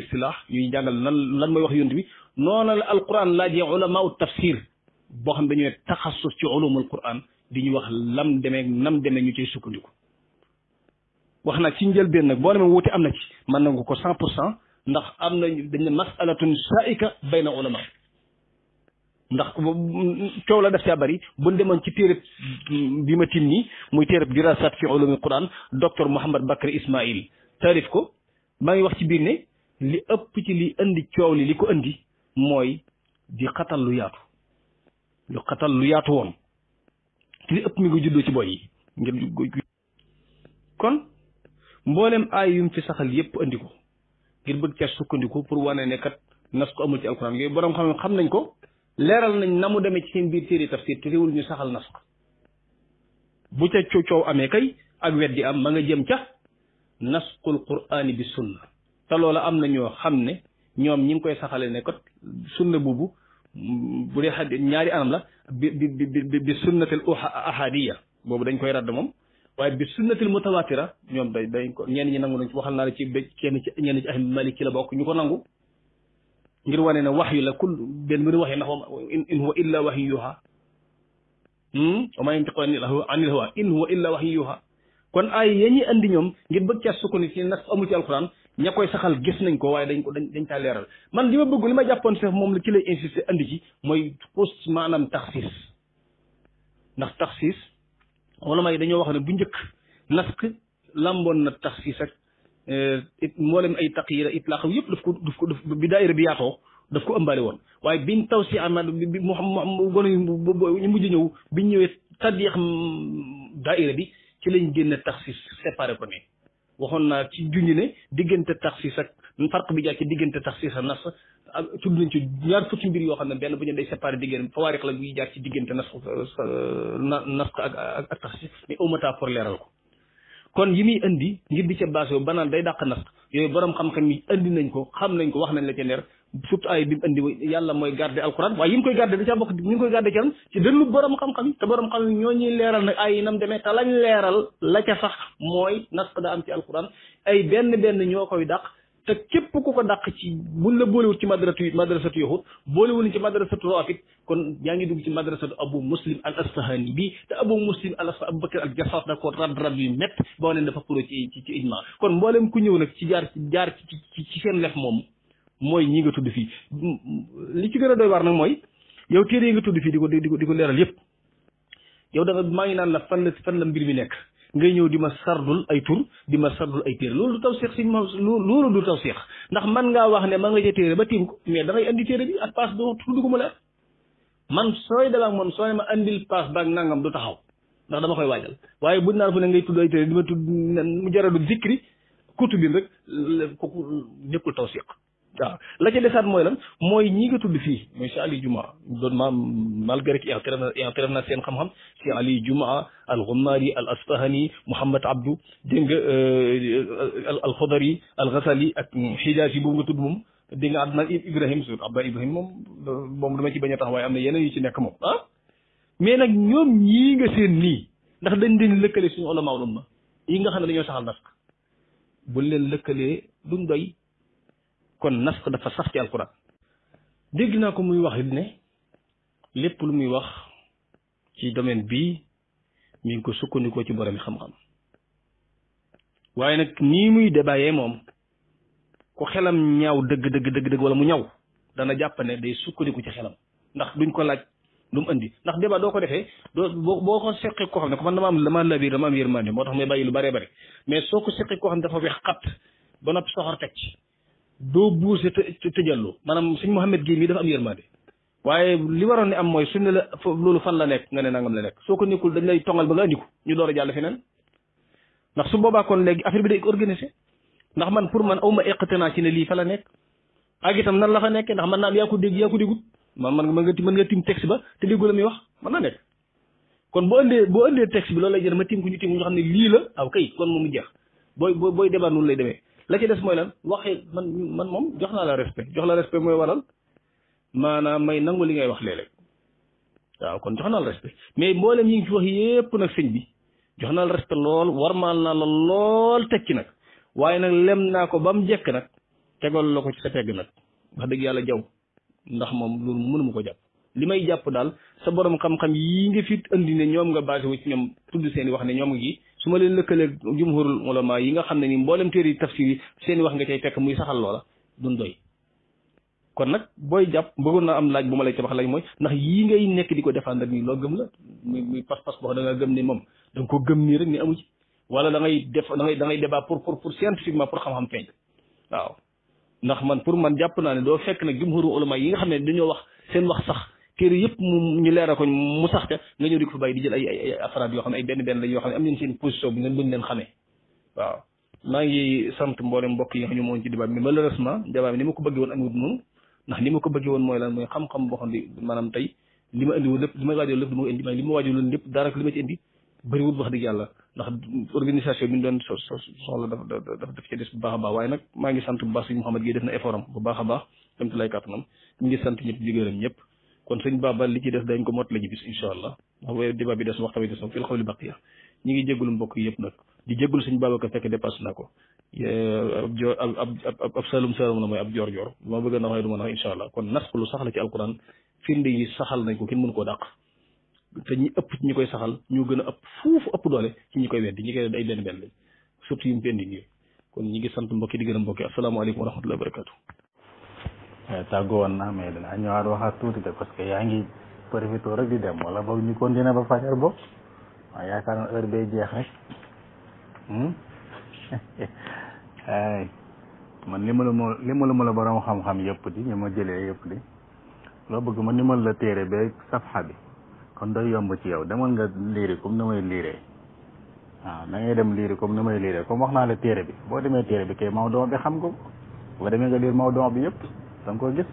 istilaax yuy jàngal lan lan moy wax yonent bi noona la alquran laajee ulama tafsir boo xam dañu ne taxasus ci ulumul quran di ñu wax lam demee nam demee ñu cay sukkandiku wax nag ci njëlbeen nag boo demee wuute am na ci mën na ko cent pour ndax am na dañ ne masalatun saika bayna ulama ndax coow la def caa bëri buñ demoon ci téereb bi ma tim nii muy téereb dirasat fi ulumul quran docteur Mouhamad Bakr Ismail taarif ko maa ngi wax ci biir ne li ëpp ci li indi coow li li ko indi mooy di xatal lu yaatu lu xatal lu yaatu woon li ëpp mi ngi juddoo ci boy yi ngir kon mboolem aay yu mu fi saxal yépp andi ko ngir bëgg ca sukkandiku pour wane nekkat kat nas ko amul ci alxuraan yooyu borom xam xam nañ ko leeral nañ na mu demee ci seen biir téere tafsir te ñu saxal nas ko bu ca coow amee kay ak weddi am ma nga jëm ca nasqul qur'aani bi sunna te loola am na ñoo xam ne ñoom ñi ngi koy saxalee nekkat kat sunna boobu bu dee xadis ñaari anam la bi bi bi bi sunnatil ahadiya boobu dañ koy radd moom waaye bi sunnatil mutawatira ñoom day dañ ko ñenn ñi nangu nañ ci waxal naa la ci ba kenn ci ci ahmad maliki bokk ñu ko nangu ngir wane ne wax yu la kul benn mbir wax yi ndax in huwa illa wax yu yuha hmm? wa ma yantiqu anil hawa in huwa illa wax yu yuha kon ay ya ñuy andi ñoom ngir bëgg caa sukkandiku ci nag amul ci alquran ña koy saxal gis nañ ko waaye dañ ko dañ dañ caa leeral man li ma bëgg li ma jàppoon fef moom la ci lay insisté andi ci mooy post maanaam taxsis ndax taxsis wala may dañoo wax ne bu njëkk nask lamboon na taxsis ak eh, mboolem ay taqyira itlaq yëpp daf ko daf ko daf bi daayira bi yaatoo daf ko ëmbaale woon waaye biñ taw si amaat bi mu xam gone ñu mujj ñëw biñ ñëwee xam daayira bi ci lañ génn taxsis séparé ko ne waxoon naa ci junj ne diggante taxsiis sa farq bi jaar ci diggante taxsiis ak nas ak tudd nañ ci ñaar fukki mbir yoo xam ne benn bu ñu day séparé diggante fawaariq la buy jaar ci diggante nas nas ak ak ak taxsiis mais pour leeral ko kon yi muy indi ngir di ca baas yoo banaan day dàq nas yooyu borom xam-xam yi indi nañ ko xam nañ ko wax nañ la ca leer surtout ay bi mu andi yàlla mooy al alquran waaye yi mu koy garder da caa bokk ñu ngi koy garder ci ci dënnu borom xam-xam yi te borom xam yi ñoo ñuy leeral nag ay yi nam demee te lañ leeral la ca sax mooy nas da am ci alquran ay benn benn ñoo koy dàq te képp ku ko dàq ci buñ la boolewul ci madrasatu madrasatu yoxut boolewul ci madrasatu raafit kon yaa ngi dugg ci madrasatu abu muslim al asfahani bi te abu muslim al asfa abu bakar al jassas da ko rad rad yu métt boo neen dafa puroo ci ci ijma ñëw nag ci jaar ci ci seen lef moom mooy ñi nga tudd fii li ci gën a doy waar nag mooy yow téere yi nga tudd fii di ko di ko di ko leeral yépp yow da nga maa ngi naan la fan la fan la mbir mi nekk ngay ñëw di ma sardul ay tur di ma sardul ay téere loolu du taw seex si ma loolu du taw ndax man ngaa wax ne man nga ca téere ba tiim ko mais dangay indi téere bi at paas doo tudd ko mu leer man sooy dalaak moom soo ne ma andil paas baag nangam du taxaw ndax dama koy waajal waaye bu naan fu ne ngay tudd ay téere di ma tudd mu jaradu zikri kutubin rek kooku nekkul taw seex waaw la ca desaat mooy lan mooy ñii nga tudd fii muy si Ali Juma doon maam malgré que ixtiraaf na seen xam-xam si Ali Juma al Ghumari al Asfahani Mouhamed Abdou dégg nga al euh, euh, al Khudari al Ghazali ak Hijazi boobu nga tudd moom dégg nga àdduna Ibrahim Sour Abba moom moom dama ci bañ a tax waaye am na yeneen yu ci nekk moom ah. mais nag ñoom ñii nga seen nii ndax dañ leen lëkkale suñu ulamaa yi nga xam ne dañoo saxal nask buñ leen lëkkalee duñ doy. kon nasx dafa sax ci alquran dégg naa ko muy wax ne lépp lu muy wax ci domaine bii mi ko sukkandikoo ci boromi xam-xam waaye nag nii muy débayee moom ku xelam ñaaw dëgg dëgg dëgg dëgg wala mu ñaw dana jàpp ne day sukkandiku ci xelam ndax duñ ko laaj lu mu andi ndax débat doo ko defee doo boo boo ko seqee koo xam ne ko man dama am dama la biir dama am yi moo tax may bàyyi lu bëree bëri mais soo ko seqee koo xam ne dafa weex xat ba noppi soxor teg ci doo buuse te tëjallu maanaam suñ Mouhamed Guèye mii dafa am yërmande waaye li waroon ne am mooy suñ ne la loolu fan la nekk nga ne nangam la nekk soo ko nekkul dañ lay tongal ba nga andi ko ñu door a jàll feneen ndax su boobaa kon léegi affaire bi day organisé ndax man pour man awma iqtinaa ci ne lii fa la nekk ak itam nan la fa nekkee ndax man naa am yaa ko dégg yaa ko déggut man man mën nga mën nga tim texte ba te a muy wax mën naa nekk kon boo indee boo indee texte bi loolu lay jël ma tim ko ñu tim ñu xam ne lii la aw kay kon moom mu jeex booy booy débat noonu lay demee la ci des mooy lan waxi man man moom jox naa la respect jox la respect mooy waral maanaam may nangu li ngay wax lee léeg waaw kon jox naa la respect mais mboolem yi ngi fi wax yépp nag sëñ bi jox naa la respect lool warmaal naa la lool tekki nag waaye nag lem naa ko ba mu jekk nag tegal la ko ci sa tegg nag wax dëgg yàlla jaw ndax moom loolu mënuma ko jàpp li may jàpp daal sa boroom xam-xam yi nga fi indi ne ñoom nga basé wu ci ñoom tudd seen i wax ne ñoom ngi su ma leen lëkkaleeg jumhurul ulama yi nga xam ne ni mboolem téeri tafsir yi seen wax nga cay fekk muy saxal loola duñ doy kon nag booy jàpp bëggoon naa am laaj bu ma lay tabax laaj mooy ndax yii ngay nekk di ko défendre nii loo gëm la muy muy pas-pas gëm ni moom da nga ko gëm nii rek ni amu ci wala da ngay def da ngay da ngay débat pour pour pour scientifiquement pour xam-xam feeñ waaw ndax man pour man jàpp naa ne doo fekk nag jumhuru ulama yi nga xam ne dañoo wax seen wax sax kër yëpp mu ñu leeral ko mu sax ca nga ñëw di ko fa bàyyi di jël ay ay afraad yoo xam ne ay benn benn la yoo xam ne am nañ seen position bu ngeen buñ leen xamee waaw maa ngi sant mboolem mbokk yi nga xam ne moom ci débat bi malheureusement débat bi ni ma ko bëggee woon amut noonu ndax ni ma bi ñu doon so soxla dafa dafa daf ci des bu a maa ngi sant bu baax suñu Mouhamed Gueye def na effort am bu baax a baax dem ci lay kàttanam ñu ngi sant ñëpp di gërëm kon sëñ Baba li ci def dañ ko mottali ji bis incha allah ndax wéy débat bi des waxtaan bi des fil xawli baqiya ñi ngi jégalu mbokk yëpp nag di jégalu sëñ Baba ko fekk dépassé naa ko ab jo ab ab ab la mooy ab joor joor ma bëgg na waxee du ma wax incha allah kon nas lu sax la ci alquran firnde yi saxal nañ ko kenn mënu koo daq te ñi ëpp ci ñi koy saxal ñu gën a ëpp fuufu ëpp doole ci ñi koy weddi ñi koy ay benn benn lañ surtout yu mu pendi nii kon ñi ngi sant mbokki di gën a mbokki asalaamaaleykum Eh, tàggoo woon naa mais danaa ñëwaat waxaat tuuti de parce que yaa ngi profité rek di dem wala boog ñu continuer ba fajar bo waaw yaakaar na heure bee jeex rek hmm? man li ma la ma li ma la ma la borom xam-xam yëpp di ñu ma jëlee yëpp di loo bëgg ma nimal la téere bee safxa bi kon doy yomb ci yow demal nga liiri comme ni may liiree waaw na ngay dem liiri comme nu may liiree comme wax naa la téere bi boo demee téere bi kay Maodo bi xam ko nga demee nga liir Maodo bi yëpp da nga koy gis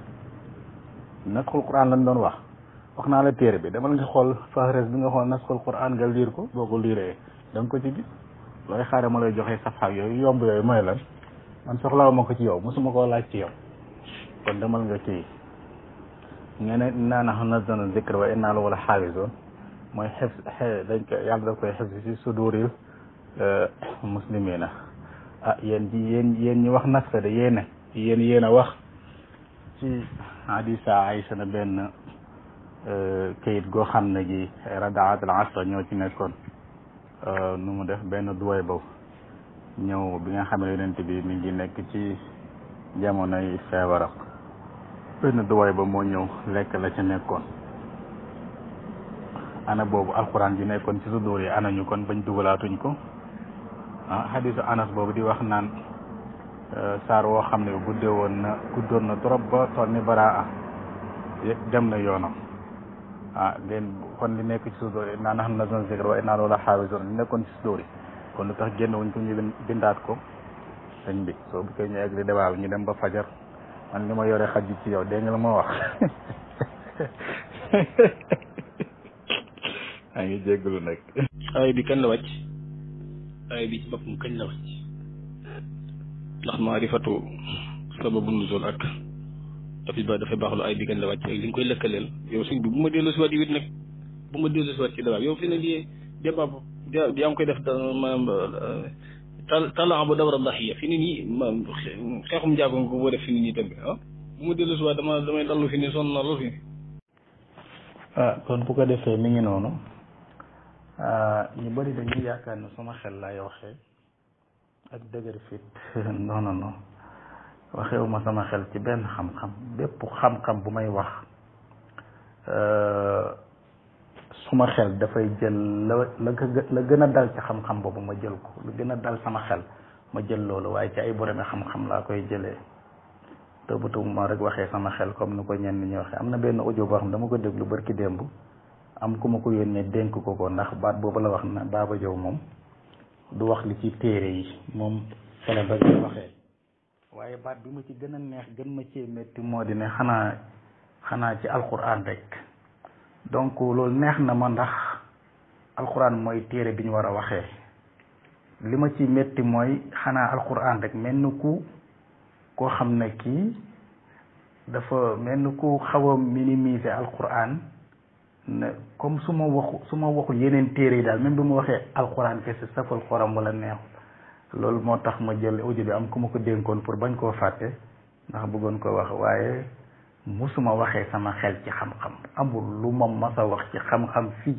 nasxul quran lañ doon wax wax naa la téere bi dama nga xool faxres bi nga xool nasxul quran nga liir ko boo ko liiree da nga ko ci gis ma lay joxee safaak yooyu yomb yooyu mooy lan man soxlaw ma ko ci yow mosuma koo laaj ci yow kon demal nga kii nga ne naa naxam nazzalna zikra wa innaa lahu la mooy xef dañ ko yàlla daf koy xef si suduril e, muslimina ah yéen ji yéen yéen ñi wax nas de yéen yéen yéen a wax ci hadisa Aïcha na benn euh, kayit goo xam ne gi radaat al asra ñoo ci nekkoon euh, nu mu def benn duway boobu ñëw bi nga xam ne yonent bi mi ngi nekk ci jamonoy feebara benn duway ba moo ñëw lekk la ca nekkoon ana boobu alquran ji nekkoon ci sudur yi anañu kon bañ dugalaatuñ ko ah hadisu anas boobu di wax naan saar woo xam ne guddee woon na guddoon na trop ba toll ni baraa dem na yoonam ah ngeen kon li nekk ci suuf doori naa na xam na zone zikr wa naa loola xaawisoon li nekkoon ci suuf doori kon lu tax génn wuñ ko ñu bindaat ko sëñ bi soo bëggee ñu egg li ñu dem ba fajar man li ma yore xaju ci yow dégg nga la ma wax maa ngi jégalu nag. aay bi kañ la wàcc aay bi ci boppam kañ la wàcc. ndax maarifatu sababu nuzul ak dafay baax dafay baax lu ay diggante la wàcc ak li nga koy lëkkaleel yow ma dellu si waat yi it nag bu ma dellu si waat ci débat yow koy def euh, maanaam euh, talent bu dawra daxiya fi ne nii xeexum jaagoon ko boo def fi ne nii tamit ah. bu ma dellu si dama damay dallu fi ne sonn na lool fi ne ah kon bu ko defee mi ngi noonu ah, ñu bëri dañuy yaakaar ne sama xel laay waxee ak dëgër fit non non non ma sama xel ci benn xam-xam bépp xam-xam bu may wax euh, suma xel dafay jël la la gën a dal ci xam-xam boobu ma jël ko lu gën a dal sama xel ma jël loolu waaye ci ay boromi xam-xam laa koy jëlee tëbatu ma rek waxee sama xel comme nu ko ñenn ñi waxee am na benn audio boo xam dama ko déglu barki démb am ku ma ko yónnee dénk ko ko ndax baat boobu la wax na Baba Diaw moom du wax li ci téere yi moom fala bëgg a waxee waaye baat bi ma ci gën a neex gën ma ci metti moo di ne xanaa xanaa ci alquran rek donc loolu neex na ma ndax alquran mooy téere bi ñu war a waxee li ma ci metti mooy xanaa alquran rek mel ni ku koo xam ne kii dafa mel ni ku xaw a minimiser alquran ne comme su ma waxu su ma waxul yeneen téere yi daal même bi ma waxee alxuraan kese safal xoram wala neexul loolu moo tax ma jël audio bi am ku ma ko dénkoon pour bañ koo fàtte ndax bëggoon koo wax waaye musuma waxee sama xel ci xam-xam amul lu ma mas a wax ci xam-xam fii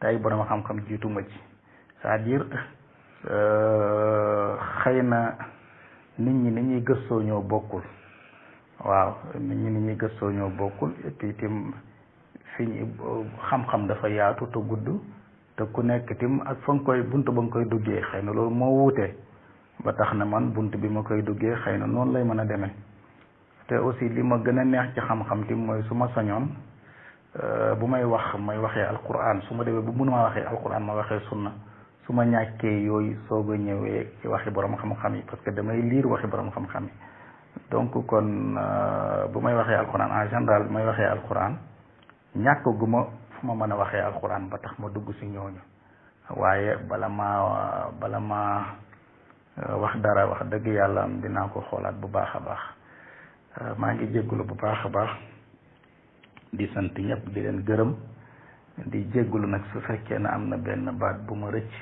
te ay borom xam-xam jiituma ci c'est-à-dire euh, xëy na nit ñi ni ñuy gëstoo ñoo bokkul waaw nit ñi ni ñuy gëstoo ñoo bokkul et suñu xam-xam dafa yaatu te gudd te ku nekk tim ak fa nga koy bunt ba nga koy duggee xëy na loolu moo wuute ba tax na man bunt bi ma koy duggee xëy na noonu lay mën a demee te aussi li ma gën a neex ci xam-xam tim mooy su ma sañoon euh, bu may wax may waxee alquran su ma demee bu mënuma waxee alquran ma waxee sunna su ma ñàkkee yooyu soog ñëwee ci waxi borom xam-xam yi parce que damay liir waxi borom xam-xam yi donc kon euh, bu may waxee alquran en général bu may waxee alquran ñàkkaguma fu ma mën a waxee alxuraan ba tax ma dugg si ñooñu waaye bala maa bala maa euh, wax dara wax dëgg yàlla am dinaa ko xoolaat bu baax a baax euh, maa ngi jéggulu bu baax a baax di sant ñëpp di leen gërëm di jéggulu nag su fekkee ne am na benn baat bu ma rëcc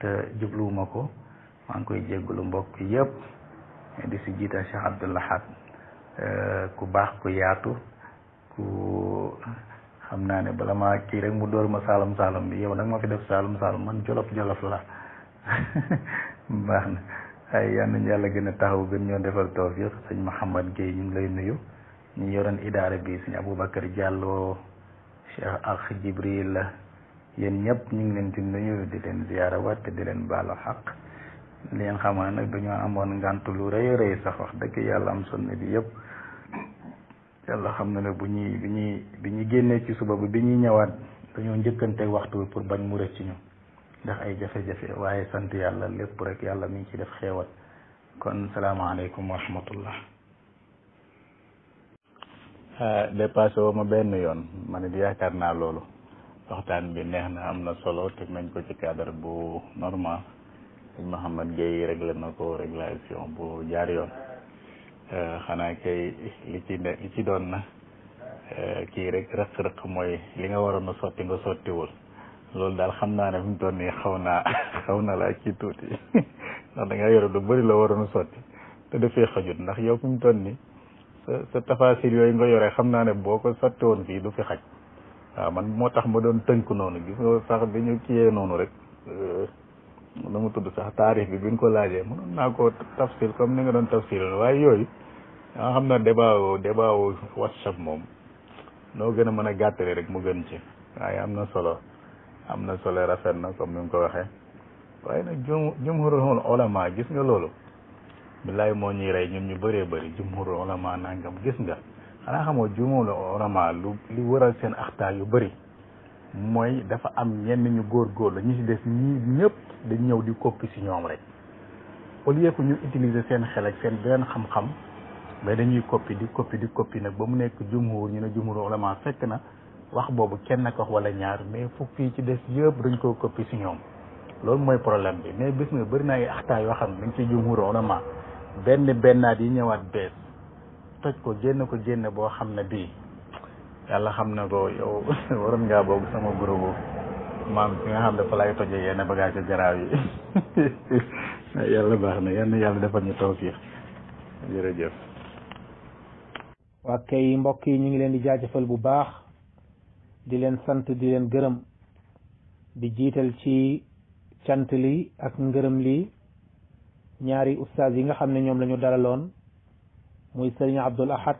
te jubluwuma ko maa ngi koy jéggulu mbokk yépp di si jiital Cheikh Abdoul euh, ku baax ku yaatu ku xam naa ne bala maa kii rek mu dóor ma saalum saalum bi yow nag ma fi def saalum saalum man jolof jolof la baax na ay yal yàlla gën a taxaw gën ñoo defal tawfiq sëñ Mouhamad Gueye ñu ngi lay nuyu ñu yoroon idaara bi sëñ Aboubacar Diallo Cheikh Ak Jibril yéen ñëpp ñu ngi leen di nuyu di leen ziyaara waat te di leen baalu xaq li ngeen xamaa nag dañoo amoon ngànt lu rëy rëy sax wax dëgg yàlla am sonn bi yëpp yàlla xam na ne bu ñuy bi ñuy bi ñu génnee ci suba bi bi ñuy ñëwaat dañoo njëkkante waxtu bi pour bañ mu rëcc ñu ndax ay jafe-jafe waaye sant yàlla lépp rek yàlla mi ngi ci def xéewal kon salaamaaleykum wa rahmatullah ah, dépassé woo ma benn yoon ma ne di yaakaar naa loolu waxtaan bi neex na am na solo teg nañ ko ci cadre bu normal sëñ Mouhamed Gueye réglé na ko réglation bu jaar yoon Euh, xanaa kay li ci ne li ci doon na euh, kii rek rëq-rëq mooy li nga waroon a sotti nga sottiwul loolu daal xam naa ne fi ton nii xaw naa xaw na laa ci tuuti ndax da yore lu bëri la waroon a sotti te dafee xajut ndax yow fi mu toll nii sa sa tafasil yooyu nga yore xam naa ne boo ko sotti woon fii du fi xaj waaw man moo tax ma doon tënk noonu gis nga sax bi ñu kiyee noonu rek euh, nu mu tudd sax taarix bi bi ñu ko laajee mënoon naa koo tafsil comme ni nga doon tafsil waaye yooyu yaa xam na débat débat whatsapp moom noo gën a mën a gàttale rek mu gën ci waaye am na solo am na solo rafet na comme ni mu ko waxee waaye nag jum jumhurul ulama gis nga loolu billaay moo ñuy rey ñoom ñu bëree bëri jumhurul ulama nangam gis nga xanaa xamoo jumhurul ulama lu li wëral seen axtaa yu bëri mooy dafa am ñenn ñu góor góor ñi ci def ñii ñëpp dañ ñëw di koppi ci ñoom rek au lieu que ñu utilise seen xel ak seen beneen xam-xam mais dañuy koppi di koppi di coppi nag ba mu nekk jumhur ñu ne jumhur ulama fekk na wax boobu kenn ko wax wala ñaar mais yi ci des yëpp dañ koo koppi si ñoom loolu mooy problème bi mais bis nga bëri na ay axtaa yoo xam ne dañ ci jumhur ulama benn bennaat yi ñëwaat bees toj ko génn ko génn boo xam ne bii yàlla xam na ko yow waroon ngaa boobu sama groupe maam ki nga xam ne fa lay tojee yenn bagage yu garaaw yi yàlla baax na yenn yàlla defal ñu tawfiix jërëjëf waa kay mbokk yi ñu ngi leen di jaajëfal bu baax di leen sant di leen gërëm di jiital ci cant li ak ngërëm li ñaari ustaas yi nga xam ne ñoom lañu ñu dalaloon muy sëriñ Abdul Ahad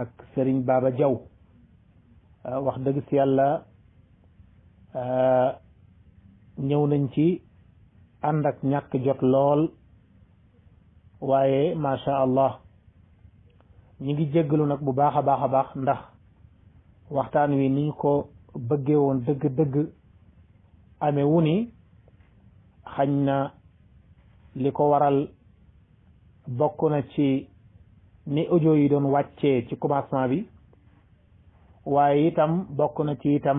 ak sëriñ Baba Jaw ah, wax dëgg si yàlla ah, ñëw nañ ci ànd ak ñàkk jot lool waaye macha allah ñi ngi jéggalu nag bu baax a baax a baax ndax waxtaan wi ni ñu ko bëggee woon dëgg-dëgg amee wu ni xañ na li ko waral bokk na ci ni audio yi doon wàccee ci commencement bi waaye itam bokk na ci itam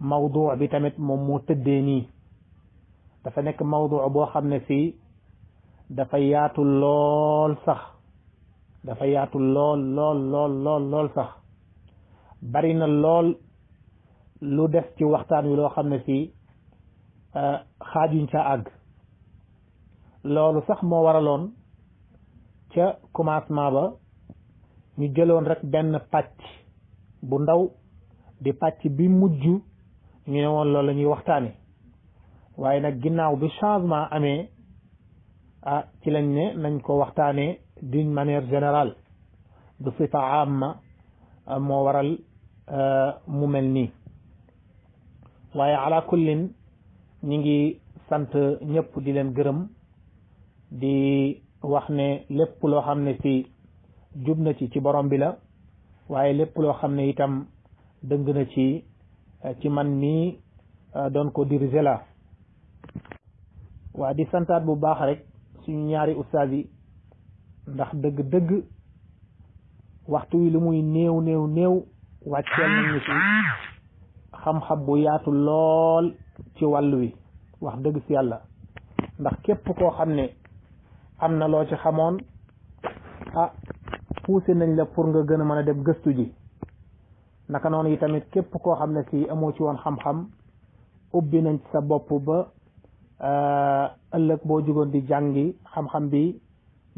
mawdu bi tamit moom moo tëddee nii dafa nekk mawdu boo xam ne fii dafa yaatu lool sax dafa yaatu lool lool lool lool lool sax bari na lool lu des ci waxtaan wi loo xam ne fii euh, xaajuñ sa àgg loolu sax moo waraloon ca commencement ba ñu jëloon rek benn pàcc bu ndaw di pàcc bi mujj ñu ne woon loolu la ñuy waxtaane waaye nag ginnaaw bi changement amee ah ci lañ ne nañ ko waxtaanee d'une manière générale du sifa amma moo waral euh, mu mel nii waaye ala kullin ñi ngi sant ñëpp di leen gërëm di wax ne lépp loo xam ne si jub na ci ci borom bi la waaye lépp loo xam ne itam dëng na ci euh, ci man mii euh, doon ko diriger la waa di santaat bu baax rek suñu ñaari ustaas ndax dëgg-dëgg waxtu wi lu muy néew néew néew wàcceel nañu ci xam-xam bu yaatu lool ci wàll wi wax dëgg si yàlla ndax képp koo xam ne am na loo ci xamoon a ah, poussé nañ la pour nga gën a mën a dem gëstu ji naka noonu yi tamit képp koo xam ne si amoo ci woon xam-xam ubbi nañ sa bopp ba euh, ëllëg boo jugoon di jàngi xam-xam bi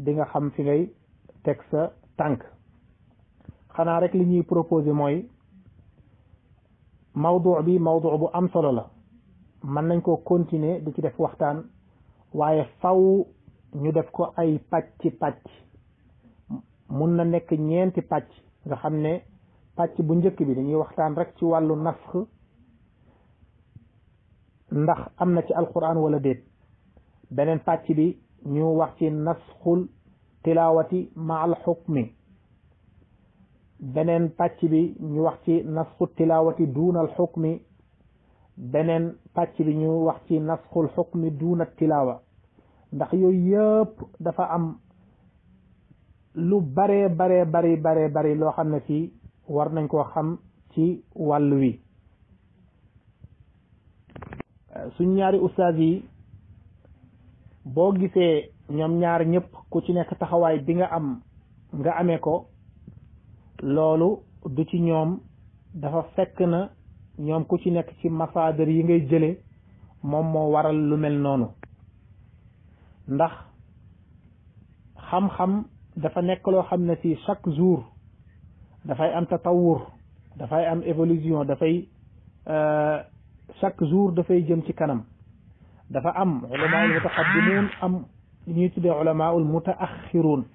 di nga xam fi ngay teg sa tànk xanaa rek li ñuy proposé mooy mawdu bi mawdu bu am solo la mën nañ koo continuer di ci def waxtaan waaye faw ñu def ko ay pàcc pàcc mun na nekk ñeenti pàcc nga xam ne pàcc bu njëkk bi dañuy waxtaan rek ci wàllu nasx ndax am na ci alquran wala déet beneen pàcc bi ñu wax ci nasxul tilaawati ma al beneen pàcc bi ñu wax ci nasxul tilaawati duunal xukmi beneen pàcc bi ñu wax ci nasxul xukmi duuna tilaawa ndax yooyu yëpp dafa am lu bare bare bari bare bari loo xam ne fii war nañ koo xam ci wàll wi suñ ñaari ustaas yi boo gisee ñoom ñaar ñëpp ku ci nekk taxawaay bi nga am nga amee ko loolu du ci ñoom dafa fekk na ñoom ku ci nekk ci masaadir yi ngay jële moom moo waral lu mel noonu ndax xam-xam dafa nekk loo xam ne si chaque jour dafay am tatawur dafay am évolution dafay euh, chaque jour dafay jëm ci kanam dafa am ah. ulamaul mutaqaddimun am ñuy tuddee ulamaul mutaaxirun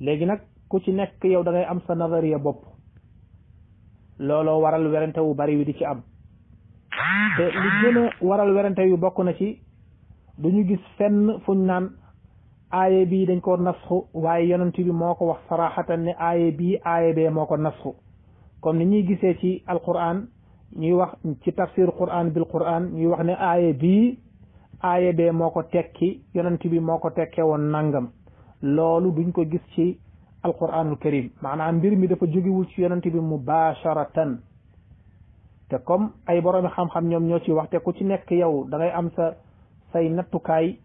léegi nag ku ci nekk yow dangay am sa nazariya bopp looloo waral werante wu bari di ci am te li gën a waral werante yu bokk na ci ñu gis fenn fuñ naan aaye bii dañ ko nasxu waaye yonent bi moo ko wax saraxatan ne aaye bi aaye bee moo ko nasxu comme ni ñuy gisee ci alquran ñuy wax ci tafsir quran bil quran ñuy wax ne aaya bi aaya bee moo ko tekki yonent bi moo ko tekkee woon nangam loolu duñ ko gis ci alquranul karim maanaam mbir mi dafa jógewul ci yonent bi mubasharatan te comme ay boroomi xam-xam ñoom ñoo ci wax ku ci nekk yow da ngay am sa say nattukaay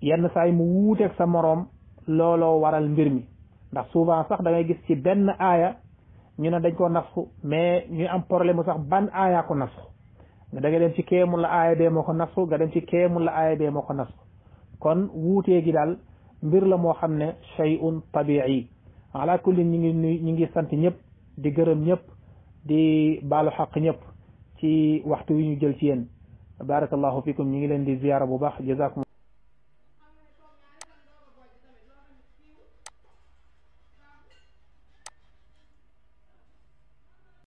yenn saay mu wuuteeg sa moroom looloo waral mbir mi ndax souvent sax dangay gis ci benn aaya ñu ne dañ koo nasxu mais ñu am problème mu sax ban aayaa ko nasxu nga da nga dem ci kee la aaya bee ko nasxu nga dem ci kee mun la aaya bee moo ko nasxu kon wuutee gi daal mbir la moo xam ne shay'un tabi'i ala kulli ñi ngi nuyu ñi ngi sant ñëpp di gërëm ñëpp di baalu xaq ñëpp ci waxtu wi ñu jël ci yéen barakallahu fikum ñu ngi leen di ziyaara bu baax jazakum